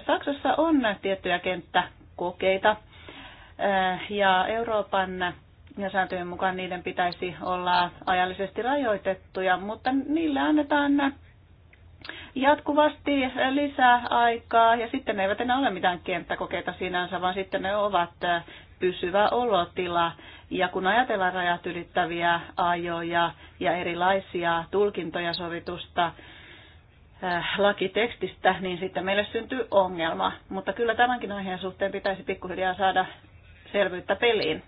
Saksassa on tiettyjä kenttäkokeita ja Euroopan ja sääntöjen mukaan niiden pitäisi olla ajallisesti rajoitettuja, mutta niille annetaan jatkuvasti lisää aikaa ja sitten ne eivät enää ole mitään kenttäkokeita sinänsä, vaan sitten ne ovat pysyvä olotila. Ja kun ajatellaan rajat ylittäviä ajoja ja erilaisia tulkintoja sovitusta äh, lakitekstistä, niin sitten meille syntyy ongelma. Mutta kyllä tämänkin aiheen suhteen pitäisi pikkuhiljaa saada selvyyttä peliin.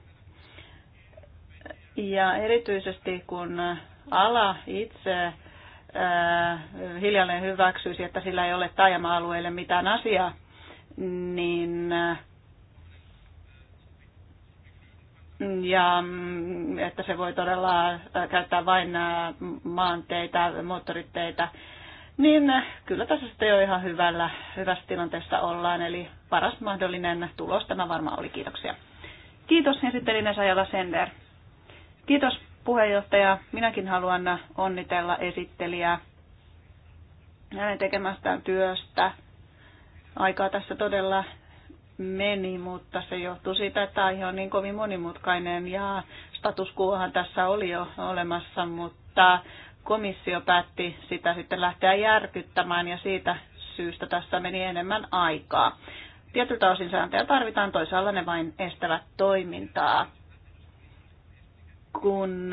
Ja erityisesti kun ala itse äh, hiljalleen hyväksyisi, että sillä ei ole taajama-alueelle mitään asiaa, niin äh, ja mm, että se voi todella äh, käyttää vain äh, maanteitä, moottoriteitä, niin äh, kyllä tässä sitten jo ihan hyvällä, hyvässä tilanteessa ollaan. Eli paras mahdollinen tulos tämä varmaan oli. Kiitoksia. Kiitos esittelin Esajala Sender. Kiitos puheenjohtaja. Minäkin haluan onnitella esittelijää hänen tekemästään työstä. Aikaa tässä todella meni, mutta se johtuu siitä, että aihe on niin kovin monimutkainen ja status quohan tässä oli jo olemassa, mutta komissio päätti sitä sitten lähteä järkyttämään ja siitä syystä tässä meni enemmän aikaa. Tietyltä osin sääntöjä tarvitaan, toisaalla ne vain estävät toimintaa. Kun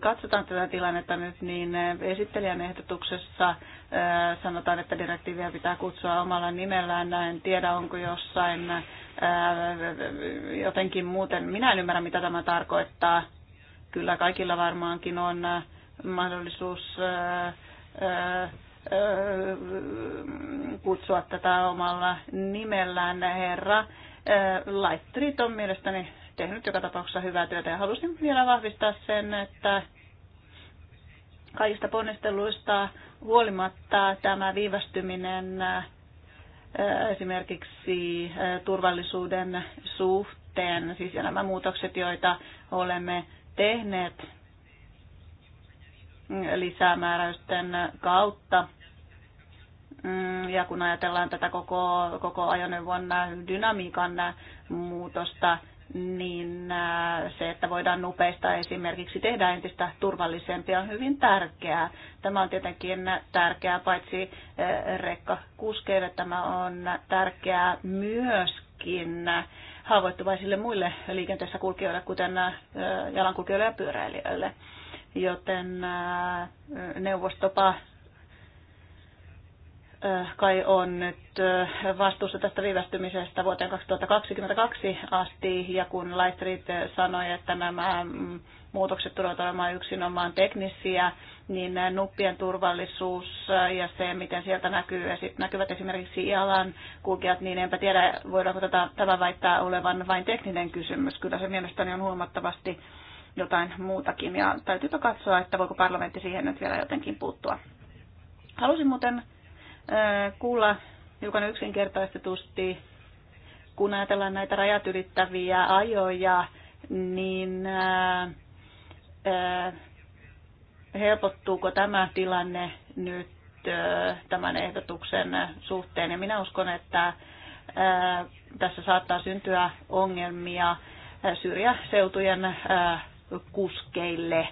katsotaan tätä tilannetta nyt, niin esittelijän ehdotuksessa Äh, sanotaan, että direktiiviä pitää kutsua omalla nimellään. En tiedä, onko jossain äh, jotenkin muuten. Minä en ymmärrä, mitä tämä tarkoittaa. Kyllä kaikilla varmaankin on äh, mahdollisuus kutsua tätä omalla nimellään herra. Laitterit on mielestäni tehnyt joka tapauksessa hyvää työtä ja halusin vielä vahvistaa sen, että kaikista ponnisteluista huolimatta tämä viivästyminen esimerkiksi turvallisuuden suhteen, siis nämä muutokset, joita olemme tehneet lisämääräysten kautta. Mm, ja kun ajatellaan tätä koko, koko ajoneuvon dynamiikan muutosta, niin äh, se, että voidaan nopeista esimerkiksi tehdä entistä turvallisempia, on hyvin tärkeää. Tämä on tietenkin tärkeää paitsi äh, rekkakuskeille, tämä on tärkeää myöskin haavoittuvaisille muille liikenteessä kulkijoille, kuten äh, jalankulkijoille ja pyöräilijöille. Joten neuvostopa Äh, kai on nyt äh, vastuussa tästä viivästymisestä vuoteen 2022 asti, ja kun Lightread sanoi, että nämä mm, muutokset tulevat olemaan yksinomaan teknisiä, niin äh, nuppien turvallisuus ja se, miten sieltä näkyy, näkyvät esimerkiksi ialan kulkijat, niin enpä tiedä, voidaanko tätä, tämä väittää olevan vain tekninen kysymys. Kyllä se mielestäni on huomattavasti jotain muutakin, ja täytyypä katsoa, että voiko parlamentti siihen nyt vielä jotenkin puuttua. Halusin muuten kuulla hiukan yksinkertaistetusti, kun ajatellaan näitä rajat ylittäviä ajoja, niin helpottuuko tämä tilanne nyt tämän ehdotuksen suhteen? Ja minä uskon, että tässä saattaa syntyä ongelmia syrjäseutujen kuskeille.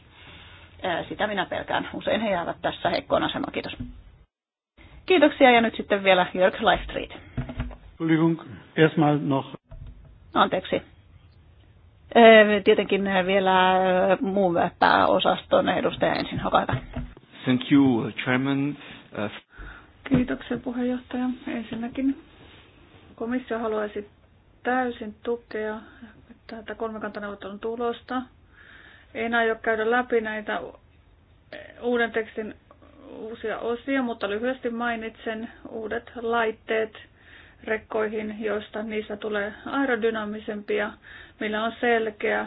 Sitä minä pelkään. Usein he jäävät tässä heikkoon asemaan. Kiitos. Kiitoksia ja nyt sitten vielä Jörg Leifried. erstmal noch. Anteeksi. Tietenkin vielä muun pääosaston edustaja ensin, olkaa Thank you, Chairman. Uh, Kiitoksia puheenjohtaja. Ensinnäkin komissio haluaisi täysin tukea tätä kolmikantaneuvottelun tulosta. En aio käydä läpi näitä uuden tekstin uusia osia, mutta lyhyesti mainitsen uudet laitteet rekkoihin, joista niistä tulee aerodynaamisempia, millä on selkeä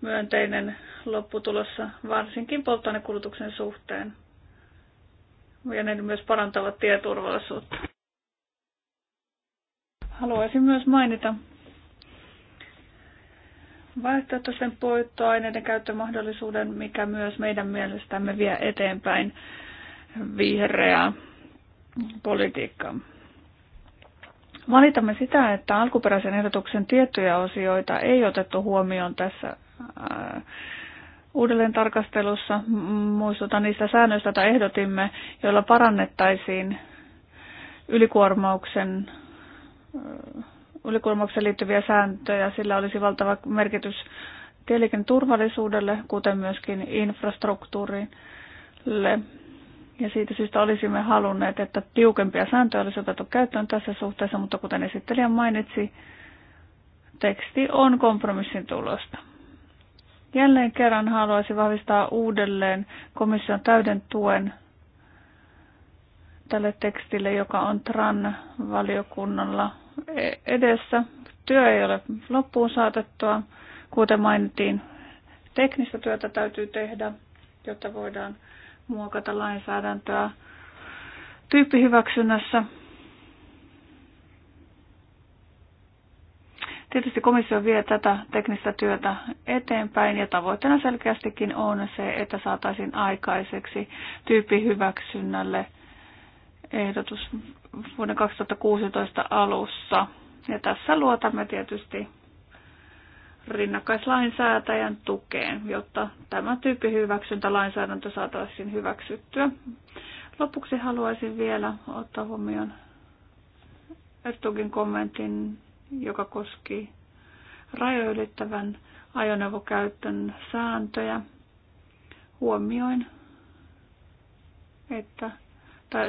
myönteinen lopputulossa, varsinkin polttoainekulutuksen suhteen. Ja ne myös parantavat tieturvallisuutta. Haluaisin myös mainita vaihtoehtoisen polttoaineiden käyttömahdollisuuden, mikä myös meidän mielestämme vie eteenpäin vihreää politiikkaa. Valitamme sitä, että alkuperäisen ehdotuksen tiettyjä osioita ei otettu huomioon tässä uudelleen tarkastelussa. Muistutan niistä säännöistä, joita ehdotimme, joilla parannettaisiin ylikuormauksen ylikulmaukseen liittyviä sääntöjä. Sillä olisi valtava merkitys turvallisuudelle, kuten myöskin infrastruktuurille. Ja siitä syystä olisimme halunneet, että tiukempia sääntöjä olisi otettu käyttöön tässä suhteessa, mutta kuten esittelijä mainitsi, teksti on kompromissin tulosta. Jälleen kerran haluaisin vahvistaa uudelleen komission täyden tuen tälle tekstille, joka on TRAN-valiokunnalla edessä. Työ ei ole loppuun saatettua. Kuten mainittiin, teknistä työtä täytyy tehdä, jotta voidaan muokata lainsäädäntöä tyyppihyväksynnässä. Tietysti komissio vie tätä teknistä työtä eteenpäin ja tavoitteena selkeästikin on se, että saataisiin aikaiseksi tyyppihyväksynnälle – ehdotus vuoden 2016 alussa. Ja tässä luotamme tietysti rinnakkaislainsäätäjän tukeen, jotta tämä tyyppi lainsäädäntö saataisiin hyväksyttyä. Lopuksi haluaisin vielä ottaa huomioon Ertugin kommentin, joka koski rajoylittävän ajoneuvokäytön sääntöjä. Huomioin, että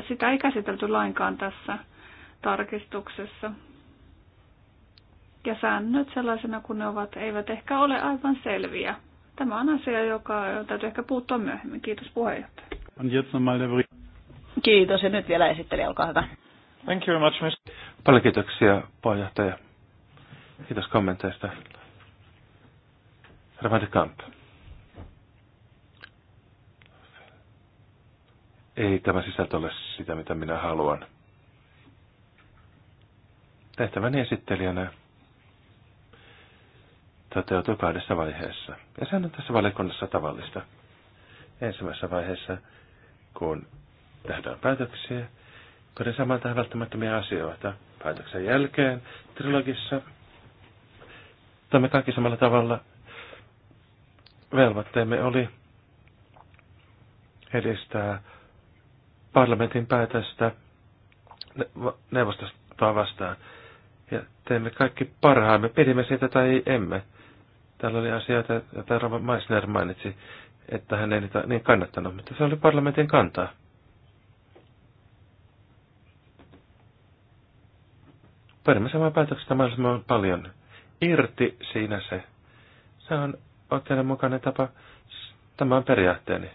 sitä ei käsitelty lainkaan tässä tarkistuksessa. Ja säännöt sellaisena kuin ne ovat eivät ehkä ole aivan selviä. Tämä on asia, joka täytyy ehkä puuttua myöhemmin. Kiitos puheenjohtaja. Kiitos ja nyt vielä esittelijä, olkaa hyvä. Thank you very much, miss. Paljon kiitoksia, puheenjohtaja. Kiitos kommenteista. Herra Kamp. ei tämä sisältö ole sitä, mitä minä haluan. Tehtäväni esittelijänä toteutui kahdessa vaiheessa. Ja sehän on tässä valikonnassa tavallista. Ensimmäisessä vaiheessa, kun tehdään päätöksiä, kuten samaan tähän välttämättömiä asioita. Päätöksen jälkeen trilogissa toimimme kaikki samalla tavalla. Velvoitteemme oli edistää parlamentin päätöstä neuvostosta vastaan. Ja teemme kaikki parhaamme, pidimme siitä tai emme. Täällä oli asioita, joita Rova Meissner mainitsi, että hän ei niitä niin kannattanut, mutta se oli parlamentin kantaa. Pyrimme samaa päätöksestä mahdollisimman paljon irti siinä se. Se on oikeudenmukainen tapa. Tämä on periaatteeni.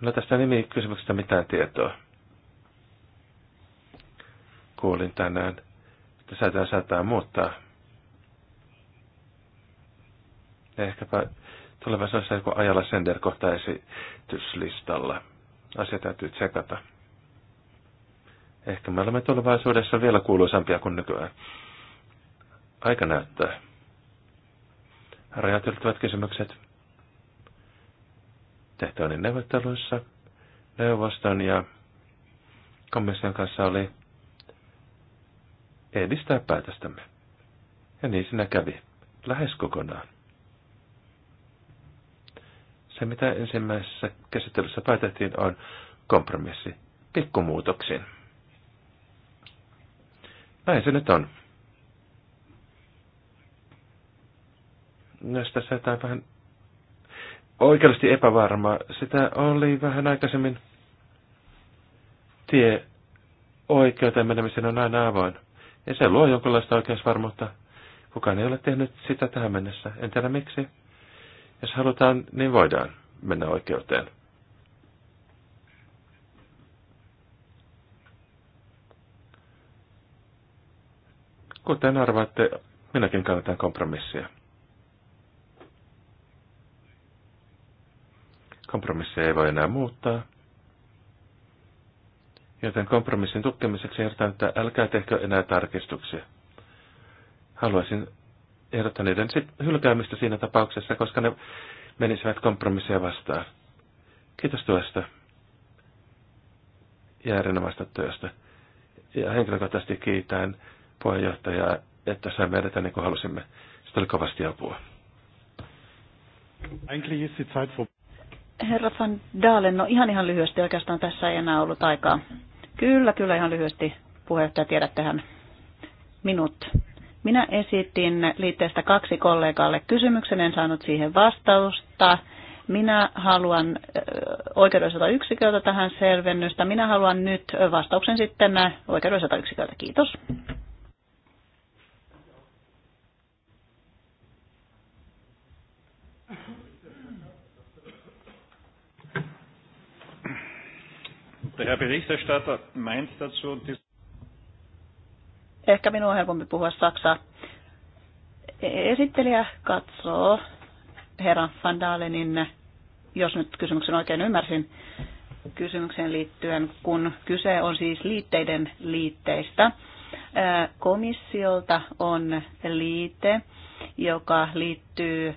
No tästä nimikysymyksestä mitään tietoa. Kuulin tänään, että säätää saattaa muuttaa. ehkäpä tulevaisuudessa joku ajalla sender kohta esityslistalla. Asia täytyy tsekata. Ehkä me olemme tulevaisuudessa vielä kuuluisampia kuin nykyään. Aika näyttää. Rajat ylittävät kysymykset tehtävien neuvotteluissa neuvoston ja komission kanssa oli edistää päätöstämme. Ja niin siinä kävi, lähes kokonaan. Se, mitä ensimmäisessä käsittelyssä päätettiin, on kompromissi pikkumuutoksiin. Näin se nyt on. Jos tässä jotain vähän oikeasti epävarma. Sitä oli vähän aikaisemmin. Tie oikeuteen menemisen on aina avoin. Ja se luo jonkinlaista oikeusvarmuutta. Kukaan ei ole tehnyt sitä tähän mennessä. En tiedä miksi. Jos halutaan, niin voidaan mennä oikeuteen. Kuten arvaatte, minäkin kannatan kompromissia. Kompromisseja ei voi enää muuttaa. Joten kompromissin tukemiseksi ehdotan, että älkää tehkö enää tarkistuksia. Haluaisin ehdottaa niiden sit hylkäämistä siinä tapauksessa, koska ne menisivät kompromisseja vastaan. Kiitos tuosta ja erinomaista työstä. Ja henkilökohtaisesti kiitän puheenjohtajaa, että saimme edetä niin kuin halusimme. Sitä oli kovasti apua. Herra Van Dalen, no ihan ihan lyhyesti, oikeastaan tässä ei enää ollut aikaa. Kyllä, kyllä ihan lyhyesti, puheenjohtaja, tiedättehän minut. Minä esitin liitteestä kaksi kollegalle kysymyksen, en saanut siihen vastausta. Minä haluan oikeudelliselta yksiköltä tähän selvennystä. Minä haluan nyt vastauksen sitten oikeudelliselta yksiköltä. Kiitos. Der Herr Berichterstatter meint dazu, Ehkä minun on helpompi puhua saksaa. E-, esittelijä katsoo herra Van Dalenin, jos nyt kysymyksen oikein ymmärsin, kysymykseen liittyen, kun kyse on siis liitteiden liitteistä. Komissiolta on liite, joka liittyy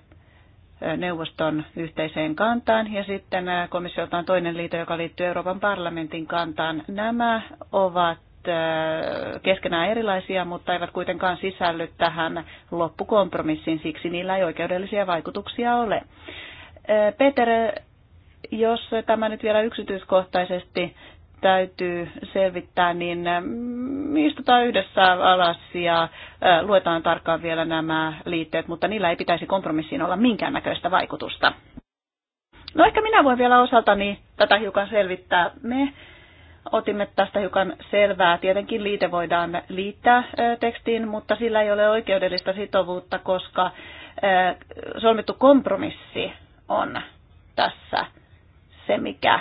neuvoston yhteiseen kantaan ja sitten komissiolta on toinen liito, joka liittyy Euroopan parlamentin kantaan. Nämä ovat keskenään erilaisia, mutta eivät kuitenkaan sisälly tähän loppukompromissiin, siksi niillä ei oikeudellisia vaikutuksia ole. Peter, jos tämä nyt vielä yksityiskohtaisesti täytyy selvittää, niin ähm, istutaan yhdessä alas ja äh, luetaan tarkkaan vielä nämä liitteet, mutta niillä ei pitäisi kompromissiin olla minkäännäköistä vaikutusta. No ehkä minä voin vielä osaltani tätä hiukan selvittää. Me otimme tästä hiukan selvää. Tietenkin liite voidaan liittää äh, tekstiin, mutta sillä ei ole oikeudellista sitovuutta, koska äh, solmittu kompromissi on tässä se, mikä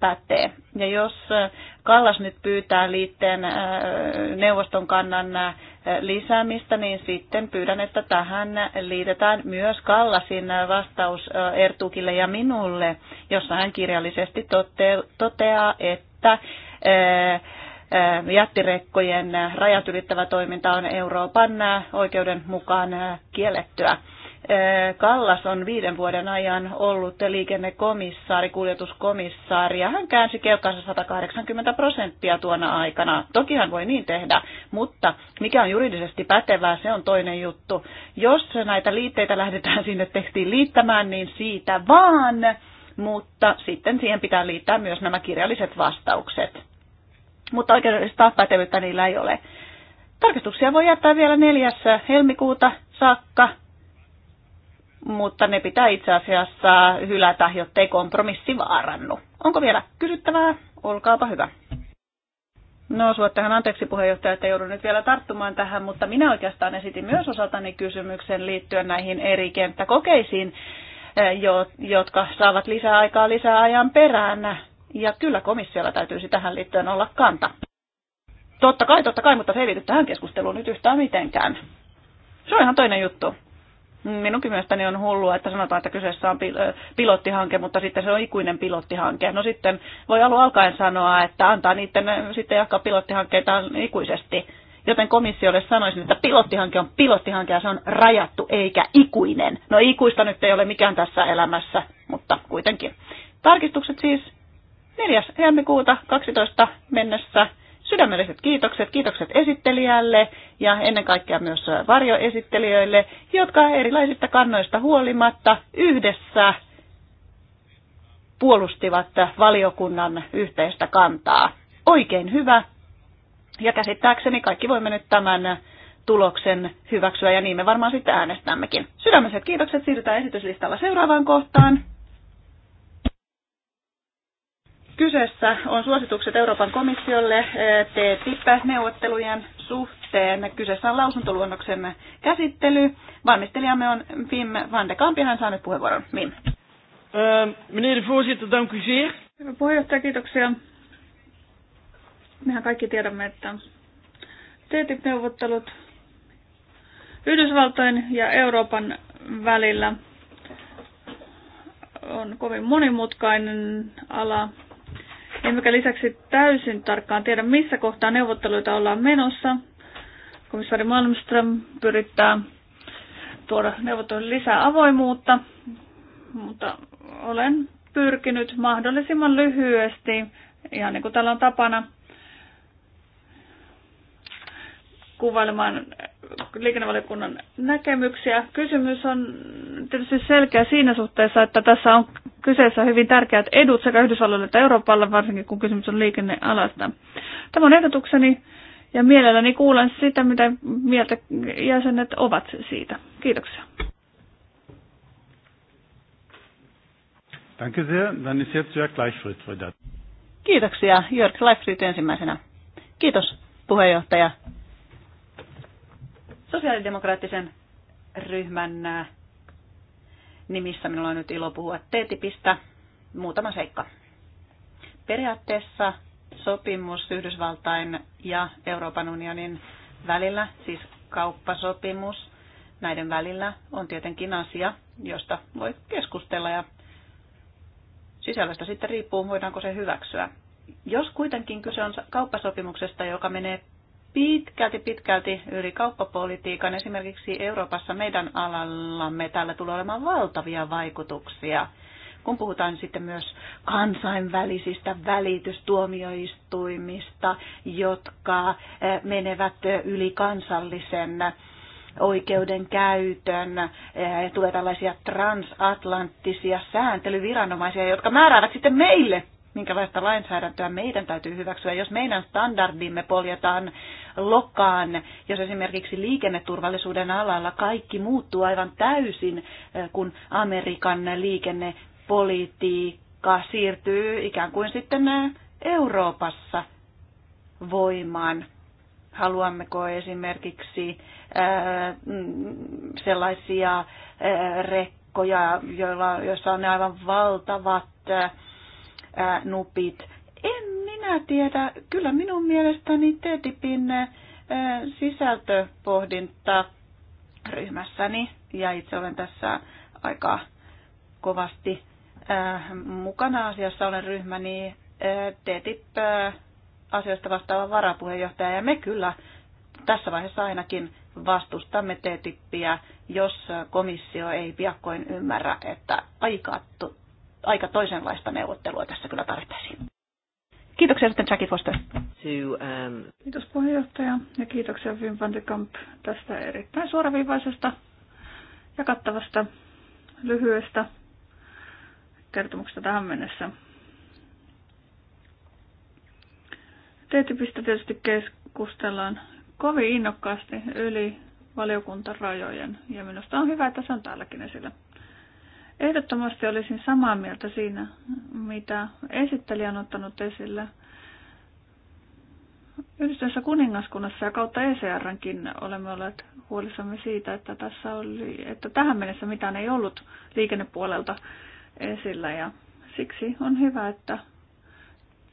pätee. Ja jos Kallas nyt pyytää liitteen neuvoston kannan lisäämistä, niin sitten pyydän, että tähän liitetään myös Kallasin vastaus Ertukille ja minulle, jossa hän kirjallisesti toteaa, että jättirekkojen rajat ylittävä toiminta on Euroopan oikeuden mukaan kiellettyä. Eh, Kallas on viiden vuoden ajan ollut liikennekomissaari, kuljetuskomissaari, ja hän käänsi kelkansa 180 prosenttia tuona aikana. Toki hän voi niin tehdä, mutta mikä on juridisesti pätevää, se on toinen juttu. Jos näitä liitteitä lähdetään sinne tekstiin liittämään, niin siitä vaan, mutta sitten siihen pitää liittää myös nämä kirjalliset vastaukset. Mutta oikeudellista pätevyyttä niillä ei ole. Tarkastuksia voi jättää vielä 4. helmikuuta saakka mutta ne pitää itse asiassa hylätä, jottei kompromissi vaarannu. Onko vielä kysyttävää? Olkaapa hyvä. No suottehan anteeksi puheenjohtaja, että joudun nyt vielä tarttumaan tähän, mutta minä oikeastaan esitin myös osaltani kysymyksen liittyen näihin eri kenttäkokeisiin, eh, jotka saavat lisää aikaa lisää ajan perään. Ja kyllä komissiolla täytyisi tähän liittyen olla kanta. Totta kai, totta kai, mutta se ei liity tähän keskusteluun nyt yhtään mitenkään. Se on ihan toinen juttu. Minunkin mielestäni on hullua, että sanotaan, että kyseessä on pilottihanke, mutta sitten se on ikuinen pilottihanke. No sitten voi alun alkaen sanoa, että antaa niiden sitten jatkaa pilottihankkeita ikuisesti. Joten komissiolle sanoisin, että pilottihanke on pilottihanke ja se on rajattu eikä ikuinen. No ikuista nyt ei ole mikään tässä elämässä, mutta kuitenkin. Tarkistukset siis 4. helmikuuta 12 mennessä Sydämelliset kiitokset, kiitokset esittelijälle ja ennen kaikkea myös varjoesittelijöille, jotka erilaisista kannoista huolimatta yhdessä puolustivat valiokunnan yhteistä kantaa. Oikein hyvä. Ja käsittääkseni kaikki voimme nyt tämän tuloksen hyväksyä ja niin me varmaan sitten äänestämmekin. Sydämiset kiitokset, siirrytään esityslistalla seuraavaan kohtaan. Kyseessä on suositukset Euroopan komissiolle eh, TTIP-neuvottelujen suhteen. Kyseessä on lausuntoluonnoksemme käsittely. Valmistelijamme on Wim van de Kamp ja hän saa nyt puheenvuoron. Wim. Eh, meneer de voorzitter, dank u zeer. Hyvä puheenjohtaja, kiitoksia. Mehän kaikki tiedämme, että TTIP-neuvottelut Yhdysvaltojen ja Euroopan välillä on kovin monimutkainen ala. Emmekä lisäksi täysin tarkkaan tiedä, missä kohtaa neuvotteluita ollaan menossa. Komissaari Malmström pyrittää tuoda neuvotteluille lisää avoimuutta, mutta olen pyrkinyt mahdollisimman lyhyesti, ihan niin kuin täällä on tapana, kuvailemaan liikennevaliokunnan näkemyksiä. Kysymys on tietysti selkeä siinä suhteessa, että tässä on kyseessä hyvin tärkeät edut sekä Yhdysvalloille että Euroopalle, varsinkin kun kysymys on liikennealasta. Tämä on ehdotukseni ja mielelläni kuulen sitä, mitä mieltä jäsenet ovat siitä. Kiitoksia. Danke sehr. Dann ist jetzt Jörg Kiitoksia. Jörg Leichfried ensimmäisenä. Kiitos puheenjohtaja. Sosiaalidemokraattisen ryhmän äh, nimissä minulla on nyt ilo puhua TTIPistä. Muutama seikka. Periaatteessa sopimus Yhdysvaltain ja Euroopan unionin välillä, siis kauppasopimus näiden välillä, on tietenkin asia, josta voi keskustella ja sisällöstä sitten riippuu, voidaanko se hyväksyä. Jos kuitenkin kyse on kauppasopimuksesta, joka menee pitkälti, pitkälti yli kauppapolitiikan. Esimerkiksi Euroopassa meidän alallamme täällä tulee olemaan valtavia vaikutuksia. Kun puhutaan sitten myös kansainvälisistä välitystuomioistuimista, jotka eh, menevät yli kansallisen eh, oikeudenkäytön, eh, tulee tällaisia transatlanttisia sääntelyviranomaisia, jotka määräävät sitten meille minkälaista lainsäädäntöä meidän täytyy hyväksyä. Jos meidän standardimme poljetaan lokaan, jos esimerkiksi liikenneturvallisuuden alalla kaikki muuttuu aivan täysin, eh, kun Amerikan liikennepolitiikka siirtyy ikään kuin sitten eh, Euroopassa voimaan. Haluammeko esimerkiksi eh, mm, sellaisia rekkoja, joilla, joissa on aivan valtavat nupit. En minä tiedä. Kyllä minun mielestäni TTIPin sisältöpohdinta ryhmässäni, ja itse olen tässä aika kovasti mukana asiassa, olen ryhmäni TTIP-asioista vastaava varapuheenjohtaja, ja me kyllä tässä vaiheessa ainakin vastustamme TTIPiä, jos komissio ei piakkoin ymmärrä, että aika aika toisenlaista neuvottelua tässä kyllä tarvittaisiin. Kiitoksia sitten Jackie Foster. To, um... Kiitos puheenjohtaja ja kiitoksia Wim van de Kamp tästä erittäin suoraviivaisesta ja kattavasta lyhyestä kertomuksesta tähän mennessä. TTIPistä tietysti keskustellaan kovin innokkaasti yli valiokuntarajojen ja minusta on hyvä, että se on täälläkin esillä. Ehdottomasti olisin samaa mieltä siinä, mitä esittelijä on ottanut esille. Yhdistyneessä kuningaskunnassa ja kautta ECRnkin olemme olleet huolissamme siitä, että, tässä oli, että tähän mennessä mitään ei ollut liikennepuolelta esillä ja siksi on hyvä, että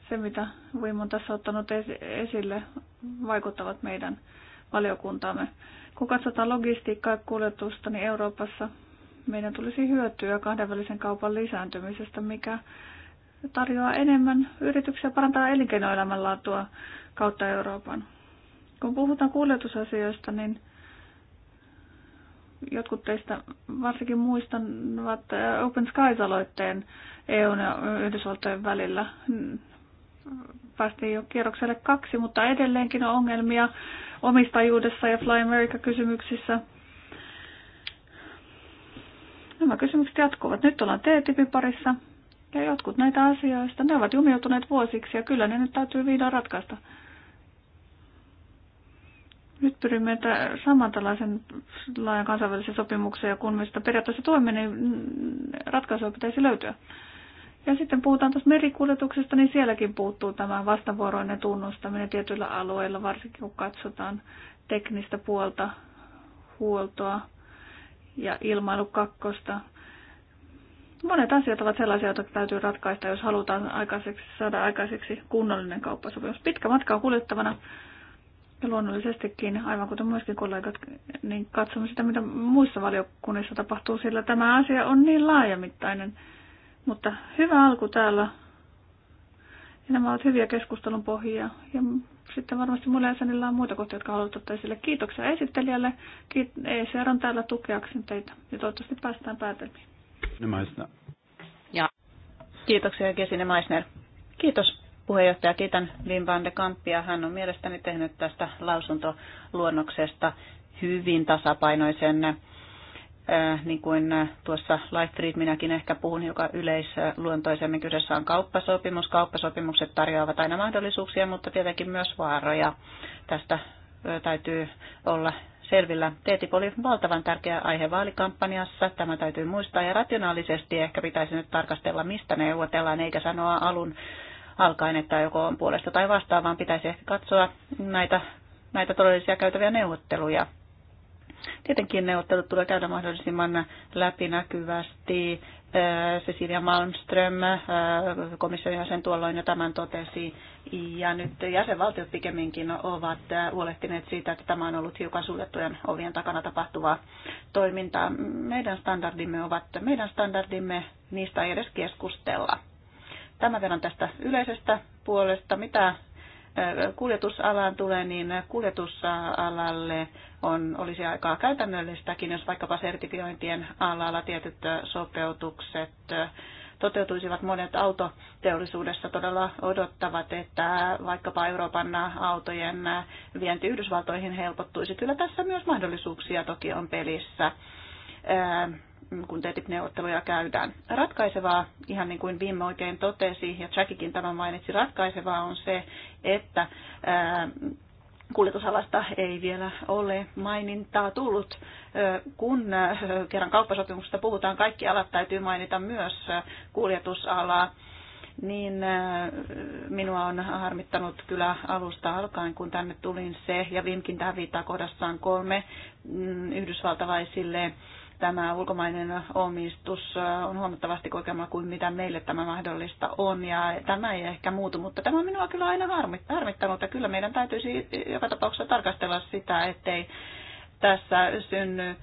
se mitä Wim on tässä ottanut esille vaikuttavat meidän valiokuntaamme. Kun katsotaan logistiikkaa ja kuljetusta, niin Euroopassa meidän tulisi hyötyä kahdenvälisen kaupan lisääntymisestä, mikä tarjoaa enemmän yrityksiä parantaa elinkeinoelämän laatua kautta Euroopan. Kun puhutaan kuljetusasioista, niin jotkut teistä varsinkin muistavat äh, Open Skies-aloitteen EUn ja Yhdysvaltojen välillä. Päästiin jo kierrokselle kaksi, mutta edelleenkin on ongelmia omistajuudessa ja Fly America-kysymyksissä – Nämä kysymykset jatkuvat. Nyt ollaan t parissa ja jotkut näitä asioista, ne ovat jumiutuneet vuosiksi ja kyllä ne nyt täytyy viidaan ratkaista. Nyt pyrimme saman tällaisen laajan kansainvälisen sopimuksen ja kun me sitä periaatteessa toimme, niin ratkaisuja pitäisi löytyä. Ja sitten puhutaan tuosta merikuljetuksesta, niin sielläkin puuttuu tämä vastavuoroinen tunnustaminen tietyillä alueilla, varsinkin kun katsotaan teknistä puolta, huoltoa, ja ilmailu kakkosta. Monet asiat ovat sellaisia, joita täytyy ratkaista, jos halutaan aikaiseksi, saada aikaiseksi kunnollinen kauppasopimus. Pitkä matka on kuljettavana ja luonnollisestikin, aivan kuten myöskin kollegat, niin katsomme sitä, mitä muissa valiokunnissa tapahtuu, sillä tämä asia on niin laajamittainen. Mutta hyvä alku täällä. Ja nämä ovat hyviä keskustelun pohjia. Ja sitten varmasti mulla jäsenillä on muita kohtia, jotka haluavat ottaa esille. Kiitoksia esittelijälle. Kiit- ECR eh, on täällä tukeakseni teitä ja toivottavasti päästään päätelmiin. Ja. Kiitoksia Kesine Meissner. Kiitos puheenjohtaja Kiitän Wim van de Kampia. Hän on mielestäni tehnyt tästä lausuntoluonnoksesta hyvin tasapainoisen Äh, niin kuin äh, tuossa Life minäkin ehkä puhun joka yleisluontoisemmin. Kyseessä on kauppasopimus. Kauppasopimukset tarjoavat aina mahdollisuuksia, mutta tietenkin myös vaaroja. Tästä täytyy olla selvillä. TTIP oli valtavan tärkeä aihe vaalikampanjassa, tämä täytyy muistaa, ja rationaalisesti ehkä pitäisi nyt tarkastella, mistä neuvotellaan, eikä sanoa alun alkaen, että joko on puolesta tai vastaan, vaan pitäisi ehkä katsoa näitä, näitä todellisia käytäviä neuvotteluja. Tietenkin neuvottelut tulee käydä mahdollisimman läpinäkyvästi. Äh, Cecilia Malmström, äh, komission jäsen tuolloin jo tämän totesi, ja nyt jäsenvaltiot pikemminkin ovat äh, huolehtineet siitä, että tämä on ollut hiukan suljettujen ovien takana tapahtuvaa toimintaa. Meidän standardimme ovat, meidän standardimme, niistä ei edes keskustella. Tämän verran tästä yleisestä puolesta. Mitä kuljetusalaan tulee, niin kuljetusalalle on, olisi aikaa käytännöllistäkin, jos vaikkapa sertifiointien alalla tietyt sopeutukset toteutuisivat. Monet autoteollisuudessa todella odottavat, että vaikkapa Euroopan autojen vienti Yhdysvaltoihin helpottuisi. Kyllä tässä myös mahdollisuuksia toki on pelissä kun TTIP-neuvotteluja käydään. Ratkaisevaa, ihan niin kuin Vim oikein totesi, ja Jackikin tämän mainitsi, ratkaisevaa on se, että kuljetusalasta ei vielä ole mainintaa tullut. Kun kerran kauppasopimuksesta puhutaan, kaikki alat täytyy mainita myös kuljetusalaa niin minua on harmittanut kyllä alusta alkaen, kun tänne tulin se, ja Vimkin tähän viittaa kohdassaan kolme mm, yhdysvaltalaisille tämä ulkomainen omistus on huomattavasti korkeammalla kuin mitä meille tämä mahdollista on. Ja tämä ei ehkä muutu, mutta tämä on minua kyllä aina harmittanut. Ja kyllä meidän täytyisi joka tapauksessa tarkastella sitä, ettei tässä synny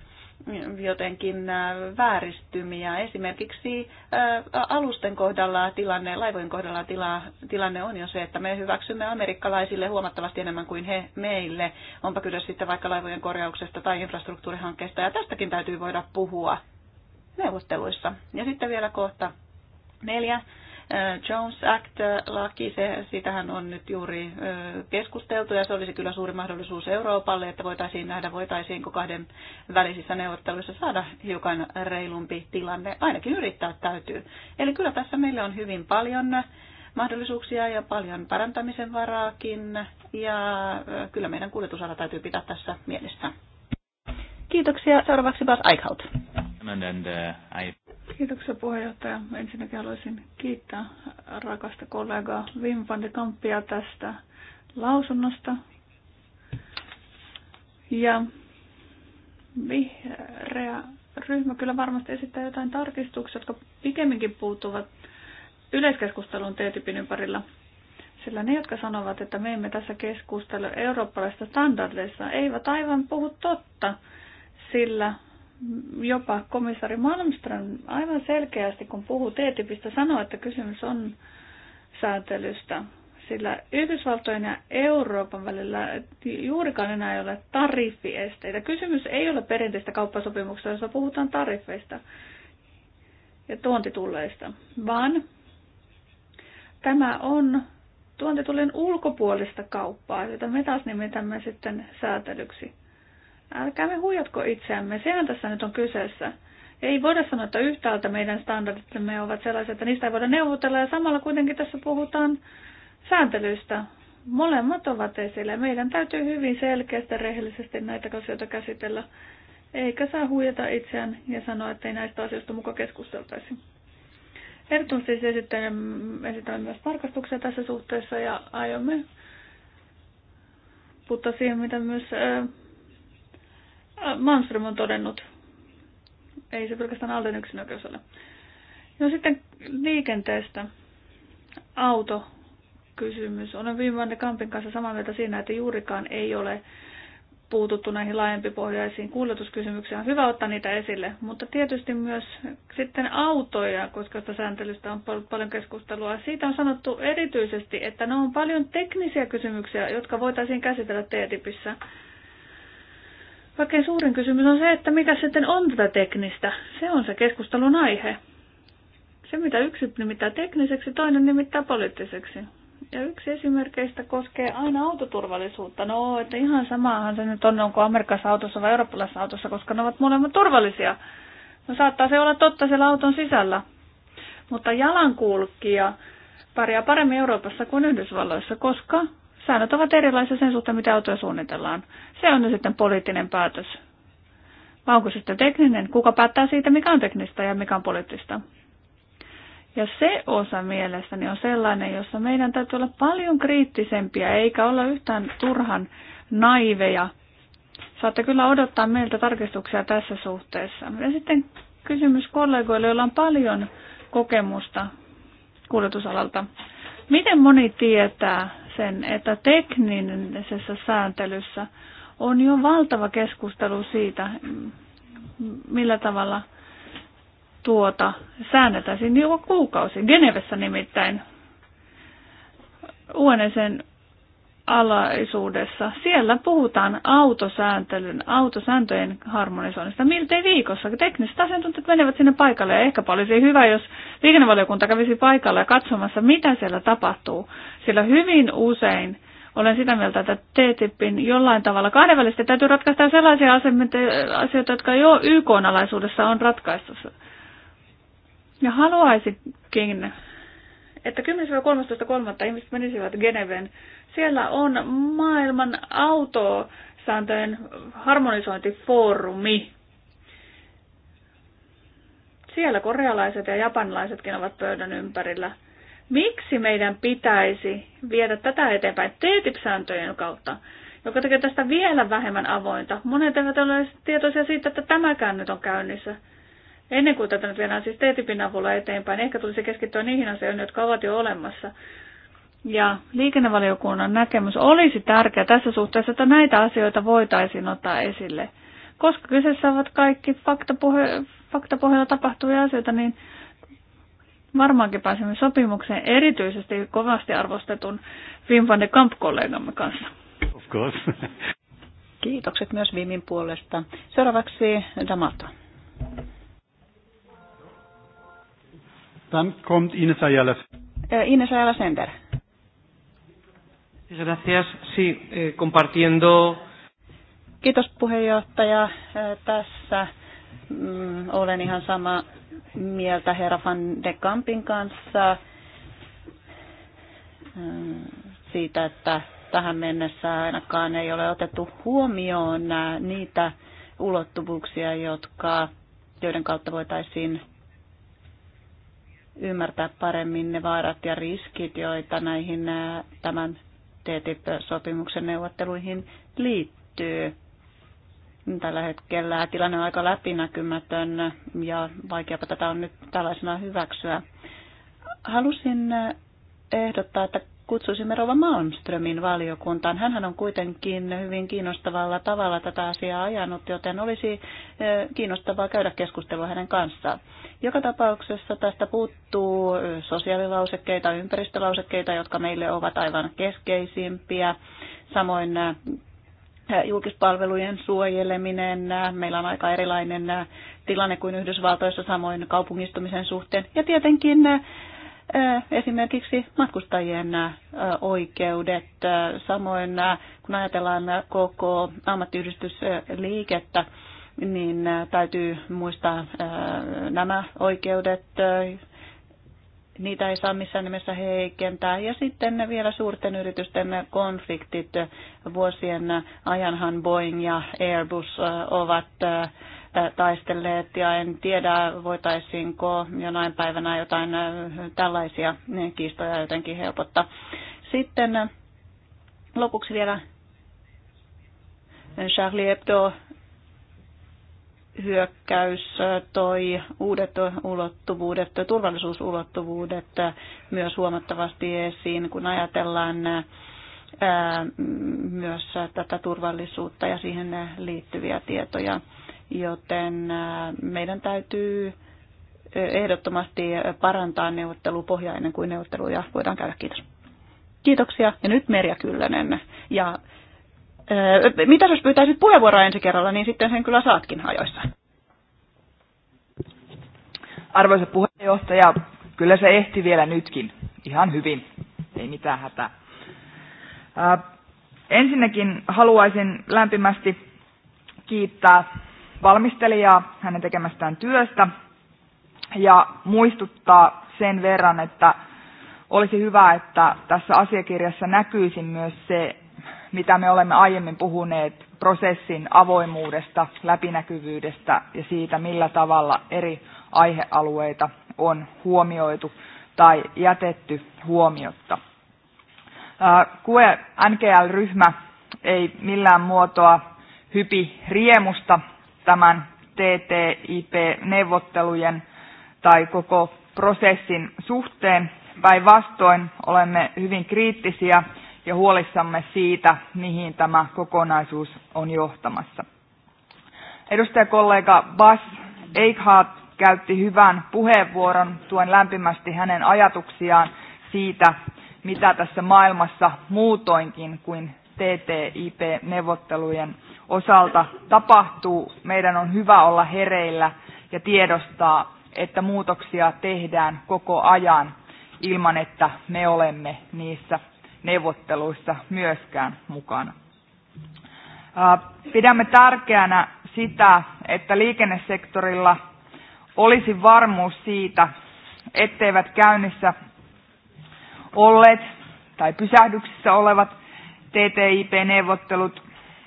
jotenkin äh, vääristymiä. Esimerkiksi äh, alusten kohdalla tilanne, laivojen kohdalla tila, tilanne on jo se, että me hyväksymme amerikkalaisille huomattavasti enemmän kuin he meille. Onpa kyllä sitten vaikka laivojen korjauksesta tai infrastruktuurihankkeesta ja tästäkin täytyy voida puhua neuvotteluissa. Ja sitten vielä kohta neljä. Jones Act-laki, se, sitähän on nyt juuri keskusteltu ja se olisi kyllä suuri mahdollisuus Euroopalle, että voitaisiin nähdä, voitaisiinko kahden välisissä neuvotteluissa saada hiukan reilumpi tilanne. Ainakin yrittää täytyy. Eli kyllä tässä meillä on hyvin paljon mahdollisuuksia ja paljon parantamisen varaakin ja kyllä meidän kuljetusala täytyy pitää tässä mielessä. Kiitoksia. Seuraavaksi taas Eichhout. Uh, Kiitoksia puheenjohtaja. Ensinnäkin haluaisin kiittää rakasta kollegaa Wim van de Kampia tästä lausunnosta. Ja vihreä ryhmä kyllä varmasti esittää jotain tarkistuksia, jotka pikemminkin puuttuvat yleiskeskusteluun TTIPin ympärillä. Sillä ne, jotka sanovat, että me emme tässä keskustele eurooppalaisista standardeista, eivät aivan puhu totta, sillä jopa komissari Malmström aivan selkeästi, kun puhuu TTIPistä, sanoo, että kysymys on sääntelystä. Sillä Yhdysvaltojen ja Euroopan välillä juurikaan enää ei ole tariffiesteitä. Kysymys ei ole perinteistä kauppasopimuksesta, jossa puhutaan tariffeista ja tuontitulleista, vaan tämä on tuontitulleen ulkopuolista kauppaa, jota me taas nimetämme sitten säätelyksi me huijatko itseämme, sehän tässä nyt on kyseessä. Ei voida sanoa, että yhtäältä meidän standardimme ovat sellaiset, että niistä ei voida neuvotella ja samalla kuitenkin tässä puhutaan sääntelystä. Molemmat ovat esillä. Meidän täytyy hyvin selkeästi ja rehellisesti näitä asioita käsitellä, eikä saa huijata itseään ja sanoa, että ei näistä asioista muka keskusteltaisi. Ertun siis esitämme myös tarkastuksia tässä suhteessa ja aiomme puuttua siihen, mitä myös Äh, Manström on todennut. Ei se pelkästään Alden oikeus ole. No sitten liikenteestä. Auto kysymys. Olen viime vuonna Kampin kanssa samaa mieltä siinä, että juurikaan ei ole puututtu näihin laajempipohjaisiin kuljetuskysymyksiin. On hyvä ottaa niitä esille, mutta tietysti myös sitten autoja, koska tästä sääntelystä on paljon keskustelua. Siitä on sanottu erityisesti, että ne on paljon teknisiä kysymyksiä, jotka voitaisiin käsitellä TTIPissä. Kaikkein suurin kysymys on se, että mikä sitten on tätä teknistä. Se on se keskustelun aihe. Se, mitä yksi nimittää tekniseksi, toinen nimittää poliittiseksi. Ja yksi esimerkkeistä koskee aina autoturvallisuutta. No, että ihan samaahan se nyt on, onko Amerikassa autossa vai eurooppalaisessa autossa, koska ne ovat molemmat turvallisia. No saattaa se olla totta siellä auton sisällä. Mutta jalankulkija pärjää paremmin Euroopassa kuin Yhdysvalloissa, koska Säännöt ovat erilaisia sen suhteen, mitä autoja suunnitellaan. Se on sitten poliittinen päätös. Vai onko se sitten tekninen? Kuka päättää siitä, mikä on teknistä ja mikä on poliittista? Ja se osa mielestäni on sellainen, jossa meidän täytyy olla paljon kriittisempiä, eikä olla yhtään turhan naiveja. Saatte kyllä odottaa meiltä tarkistuksia tässä suhteessa. Ja sitten kysymys kollegoille, joilla on paljon kokemusta kuljetusalalta. Miten moni tietää sen, että teknisessä sääntelyssä on jo valtava keskustelu siitä, millä tavalla tuota säännetään. jo kuukausi. Genevessä nimittäin UNSen alaisuudessa. Siellä puhutaan autosääntelyn, autosääntöjen harmonisoinnista miltei viikossa. Tekniset asiantuntijat menevät sinne paikalle ja ehkä olisi hyvä, jos liikennevaliokunta kävisi paikalla ja katsomassa, mitä siellä tapahtuu. Sillä hyvin usein olen sitä mieltä, että TTIPin jollain tavalla kahdenvälisesti täytyy ratkaista sellaisia asioita, jotka jo YK-alaisuudessa on ratkaistu. Ja haluaisinkin, että 10.13.3. ihmiset menisivät Geneven siellä on maailman autosääntöjen harmonisointifoorumi. Siellä korealaiset ja japanilaisetkin ovat pöydän ympärillä. Miksi meidän pitäisi viedä tätä eteenpäin TTIP-sääntöjen kautta? joka tekee tästä vielä vähemmän avointa. Monet eivät ole tietoisia siitä, että tämäkään nyt on käynnissä. Ennen kuin tätä nyt viedään siis TTIPin avulla eteenpäin, ehkä tulisi keskittyä niihin asioihin, jotka ovat jo olemassa. Ja liikennevaliokunnan näkemys olisi tärkeä tässä suhteessa, että näitä asioita voitaisiin ottaa esille. Koska kyseessä ovat kaikki faktapohja, faktapohjalla tapahtuvia asioita, niin varmaankin pääsemme sopimukseen erityisesti kovasti arvostetun Wim Kamp-kollegamme kanssa. Of course. Kiitokset myös Vimin puolesta. Seuraavaksi Damato. Dann kommt Ines Ayala. Äh, Ines Ayala Center. Gracias. Sí, eh, compartiendo. Kiitos puheenjohtaja. Eh, tässä mm, olen ihan sama mieltä herra Van de Kampin kanssa eh, siitä, että tähän mennessä ainakaan ei ole otettu huomioon niitä ulottuvuuksia, jotka, joiden kautta voitaisiin ymmärtää paremmin ne vaarat ja riskit, joita näihin tämän TTIP-sopimuksen neuvotteluihin liittyy. Tällä hetkellä tilanne on aika läpinäkymätön ja vaikeapa tätä on nyt tällaisena hyväksyä. Halusin ehdottaa, että kutsuisimme Rova Malmströmin valiokuntaan. Hänhän on kuitenkin hyvin kiinnostavalla tavalla tätä asiaa ajanut, joten olisi eh, kiinnostavaa käydä keskustelua hänen kanssaan. Joka tapauksessa tästä puuttuu eh, sosiaalilausekkeita, ympäristölausekkeita, jotka meille ovat aivan keskeisimpiä. Samoin eh, julkispalvelujen suojeleminen. Meillä on aika erilainen tilanne kuin Yhdysvaltoissa, samoin kaupungistumisen suhteen. Ja tietenkin esimerkiksi matkustajien oikeudet. Samoin kun ajatellaan koko ammattiyhdistysliikettä, niin täytyy muistaa nämä oikeudet. Niitä ei saa missään nimessä heikentää. Ja sitten vielä suurten yritysten konfliktit. Vuosien ajanhan Boeing ja Airbus ovat taistelleet ja en tiedä, voitaisiinko jonain päivänä jotain tällaisia kiistoja jotenkin helpottaa. Sitten lopuksi vielä Charlie Hebdo hyökkäys toi uudet ulottuvuudet, turvallisuusulottuvuudet myös huomattavasti esiin, kun ajatellaan myös tätä turvallisuutta ja siihen liittyviä tietoja joten meidän täytyy ehdottomasti parantaa neuvottelupohja ennen kuin neuvotteluja voidaan käydä. Kiitos. Kiitoksia. Ja nyt Merja Kyllönen. Ja, ää, mitä jos pyytäisit puheenvuoroa ensi kerralla, niin sitten sen kyllä saatkin hajoissa Arvoisa puheenjohtaja, kyllä se ehti vielä nytkin. Ihan hyvin. Ei mitään hätää. Ää, ensinnäkin haluaisin lämpimästi kiittää valmistelijaa hänen tekemästään työstä ja muistuttaa sen verran, että olisi hyvä, että tässä asiakirjassa näkyisi myös se, mitä me olemme aiemmin puhuneet prosessin avoimuudesta, läpinäkyvyydestä ja siitä, millä tavalla eri aihealueita on huomioitu tai jätetty huomiotta. Kue NGL-ryhmä ei millään muotoa hypi riemusta tämän TTIP-neuvottelujen tai koko prosessin suhteen. Päinvastoin olemme hyvin kriittisiä ja huolissamme siitä, mihin tämä kokonaisuus on johtamassa. Edustajakollega Bas Eichhardt käytti hyvän puheenvuoron. Tuen lämpimästi hänen ajatuksiaan siitä, mitä tässä maailmassa muutoinkin kuin TTIP-neuvottelujen osalta tapahtuu, meidän on hyvä olla hereillä ja tiedostaa, että muutoksia tehdään koko ajan ilman, että me olemme niissä neuvotteluissa myöskään mukana. Pidämme tärkeänä sitä, että liikennesektorilla olisi varmuus siitä, etteivät käynnissä olleet tai pysähdyksissä olevat TTIP-neuvottelut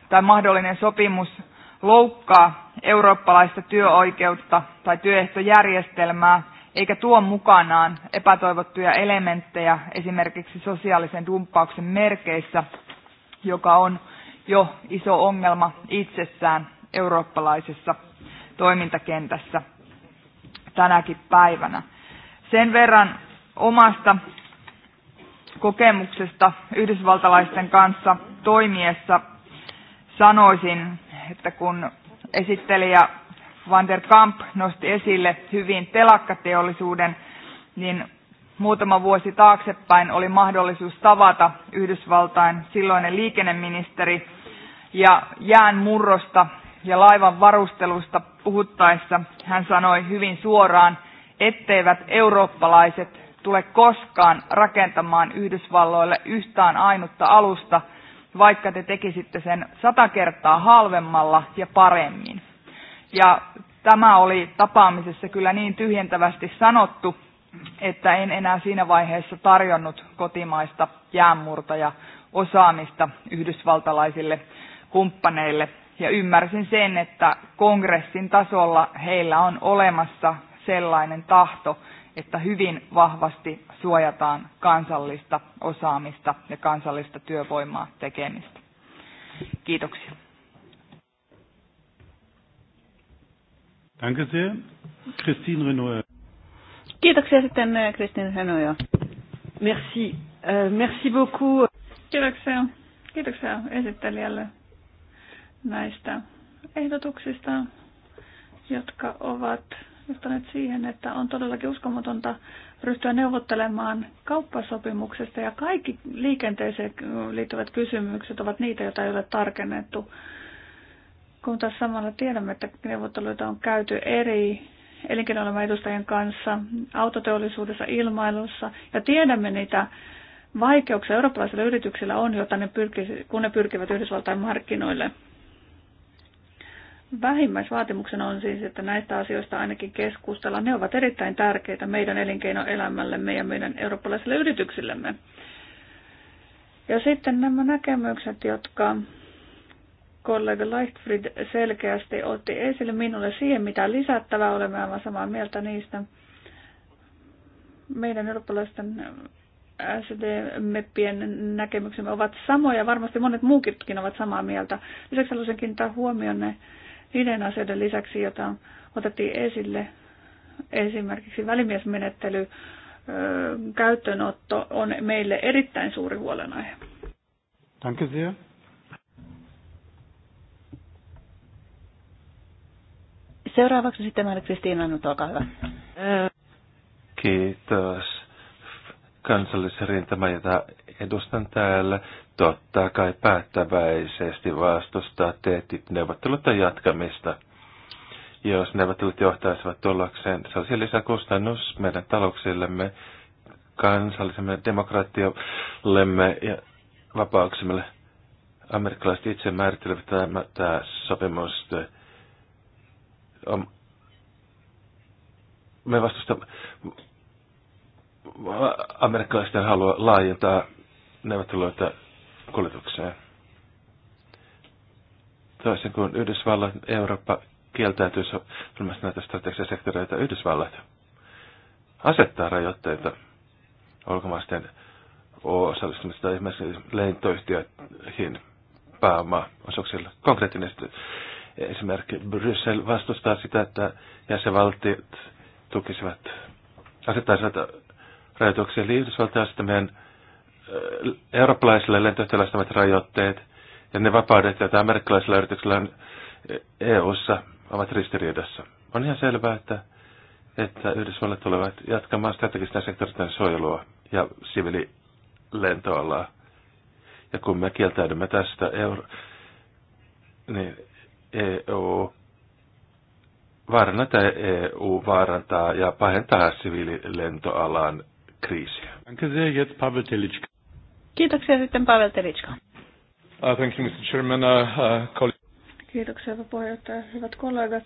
tai mahdollinen sopimus loukkaa eurooppalaista työoikeutta tai työehtojärjestelmää eikä tuo mukanaan epätoivottuja elementtejä esimerkiksi sosiaalisen dumppauksen merkeissä, joka on jo iso ongelma itsessään eurooppalaisessa toimintakentässä tänäkin päivänä. Sen verran omasta kokemuksesta yhdysvaltalaisten kanssa toimiessa sanoisin, että kun esittelijä Van der Kamp nosti esille hyvin telakkateollisuuden, niin muutama vuosi taaksepäin oli mahdollisuus tavata Yhdysvaltain silloinen liikenneministeri ja jään murrosta ja laivan varustelusta puhuttaessa hän sanoi hyvin suoraan, etteivät eurooppalaiset tule koskaan rakentamaan Yhdysvalloille yhtään ainutta alusta – vaikka te tekisitte sen sata kertaa halvemmalla ja paremmin. Ja tämä oli tapaamisessa kyllä niin tyhjentävästi sanottu, että en enää siinä vaiheessa tarjonnut kotimaista jäänmurtaja osaamista yhdysvaltalaisille kumppaneille. Ja ymmärsin sen, että kongressin tasolla heillä on olemassa sellainen tahto, että hyvin vahvasti suojataan kansallista osaamista ja kansallista työvoimaa tekemistä. Kiitoksia. Danke sehr. Christine Renault. Kiitoksia sitten eh, Christine Renault. Merci. Uh, merci beaucoup. Kiitoksia. Kiitoksia esittelijälle näistä ehdotuksista, jotka ovat johtaneet siihen, että on todellakin uskomatonta ryhtyä neuvottelemaan kauppasopimuksesta ja kaikki liikenteeseen liittyvät kysymykset ovat niitä, joita ei ole tarkennettu. Kun taas samalla tiedämme, että neuvotteluita on käyty eri elinkeinoelämän edustajien kanssa, autoteollisuudessa, ilmailussa ja tiedämme niitä vaikeuksia eurooppalaisilla yrityksillä on, jota ne pyrkis, kun ne pyrkivät Yhdysvaltain markkinoille. Vähimmäisvaatimuksena on siis, että näistä asioista ainakin keskustellaan. Ne ovat erittäin tärkeitä meidän elinkeinoelämällemme ja meidän eurooppalaisille yrityksillemme. Ja sitten nämä näkemykset, jotka kollega Leichtfried selkeästi otti esille minulle siihen, mitä lisättävää olemme aivan samaa mieltä niistä. Meidän eurooppalaisten SD-meppien näkemyksemme ovat samoja, varmasti monet muukin ovat samaa mieltä. Lisäksi haluaisin kiinnittää ne niiden asioiden lisäksi, joita otettiin esille, esimerkiksi välimiesmenettely, käyttöönotto on meille erittäin suuri huolenaihe. Danke sehr. Seuraavaksi sitten mä Kristiina nyt olkaa hyvä. Kiitos. jota edustan täällä totta kai päättäväisesti vastustaa teetit neuvottelutta jatkamista. Jos neuvottelut johtaisivat tullakseen, se lisäkustannus meidän talouksillemme, kansallisemme demokratiallemme ja vapauksimme. Amerikkalaiset itse määrittelevät tämä, tämä sopimus. Me vastustamme amerikkalaisten halua laajentaa neuvotteluita kuljetukseen. Toisin kuin Yhdysvallat, Eurooppa kieltäytyy sopimasta näitä strategisia sektoreita, Yhdysvallat asettaa rajoitteita ulkomaisten osallistumista esimerkiksi lentoyhtiöihin pääomaosuuksilla. Konkreettinen esimerkki. Bryssel vastustaa sitä, että jäsenvaltiot tukisivat, asettaisivat rajoituksia. Eli Yhdysvaltain asettamien eurooppalaisille lentoyhtiöille rajoitteet ja ne vapaudet, joita amerikkalaisilla yrityksillä on EU-ssa, ovat ristiriidassa. On ihan selvää, että, että Yhdysvallat tulevat jatkamaan strategisten sektorien suojelua ja siviililentoalaa. Ja kun me kieltäydymme tästä, euro, niin EU vaarantaa, EU e vaarantaa ja pahentaa siviililentoalan kriisiä. Danke sehr, Kiitoksia sitten Pavel Teritska. Uh, thank you, Mr. Chairman. Uh, uh, Kiitoksia, hyvä puheenjohtaja. Hyvät kollegat.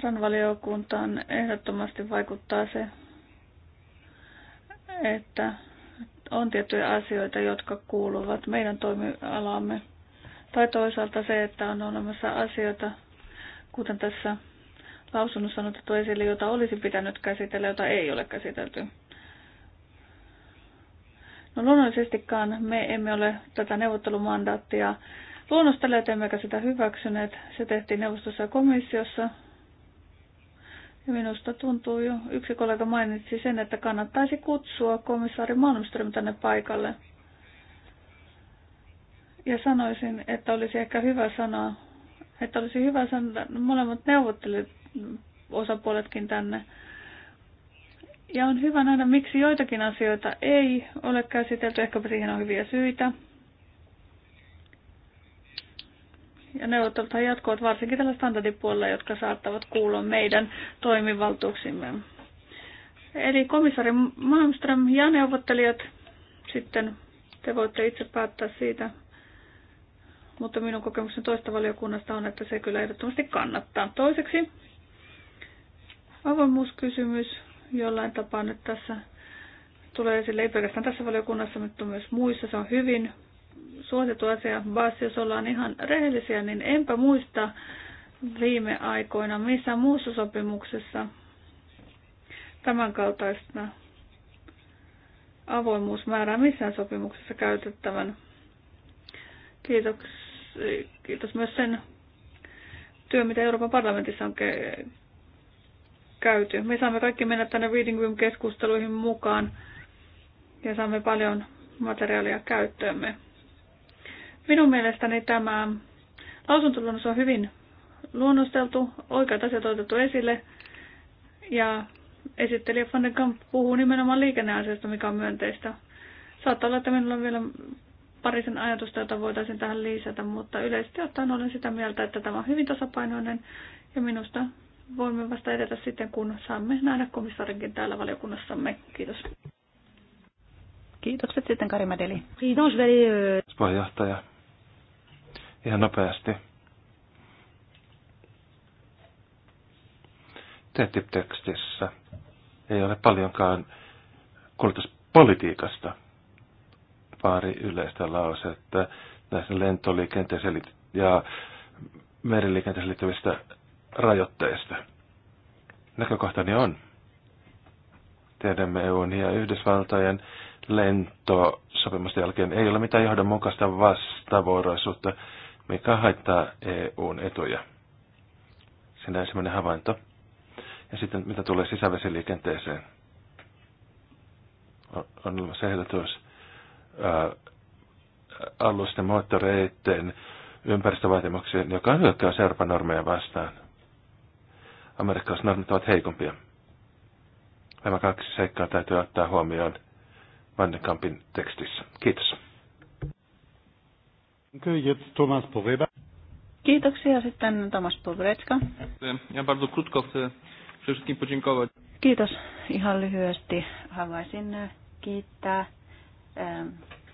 Tran-valiokuntaan ehdottomasti vaikuttaa se, että on tiettyjä asioita, jotka kuuluvat meidän toimialaamme. Tai toisaalta se, että on olemassa asioita, kuten tässä lausunnossa on otettu esille, jota olisi pitänyt käsitellä, jota ei ole käsitelty. No luonnollisestikaan me emme ole tätä neuvottelumandaattia luonnostelleet, emmekä sitä hyväksyneet. Se tehtiin neuvostossa ja komissiossa. Ja minusta tuntuu jo, yksi kollega mainitsi sen, että kannattaisi kutsua komissaari Malmström tänne paikalle. Ja sanoisin, että olisi ehkä hyvä sanoa, että olisi hyvä sanoa molemmat neuvottelijat osapuoletkin tänne ja on hyvä nähdä, miksi joitakin asioita ei ole käsitelty. Ehkäpä siihen on hyviä syitä. Ja neuvottelut jatkuvat varsinkin tällä standardipuolella, jotka saattavat kuulua meidän toimivaltuuksimme. Eli komissari Malmström ja neuvottelijat, sitten te voitte itse päättää siitä, mutta minun kokemukseni toista valiokunnasta on, että se kyllä ehdottomasti kannattaa. Toiseksi avoimuuskysymys jollain tapaa nyt tässä tulee esille, ei pelkästään tässä valiokunnassa, mutta myös muissa. Se on hyvin suosittu asia. Vaas, jos ollaan ihan rehellisiä, niin enpä muista viime aikoina missään muussa sopimuksessa tämänkaltaista avoimuusmäärää missään sopimuksessa käytettävän. Kiitos, kiitos myös sen työ, mitä Euroopan parlamentissa on käyty. Me saamme kaikki mennä tänne Reading Room-keskusteluihin mukaan ja saamme paljon materiaalia käyttöömme. Minun mielestäni tämä lausuntoluonnos on hyvin luonnosteltu, oikeat asiat otettu esille ja esittelijä Van den Kamp puhuu nimenomaan liikenneasiasta, mikä on myönteistä. Saattaa olla, että minulla on vielä parisen ajatusta, jota voitaisiin tähän lisätä, mutta yleisesti ottaen olen sitä mieltä, että tämä on hyvin tasapainoinen ja minusta voimme vasta edetä sitten, kun saamme nähdä komissaarinkin täällä valiokunnassamme. Kiitos. Kiitokset sitten Kari Mädeli. Kiitos veli. Puheenjohtaja. Ihan nopeasti. TTIP-tekstissä ei ole paljonkaan kulutuspolitiikasta. Pari yleistä lausetta näistä lentoliikenteeseen ja meriliikenteeseen liittyvistä rajoitteista. Näkökohtani on. Tiedämme EUn ja Yhdysvaltojen lentosopimusten jälkeen ei ole mitään johdonmukaista vastavuoroisuutta, mikä haittaa EUn etuja. Siinä ensimmäinen havainto. Ja sitten mitä tulee sisävesiliikenteeseen. On olemassa ehdotus alusten moottoreiden ympäristövaatimuksien, joka on hyökkäys Euroopan normeja vastaan – amerikkalaiset normit ovat heikompia. Nämä kaksi seikkaa täytyy ottaa huomioon Vannekampin tekstissä. Kiitos. Thomas Kiitoksia sitten Tomas Povretska. Ja Kiitos. Ihan lyhyesti haluaisin e, kiittää e,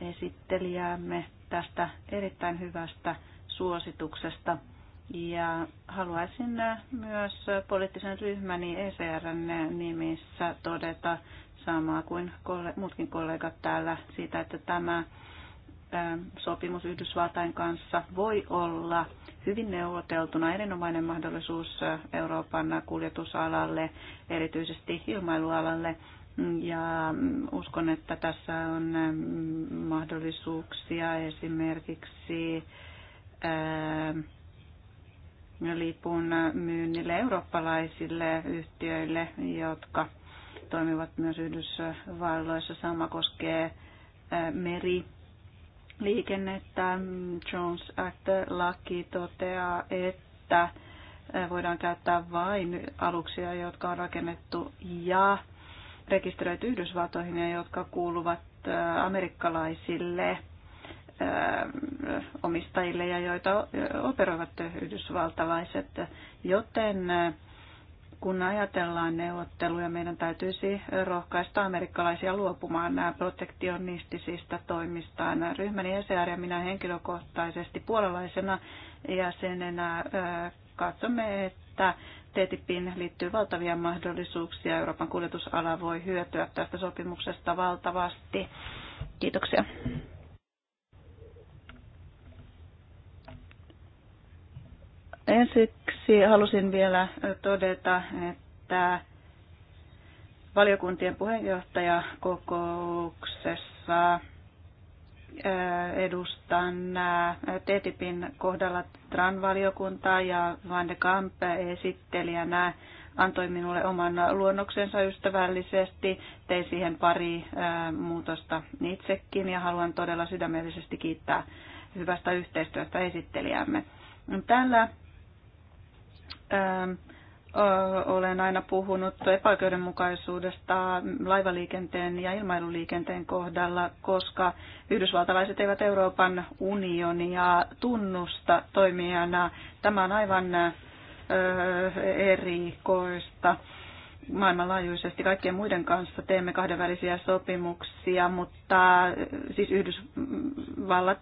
esittelijäämme tästä erittäin hyvästä suosituksesta ja haluaisin myös poliittisen ryhmäni ECRn nimissä todeta samaa kuin muutkin kollegat täällä siitä, että tämä sopimus Yhdysvaltain kanssa voi olla hyvin neuvoteltuna erinomainen mahdollisuus Euroopan kuljetusalalle, erityisesti ilmailualalle. Ja uskon, että tässä on mahdollisuuksia esimerkiksi lipun myynnille eurooppalaisille yhtiöille, jotka toimivat myös Yhdysvalloissa. Sama koskee äh, meri liikennettä. Jones Act-laki toteaa, että äh, voidaan käyttää vain aluksia, jotka on rakennettu ja rekisteröity Yhdysvaltoihin ja jotka kuuluvat äh, amerikkalaisille omistajille ja joita operoivat yhdysvaltalaiset. Joten kun ajatellaan neuvotteluja, meidän täytyisi rohkaista amerikkalaisia luopumaan nämä protektionistisista toimistaan. Ryhmäni ECR ja minä henkilökohtaisesti puolalaisena jäsenenä katsomme, että TTIPin liittyy valtavia mahdollisuuksia. Euroopan kuljetusala voi hyötyä tästä sopimuksesta valtavasti. Kiitoksia. Ensiksi halusin vielä todeta, että valiokuntien puheenjohtajakokouksessa edustan TTIPin kohdalla TRAN-valiokuntaa ja Van de Kamp esittelijänä antoi minulle oman luonnoksensa ystävällisesti. Tein siihen pari muutosta itsekin ja haluan todella sydämellisesti kiittää hyvästä yhteistyöstä esittelijämme. Tällä Ähm, olen aina puhunut epäoikeudenmukaisuudesta laivaliikenteen ja ilmailuliikenteen kohdalla, koska yhdysvaltalaiset eivät Euroopan unionia tunnusta toimijana. Tämä on aivan erikoista maailmanlaajuisesti kaikkien muiden kanssa teemme kahdenvälisiä sopimuksia, mutta siis Yhdysvallat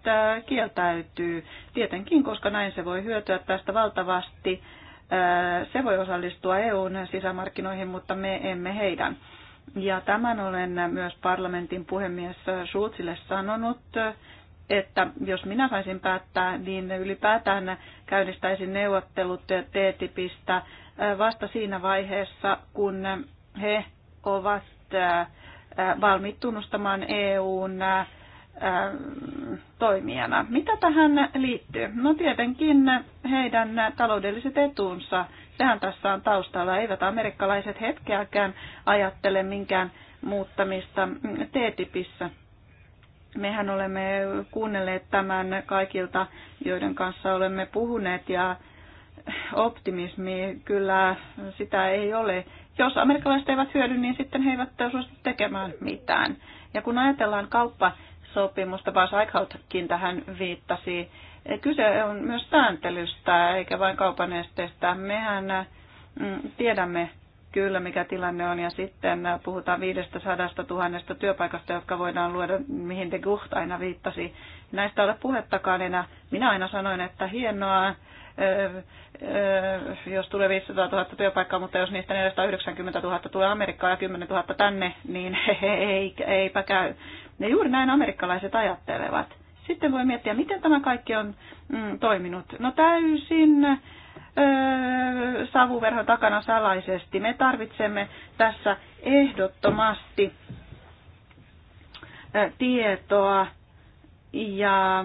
kieltäytyy tietenkin, koska näin se voi hyötyä tästä valtavasti se voi osallistua EUn sisämarkkinoihin, mutta me emme heidän. Ja tämän olen myös parlamentin puhemies Schulzille sanonut, että jos minä saisin päättää, niin ylipäätään käynnistäisin neuvottelut TTIPistä vasta siinä vaiheessa, kun he ovat valmiit tunnustamaan EUn Ähm, toimijana. Mitä tähän liittyy? No tietenkin heidän taloudelliset etuunsa, sehän tässä on taustalla. Eivät amerikkalaiset hetkeäkään ajattele minkään muuttamista TTIPissä. Mehän olemme kuunnelleet tämän kaikilta, joiden kanssa olemme puhuneet ja optimismi kyllä sitä ei ole. Jos amerikkalaiset eivät hyödy, niin sitten he eivät suostu tekemään mitään. Ja kun ajatellaan kauppa sopimusta, vaan Saikhautkin tähän viittasi. Kyse on myös sääntelystä, eikä vain kaupan esteestä. Mehän mm, tiedämme kyllä, mikä tilanne on, ja sitten puhutaan 500 000 työpaikasta, jotka voidaan luoda, mihin de Gucht aina viittasi. Näistä ei ole puhettakaan enää. Minä aina sanoin, että hienoa, jos tulee 500 000 työpaikkaa, mutta jos niistä 490 000 tulee Amerikkaan ja 10 000 tänne, niin ei, eipä käy. Ne juuri näin amerikkalaiset ajattelevat. Sitten voi miettiä, miten tämä kaikki on mm, toiminut. No täysin öö, savuverho takana salaisesti. Me tarvitsemme tässä ehdottomasti ö, tietoa ja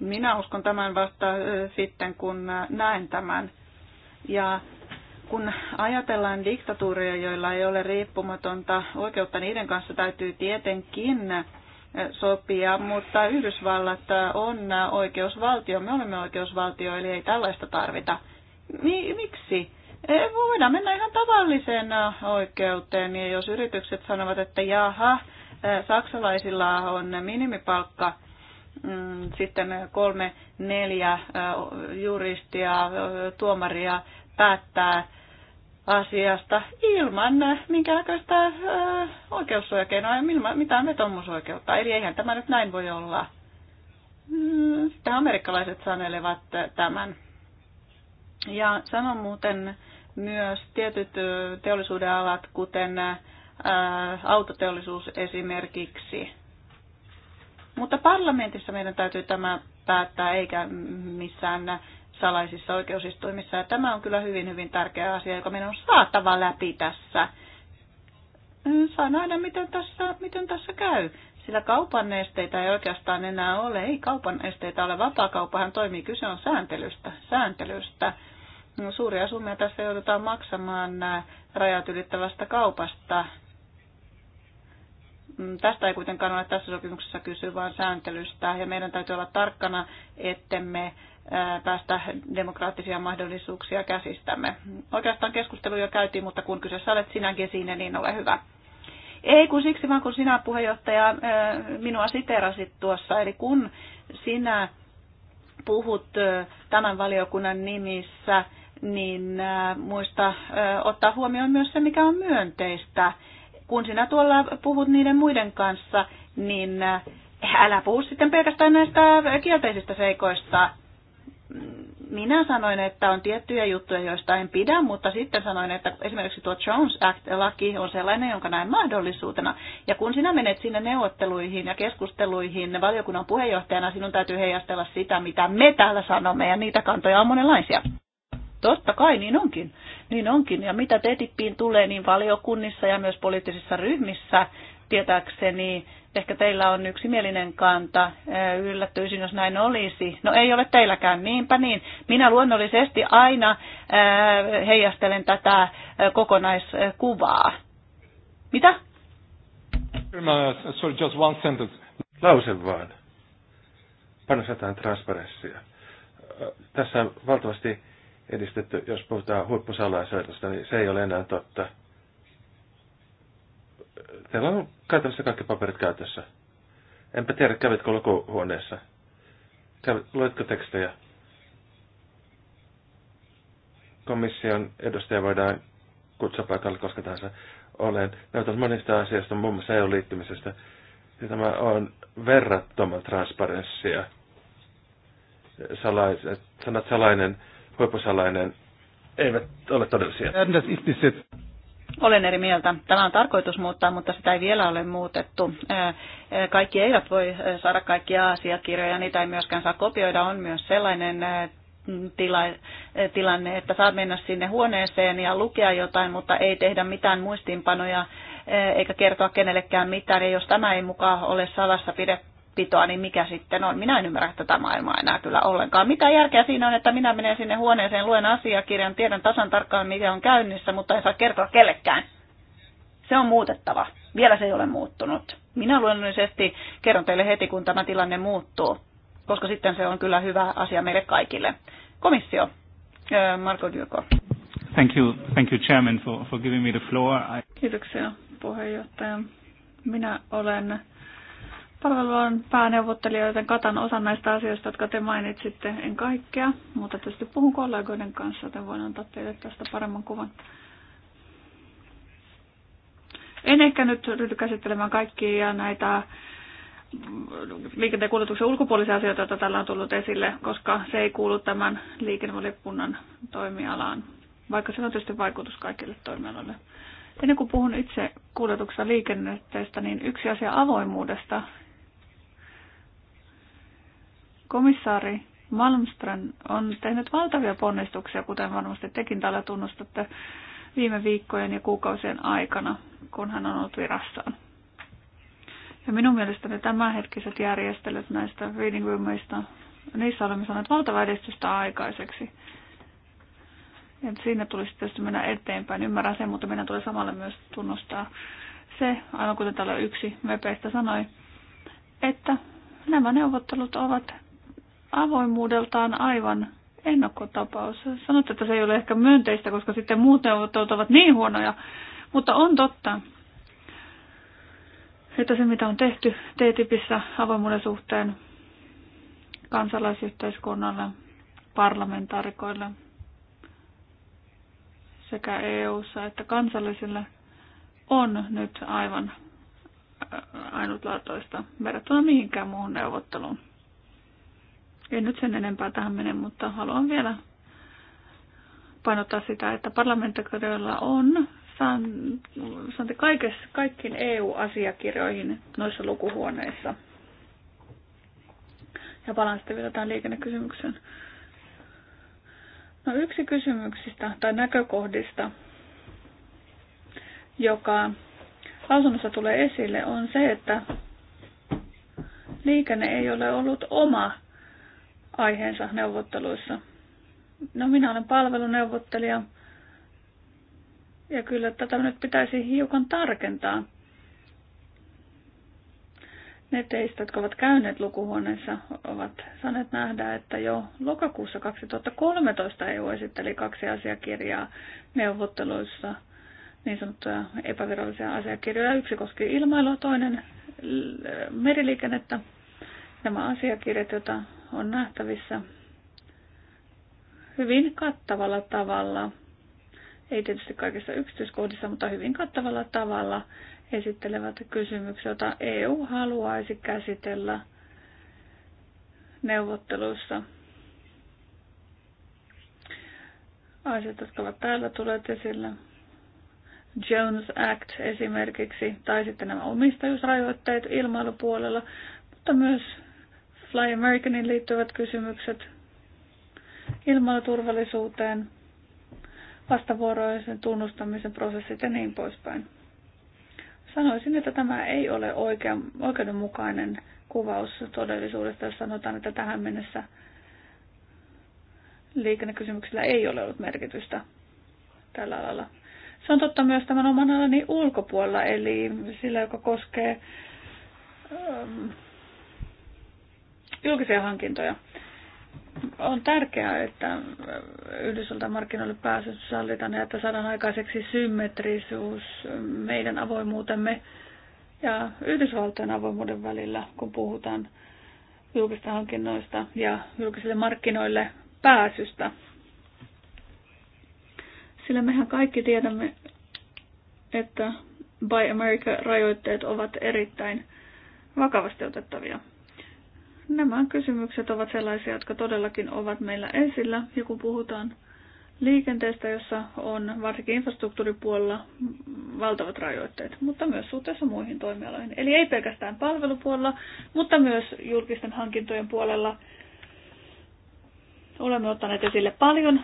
minä uskon tämän vasta sitten, kun näen tämän. Ja kun ajatellaan diktatuureja, joilla ei ole riippumatonta oikeutta, niiden kanssa täytyy tietenkin sopia, mutta Yhdysvallat on oikeusvaltio, me olemme oikeusvaltio, eli ei tällaista tarvita. Miksi? E, voidaan mennä ihan tavalliseen oikeuteen, ja jos yritykset sanovat, että jaha, e, saksalaisilla on minimipalkka, mm, sitten kolme, neljä e, juristia, tuomaria päättää asiasta ilman minkäänlaista oikeussuojakeinoa ja mitään vetomusoikeutta. Eli eihän tämä nyt näin voi olla. Mm, sitten amerikkalaiset sanelevat tämän. Ja sanon muuten myös tietyt teollisuuden alat, kuten autoteollisuus esimerkiksi. Mutta parlamentissa meidän täytyy tämä päättää, eikä missään salaisissa oikeusistuimissa. Ja tämä on kyllä hyvin, hyvin tärkeä asia, joka meidän on saatava läpi tässä. Saa nähdä, miten tässä, miten tässä käy. Sillä kaupan esteitä ei oikeastaan enää ole. Ei kaupan esteitä ole. Vapaakauppahan toimii. Kyse on sääntelystä. Sääntelystä. No, suuria summia tässä joudutaan maksamaan rajat ylittävästä kaupasta. Mm, tästä ei kuitenkaan ole tässä sopimuksessa kysy, vaan sääntelystä. Ja meidän täytyy olla tarkkana, ettemme päästä demokraattisia mahdollisuuksia käsistämme. Oikeastaan keskustelu jo käytiin, mutta kun kyseessä olet sinäkin siinä, niin ole hyvä. Ei kun siksi, vaan kun sinä puheenjohtaja minua siterasit tuossa, eli kun sinä puhut tämän valiokunnan nimissä, niin muista ottaa huomioon myös se, mikä on myönteistä. Kun sinä tuolla puhut niiden muiden kanssa, niin älä puhu sitten pelkästään näistä kielteisistä seikoista, minä sanoin, että on tiettyjä juttuja, joista en pidä, mutta sitten sanoin, että esimerkiksi tuo Jones Act-laki on sellainen, jonka näen mahdollisuutena. Ja kun sinä menet sinne neuvotteluihin ja keskusteluihin valiokunnan puheenjohtajana, sinun täytyy heijastella sitä, mitä me täällä sanomme, ja niitä kantoja on monenlaisia. Totta kai, niin onkin. Niin onkin. Ja mitä TTIPiin tulee, niin valiokunnissa ja myös poliittisissa ryhmissä, tietääkseni Ehkä teillä on yksimielinen kanta. Yllättyisin, jos näin olisi. No ei ole teilläkään, niinpä niin. Minä luonnollisesti aina heijastelen tätä kokonaiskuvaa. Mitä? Sorry, just one sentence. Lause vaan. Panosataan transparenssia. Tässä on valtavasti edistetty, jos puhutaan huippusalaisuudesta, niin se ei ole enää totta Teillä on käytännössä kaikki paperit käytössä. Enpä tiedä, kävitkö lukuhuoneessa. luetko tekstejä? Komission edustaja voidaan kutsua paikalle koska tahansa. Olen näytän monista asioista, muun muassa EU-liittymisestä. Ja tämä on verrattoman transparenssia. Salaiset, sanat salainen, huippusalainen eivät ole todellisia. Olen eri mieltä. Tämä on tarkoitus muuttaa, mutta sitä ei vielä ole muutettu. Kaikki eivät voi saada kaikkia asiakirjoja, niitä ei myöskään saa kopioida. On myös sellainen tila, tilanne, että saa mennä sinne huoneeseen ja lukea jotain, mutta ei tehdä mitään muistiinpanoja eikä kertoa kenellekään mitään. Ja jos tämä ei mukaan ole salassa pidetty, pitoa, niin mikä sitten on? Minä en ymmärrä tätä maailmaa enää kyllä ollenkaan. Mitä järkeä siinä on, että minä menen sinne huoneeseen, luen asiakirjan, tiedän tasan tarkkaan, mikä on käynnissä, mutta en saa kertoa kellekään. Se on muutettava. Vielä se ei ole muuttunut. Minä luonnollisesti kerron teille heti, kun tämä tilanne muuttuu, koska sitten se on kyllä hyvä asia meille kaikille. Komissio, Marko Dyrko. Thank you, thank you Chairman for, for giving me the floor. I... Kiitoksia puheenjohtaja. Minä olen on pääneuvottelija, joten katan osan näistä asioista, jotka te mainitsitte, en kaikkea, mutta tietysti puhun kollegoiden kanssa, joten voin antaa teille tästä paremman kuvan. En ehkä nyt ryhdy käsittelemään kaikkia näitä liikenteen kuljetuksen ulkopuolisia asioita, joita tällä on tullut esille, koska se ei kuulu tämän liikennevaliokunnan toimialaan, vaikka se on tietysti vaikutus kaikille toimialoille. Ennen kuin puhun itse kuljetuksesta liikenteestä, niin yksi asia avoimuudesta, Komissaari Malmström on tehnyt valtavia ponnistuksia, kuten varmasti tekin täällä tunnustatte viime viikkojen ja kuukausien aikana, kun hän on ollut virassaan. Ja minun mielestäni tämänhetkiset järjestelyt näistä reading roomista, niissä olemme saaneet valtava edistystä aikaiseksi. Ja siinä tulisi tietysti mennä eteenpäin, ymmärrän sen, mutta meidän tulee samalla myös tunnustaa se, aivan kuten täällä yksi mepeistä sanoi, että nämä neuvottelut ovat avoimuudeltaan aivan ennakkotapaus. Sanotte, että se ei ole ehkä myönteistä, koska sitten muut neuvottelut ovat niin huonoja, mutta on totta, että se mitä on tehty TTIPissä avoimuuden suhteen kansalaisyhteiskunnalle, parlamentaarikoille sekä EU:ssa että kansallisille on nyt aivan äh, ainutlaatuista verrattuna mihinkään muuhun neuvotteluun. En nyt sen enempää tähän mene, mutta haluan vielä painottaa sitä, että parlamentakarjoilla on saanti kaikessa kaikkiin EU-asiakirjoihin noissa lukuhuoneissa. Ja palaan sitten vielä tähän liikennekysymykseen. No yksi kysymyksistä tai näkökohdista, joka lausunnossa tulee esille, on se, että liikenne ei ole ollut oma aiheensa neuvotteluissa. No minä olen palveluneuvottelija ja kyllä tätä nyt pitäisi hiukan tarkentaa. Ne teistä, jotka ovat käyneet lukuhuoneessa, ovat saaneet nähdä, että jo lokakuussa 2013 EU esitteli kaksi asiakirjaa neuvotteluissa, niin sanottuja epävirallisia asiakirjoja. Yksi koski ilmailua, toinen meriliikennettä. Nämä asiakirjat, joita on nähtävissä hyvin kattavalla tavalla, ei tietysti kaikissa yksityiskohdissa, mutta hyvin kattavalla tavalla esittelevät kysymyksiä, joita EU haluaisi käsitellä neuvotteluissa. Asiat, jotka ovat täällä tulleet esille. Jones Act esimerkiksi, tai sitten nämä omistajuusrajoitteet ilmailupuolella, mutta myös Fly Americanin liittyvät kysymykset ilmailuturvallisuuteen, vastavuoroisen tunnustamisen prosessit ja niin poispäin. Sanoisin, että tämä ei ole oikea, oikeudenmukainen kuvaus todellisuudesta, jos sanotaan, että tähän mennessä liikennekysymyksillä ei ole ollut merkitystä tällä alalla. Se on totta myös tämän oman alani ulkopuolella, eli sillä, joka koskee ähm, julkisia hankintoja. On tärkeää, että Yhdysvaltain markkinoille pääsy sallitaan ja että saadaan aikaiseksi symmetrisuus meidän avoimuutemme ja Yhdysvaltain avoimuuden välillä, kun puhutaan julkista hankinnoista ja julkisille markkinoille pääsystä. Sillä mehän kaikki tiedämme, että Buy America-rajoitteet ovat erittäin vakavasti otettavia. Nämä kysymykset ovat sellaisia, jotka todellakin ovat meillä esillä. Ja kun puhutaan liikenteestä, jossa on varsinkin infrastruktuuripuolella valtavat rajoitteet, mutta myös suhteessa muihin toimialoihin. Eli ei pelkästään palvelupuolella, mutta myös julkisten hankintojen puolella olemme ottaneet esille paljon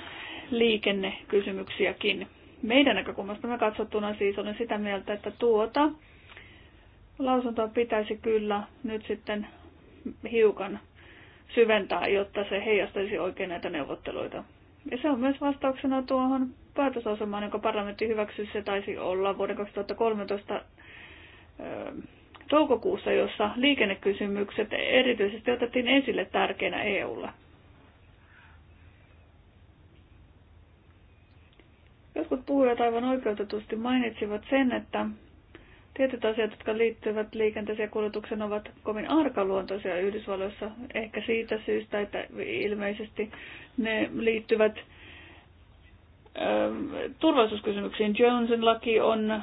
liikennekysymyksiäkin. Meidän näkökulmasta me katsottuna siis olen sitä mieltä, että tuota lausuntoa pitäisi kyllä nyt sitten hiukan syventää, jotta se heijastaisi oikein näitä neuvotteluita. Ja se on myös vastauksena tuohon päätösasemaan, jonka parlamentti hyväksyi, se taisi olla vuoden 2013 toukokuussa, jossa liikennekysymykset erityisesti otettiin esille tärkeänä EUlla. Jotkut puhujat aivan oikeutetusti mainitsivat sen, että Tietyt asiat, jotka liittyvät liikenteeseen ja kulutukseen, ovat kovin arkaluontoisia Yhdysvalloissa. Ehkä siitä syystä, että ilmeisesti ne liittyvät ähm, turvallisuuskysymyksiin. Jonesin laki on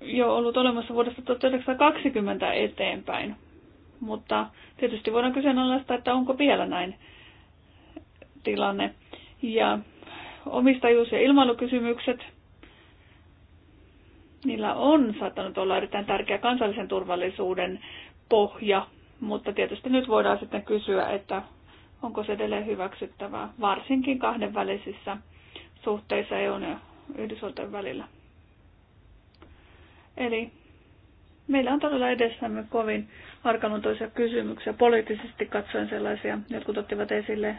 jo ollut olemassa vuodesta 1920 eteenpäin. Mutta tietysti voidaan kyseenalaista, että onko vielä näin tilanne. Ja omistajuus- ja ilmailukysymykset Niillä on saattanut olla erittäin tärkeä kansallisen turvallisuuden pohja, mutta tietysti nyt voidaan sitten kysyä, että onko se edelleen hyväksyttävää, varsinkin kahdenvälisissä suhteissa EU ja Yhdysvaltojen välillä. Eli meillä on todella edessämme kovin arkaluontoisia kysymyksiä, poliittisesti katsoen sellaisia, jotkut ottivat esille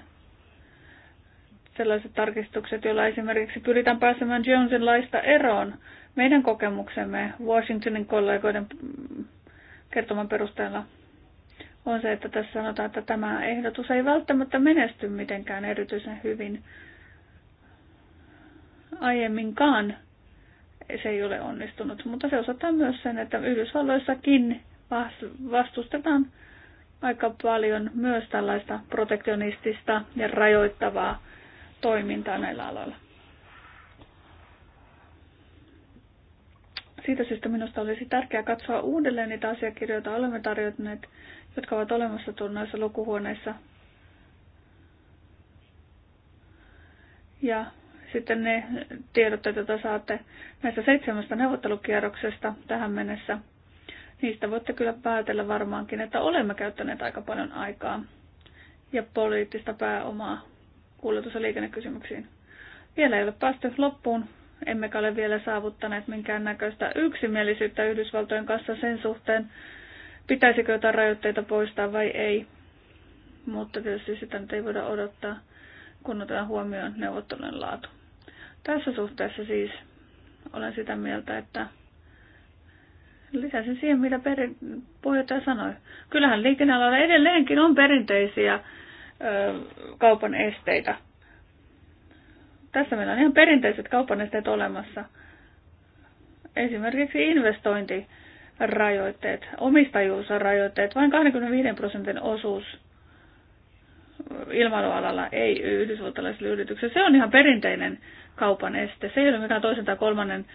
sellaiset tarkistukset, joilla esimerkiksi pyritään pääsemään Jonesin laista eroon, meidän kokemuksemme Washingtonin kollegoiden kertoman perusteella on se, että tässä sanotaan, että tämä ehdotus ei välttämättä menesty mitenkään erityisen hyvin aiemminkaan. Se ei ole onnistunut, mutta se osoittaa myös sen, että Yhdysvalloissakin vastustetaan aika paljon myös tällaista protektionistista ja rajoittavaa toimintaa näillä aloilla. Siitä syystä minusta olisi tärkeää katsoa uudelleen niitä asiakirjoja, joita olemme tarjonneet, jotka ovat olemassa tuonnoissa lukuhuoneissa. Ja sitten ne tiedotteet, joita saatte näistä seitsemästä neuvottelukierroksesta tähän mennessä, niistä voitte kyllä päätellä varmaankin, että olemme käyttäneet aika paljon aikaa ja poliittista pääomaa kuljetus- ja liikennekysymyksiin. Vielä ei ole päästy loppuun, emmekä ole vielä saavuttaneet minkäännäköistä yksimielisyyttä Yhdysvaltojen kanssa sen suhteen, pitäisikö jotain rajoitteita poistaa vai ei. Mutta tietysti sitä nyt ei voida odottaa, kun otetaan huomioon neuvottelujen laatu. Tässä suhteessa siis olen sitä mieltä, että lisäsin siihen, mitä perin, puheenjohtaja sanoi. Kyllähän liikennealalla edelleenkin on perinteisiä ö, kaupan esteitä. Tässä meillä on ihan perinteiset kauppanesteet olemassa. Esimerkiksi investointirajoitteet, omistajuusrajoitteet, vain 25 prosentin osuus ilmailualalla, ei yhdysvaltalaisille yrityksille. Se on ihan perinteinen kaupan este. Se ei ole mikään toisen tai kolmannen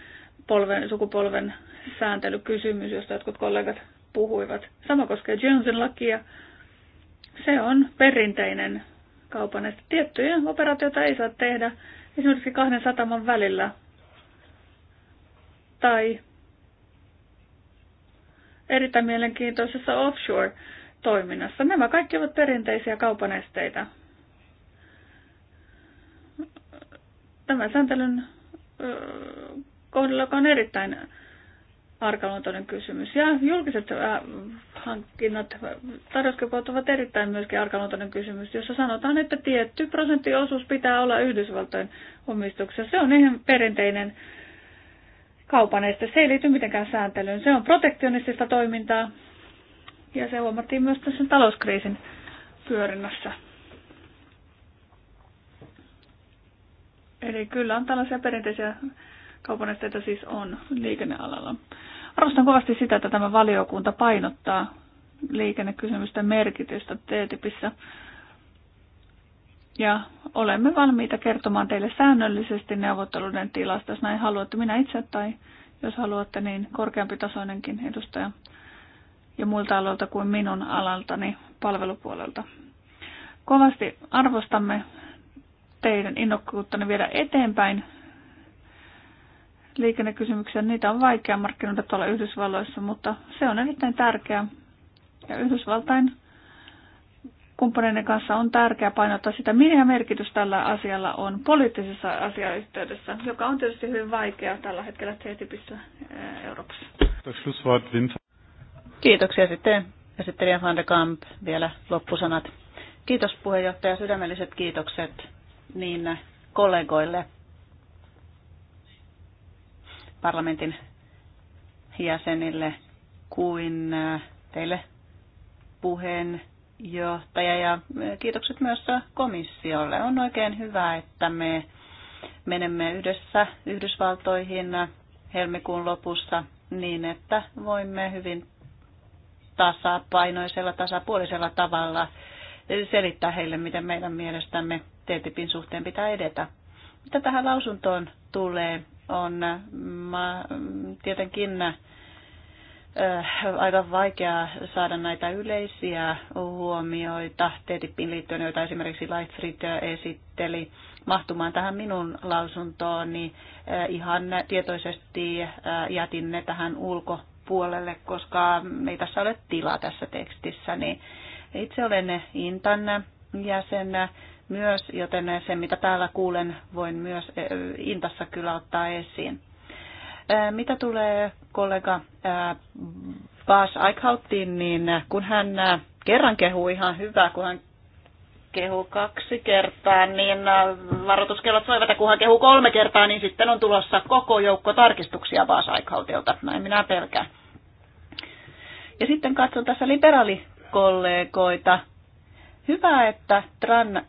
polven, sukupolven sääntelykysymys, josta jotkut kollegat puhuivat. Sama koskee Jonesin lakia. Se on perinteinen kaupan este. Tiettyjä operaatioita ei saa tehdä esimerkiksi kahden sataman välillä tai erittäin mielenkiintoisessa offshore-toiminnassa. Nämä kaikki ovat perinteisiä kaupan esteitä. Tämän sääntelyn kohdalla, joka on erittäin arkaluontoinen kysymys. Ja julkiset äh, hankinnat, tarjouskilpailut ovat erittäin myöskin arkaluontoinen kysymys, jossa sanotaan, että tietty prosenttiosuus pitää olla Yhdysvaltojen omistuksessa. Se on ihan perinteinen kaupan este. Se ei liity mitenkään sääntelyyn. Se on protektionistista toimintaa ja se huomattiin myös tässä talouskriisin pyörinnässä. Eli kyllä on tällaisia perinteisiä kaupan siis on liikennealalla. Arvostan kovasti sitä, että tämä valiokunta painottaa liikennekysymysten merkitystä TTIPissä. Ja olemme valmiita kertomaan teille säännöllisesti neuvotteluiden tilasta, jos näin haluatte minä itse tai jos haluatte, niin korkeampi tasoinenkin edustaja ja muilta aloilta kuin minun alaltani palvelupuolelta. Kovasti arvostamme teidän innokkuuttanne viedä eteenpäin liikennekysymyksiä. Niitä on vaikea markkinoida tuolla Yhdysvalloissa, mutta se on erittäin tärkeää. Ja Yhdysvaltain kumppaneiden kanssa on tärkeää painottaa sitä, mikä merkitys tällä asialla on poliittisessa asiayhteydessä, joka on tietysti hyvin vaikea tällä hetkellä TTIPissä eh, Euroopassa. Kiitoksia sitten esittelijä Van de Kamp vielä loppusanat. Kiitos puheenjohtaja, sydämelliset kiitokset niin kollegoille parlamentin jäsenille kuin äh, teille puheenjohtaja ja äh, kiitokset myös komissiolle. On oikein hyvä, että me menemme yhdessä Yhdysvaltoihin äh, helmikuun lopussa niin, että voimme hyvin tasapainoisella, tasapuolisella tavalla selittää heille, miten meidän mielestämme TTIPin suhteen pitää edetä. Mitä tähän lausuntoon tulee, on tietenkin äh, aika vaikea saada näitä yleisiä huomioita TTIPin liittyen, joita esimerkiksi Lightfrit esitteli mahtumaan tähän minun lausuntooni. niin ihan tietoisesti äh, jätin ne tähän ulkopuolelle, koska ei tässä ole tilaa tässä tekstissä. Niin itse olen Intan jäsen myös, joten se mitä täällä kuulen voin myös Intassa kyllä ottaa esiin. Mitä tulee kollega Bas Eichhauttiin, niin kun hän kerran kehuu ihan hyvää, kun hän kehu kaksi kertaa, niin varoituskellot soivat, että kun hän kehu kolme kertaa, niin sitten on tulossa koko joukko tarkistuksia Bas Eichhautilta. Näin minä pelkään. Ja sitten katson tässä liberaalikollegoita. Hyvä, että Tran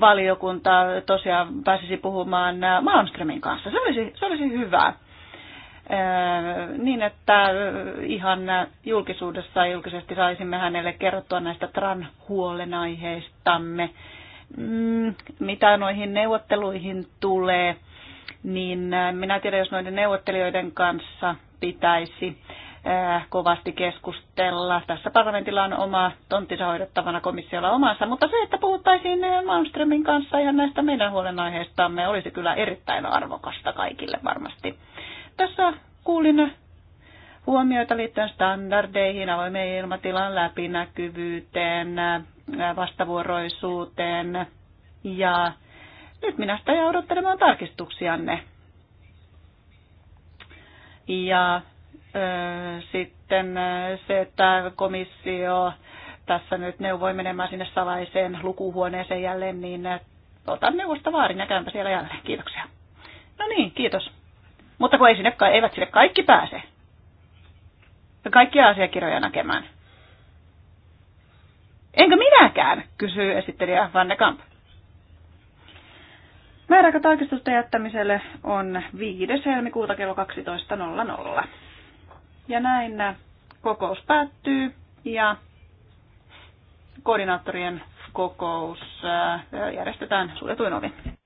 valiokunta tosiaan pääsisi puhumaan äh, Malmströmin kanssa. Se olisi, se olisi hyvä. Äh, niin, että äh, ihan julkisuudessa julkisesti saisimme hänelle kertoa näistä TRAN-huolenaiheistamme. Mm, mitä noihin neuvotteluihin tulee, niin minä tiedän, jos noiden neuvottelijoiden kanssa pitäisi Äh, kovasti keskustella. Tässä parlamentilla on oma tonttinsa hoidettavana, komissiolla omansa, mutta se, että puhuttaisiin äh, Malmströmin kanssa ja näistä meidän huolenaiheistamme olisi kyllä erittäin arvokasta kaikille varmasti. Tässä kuulin huomioita liittyen standardeihin, avoimeen ilmatilan läpinäkyvyyteen, äh, vastavuoroisuuteen ja nyt minä sitä jää odottelemaan tarkistuksianne. Ja sitten se, että komissio tässä nyt neuvoi menemään sinne salaiseen lukuhuoneeseen jälleen, niin otan neuvosta vaarin ja siellä jälleen. Kiitoksia. No niin, kiitos. Mutta kun ei sinne, eivät sinne kaikki pääse. Kaikkia asiakirjoja näkemään. Enkö minäkään, kysyy esittelijä Vanne Kamp. Määräaika tarkistusten jättämiselle on 5. helmikuuta kello 12.00. Ja näin kokous päättyy ja koordinaattorien kokous järjestetään suljetuin ovin.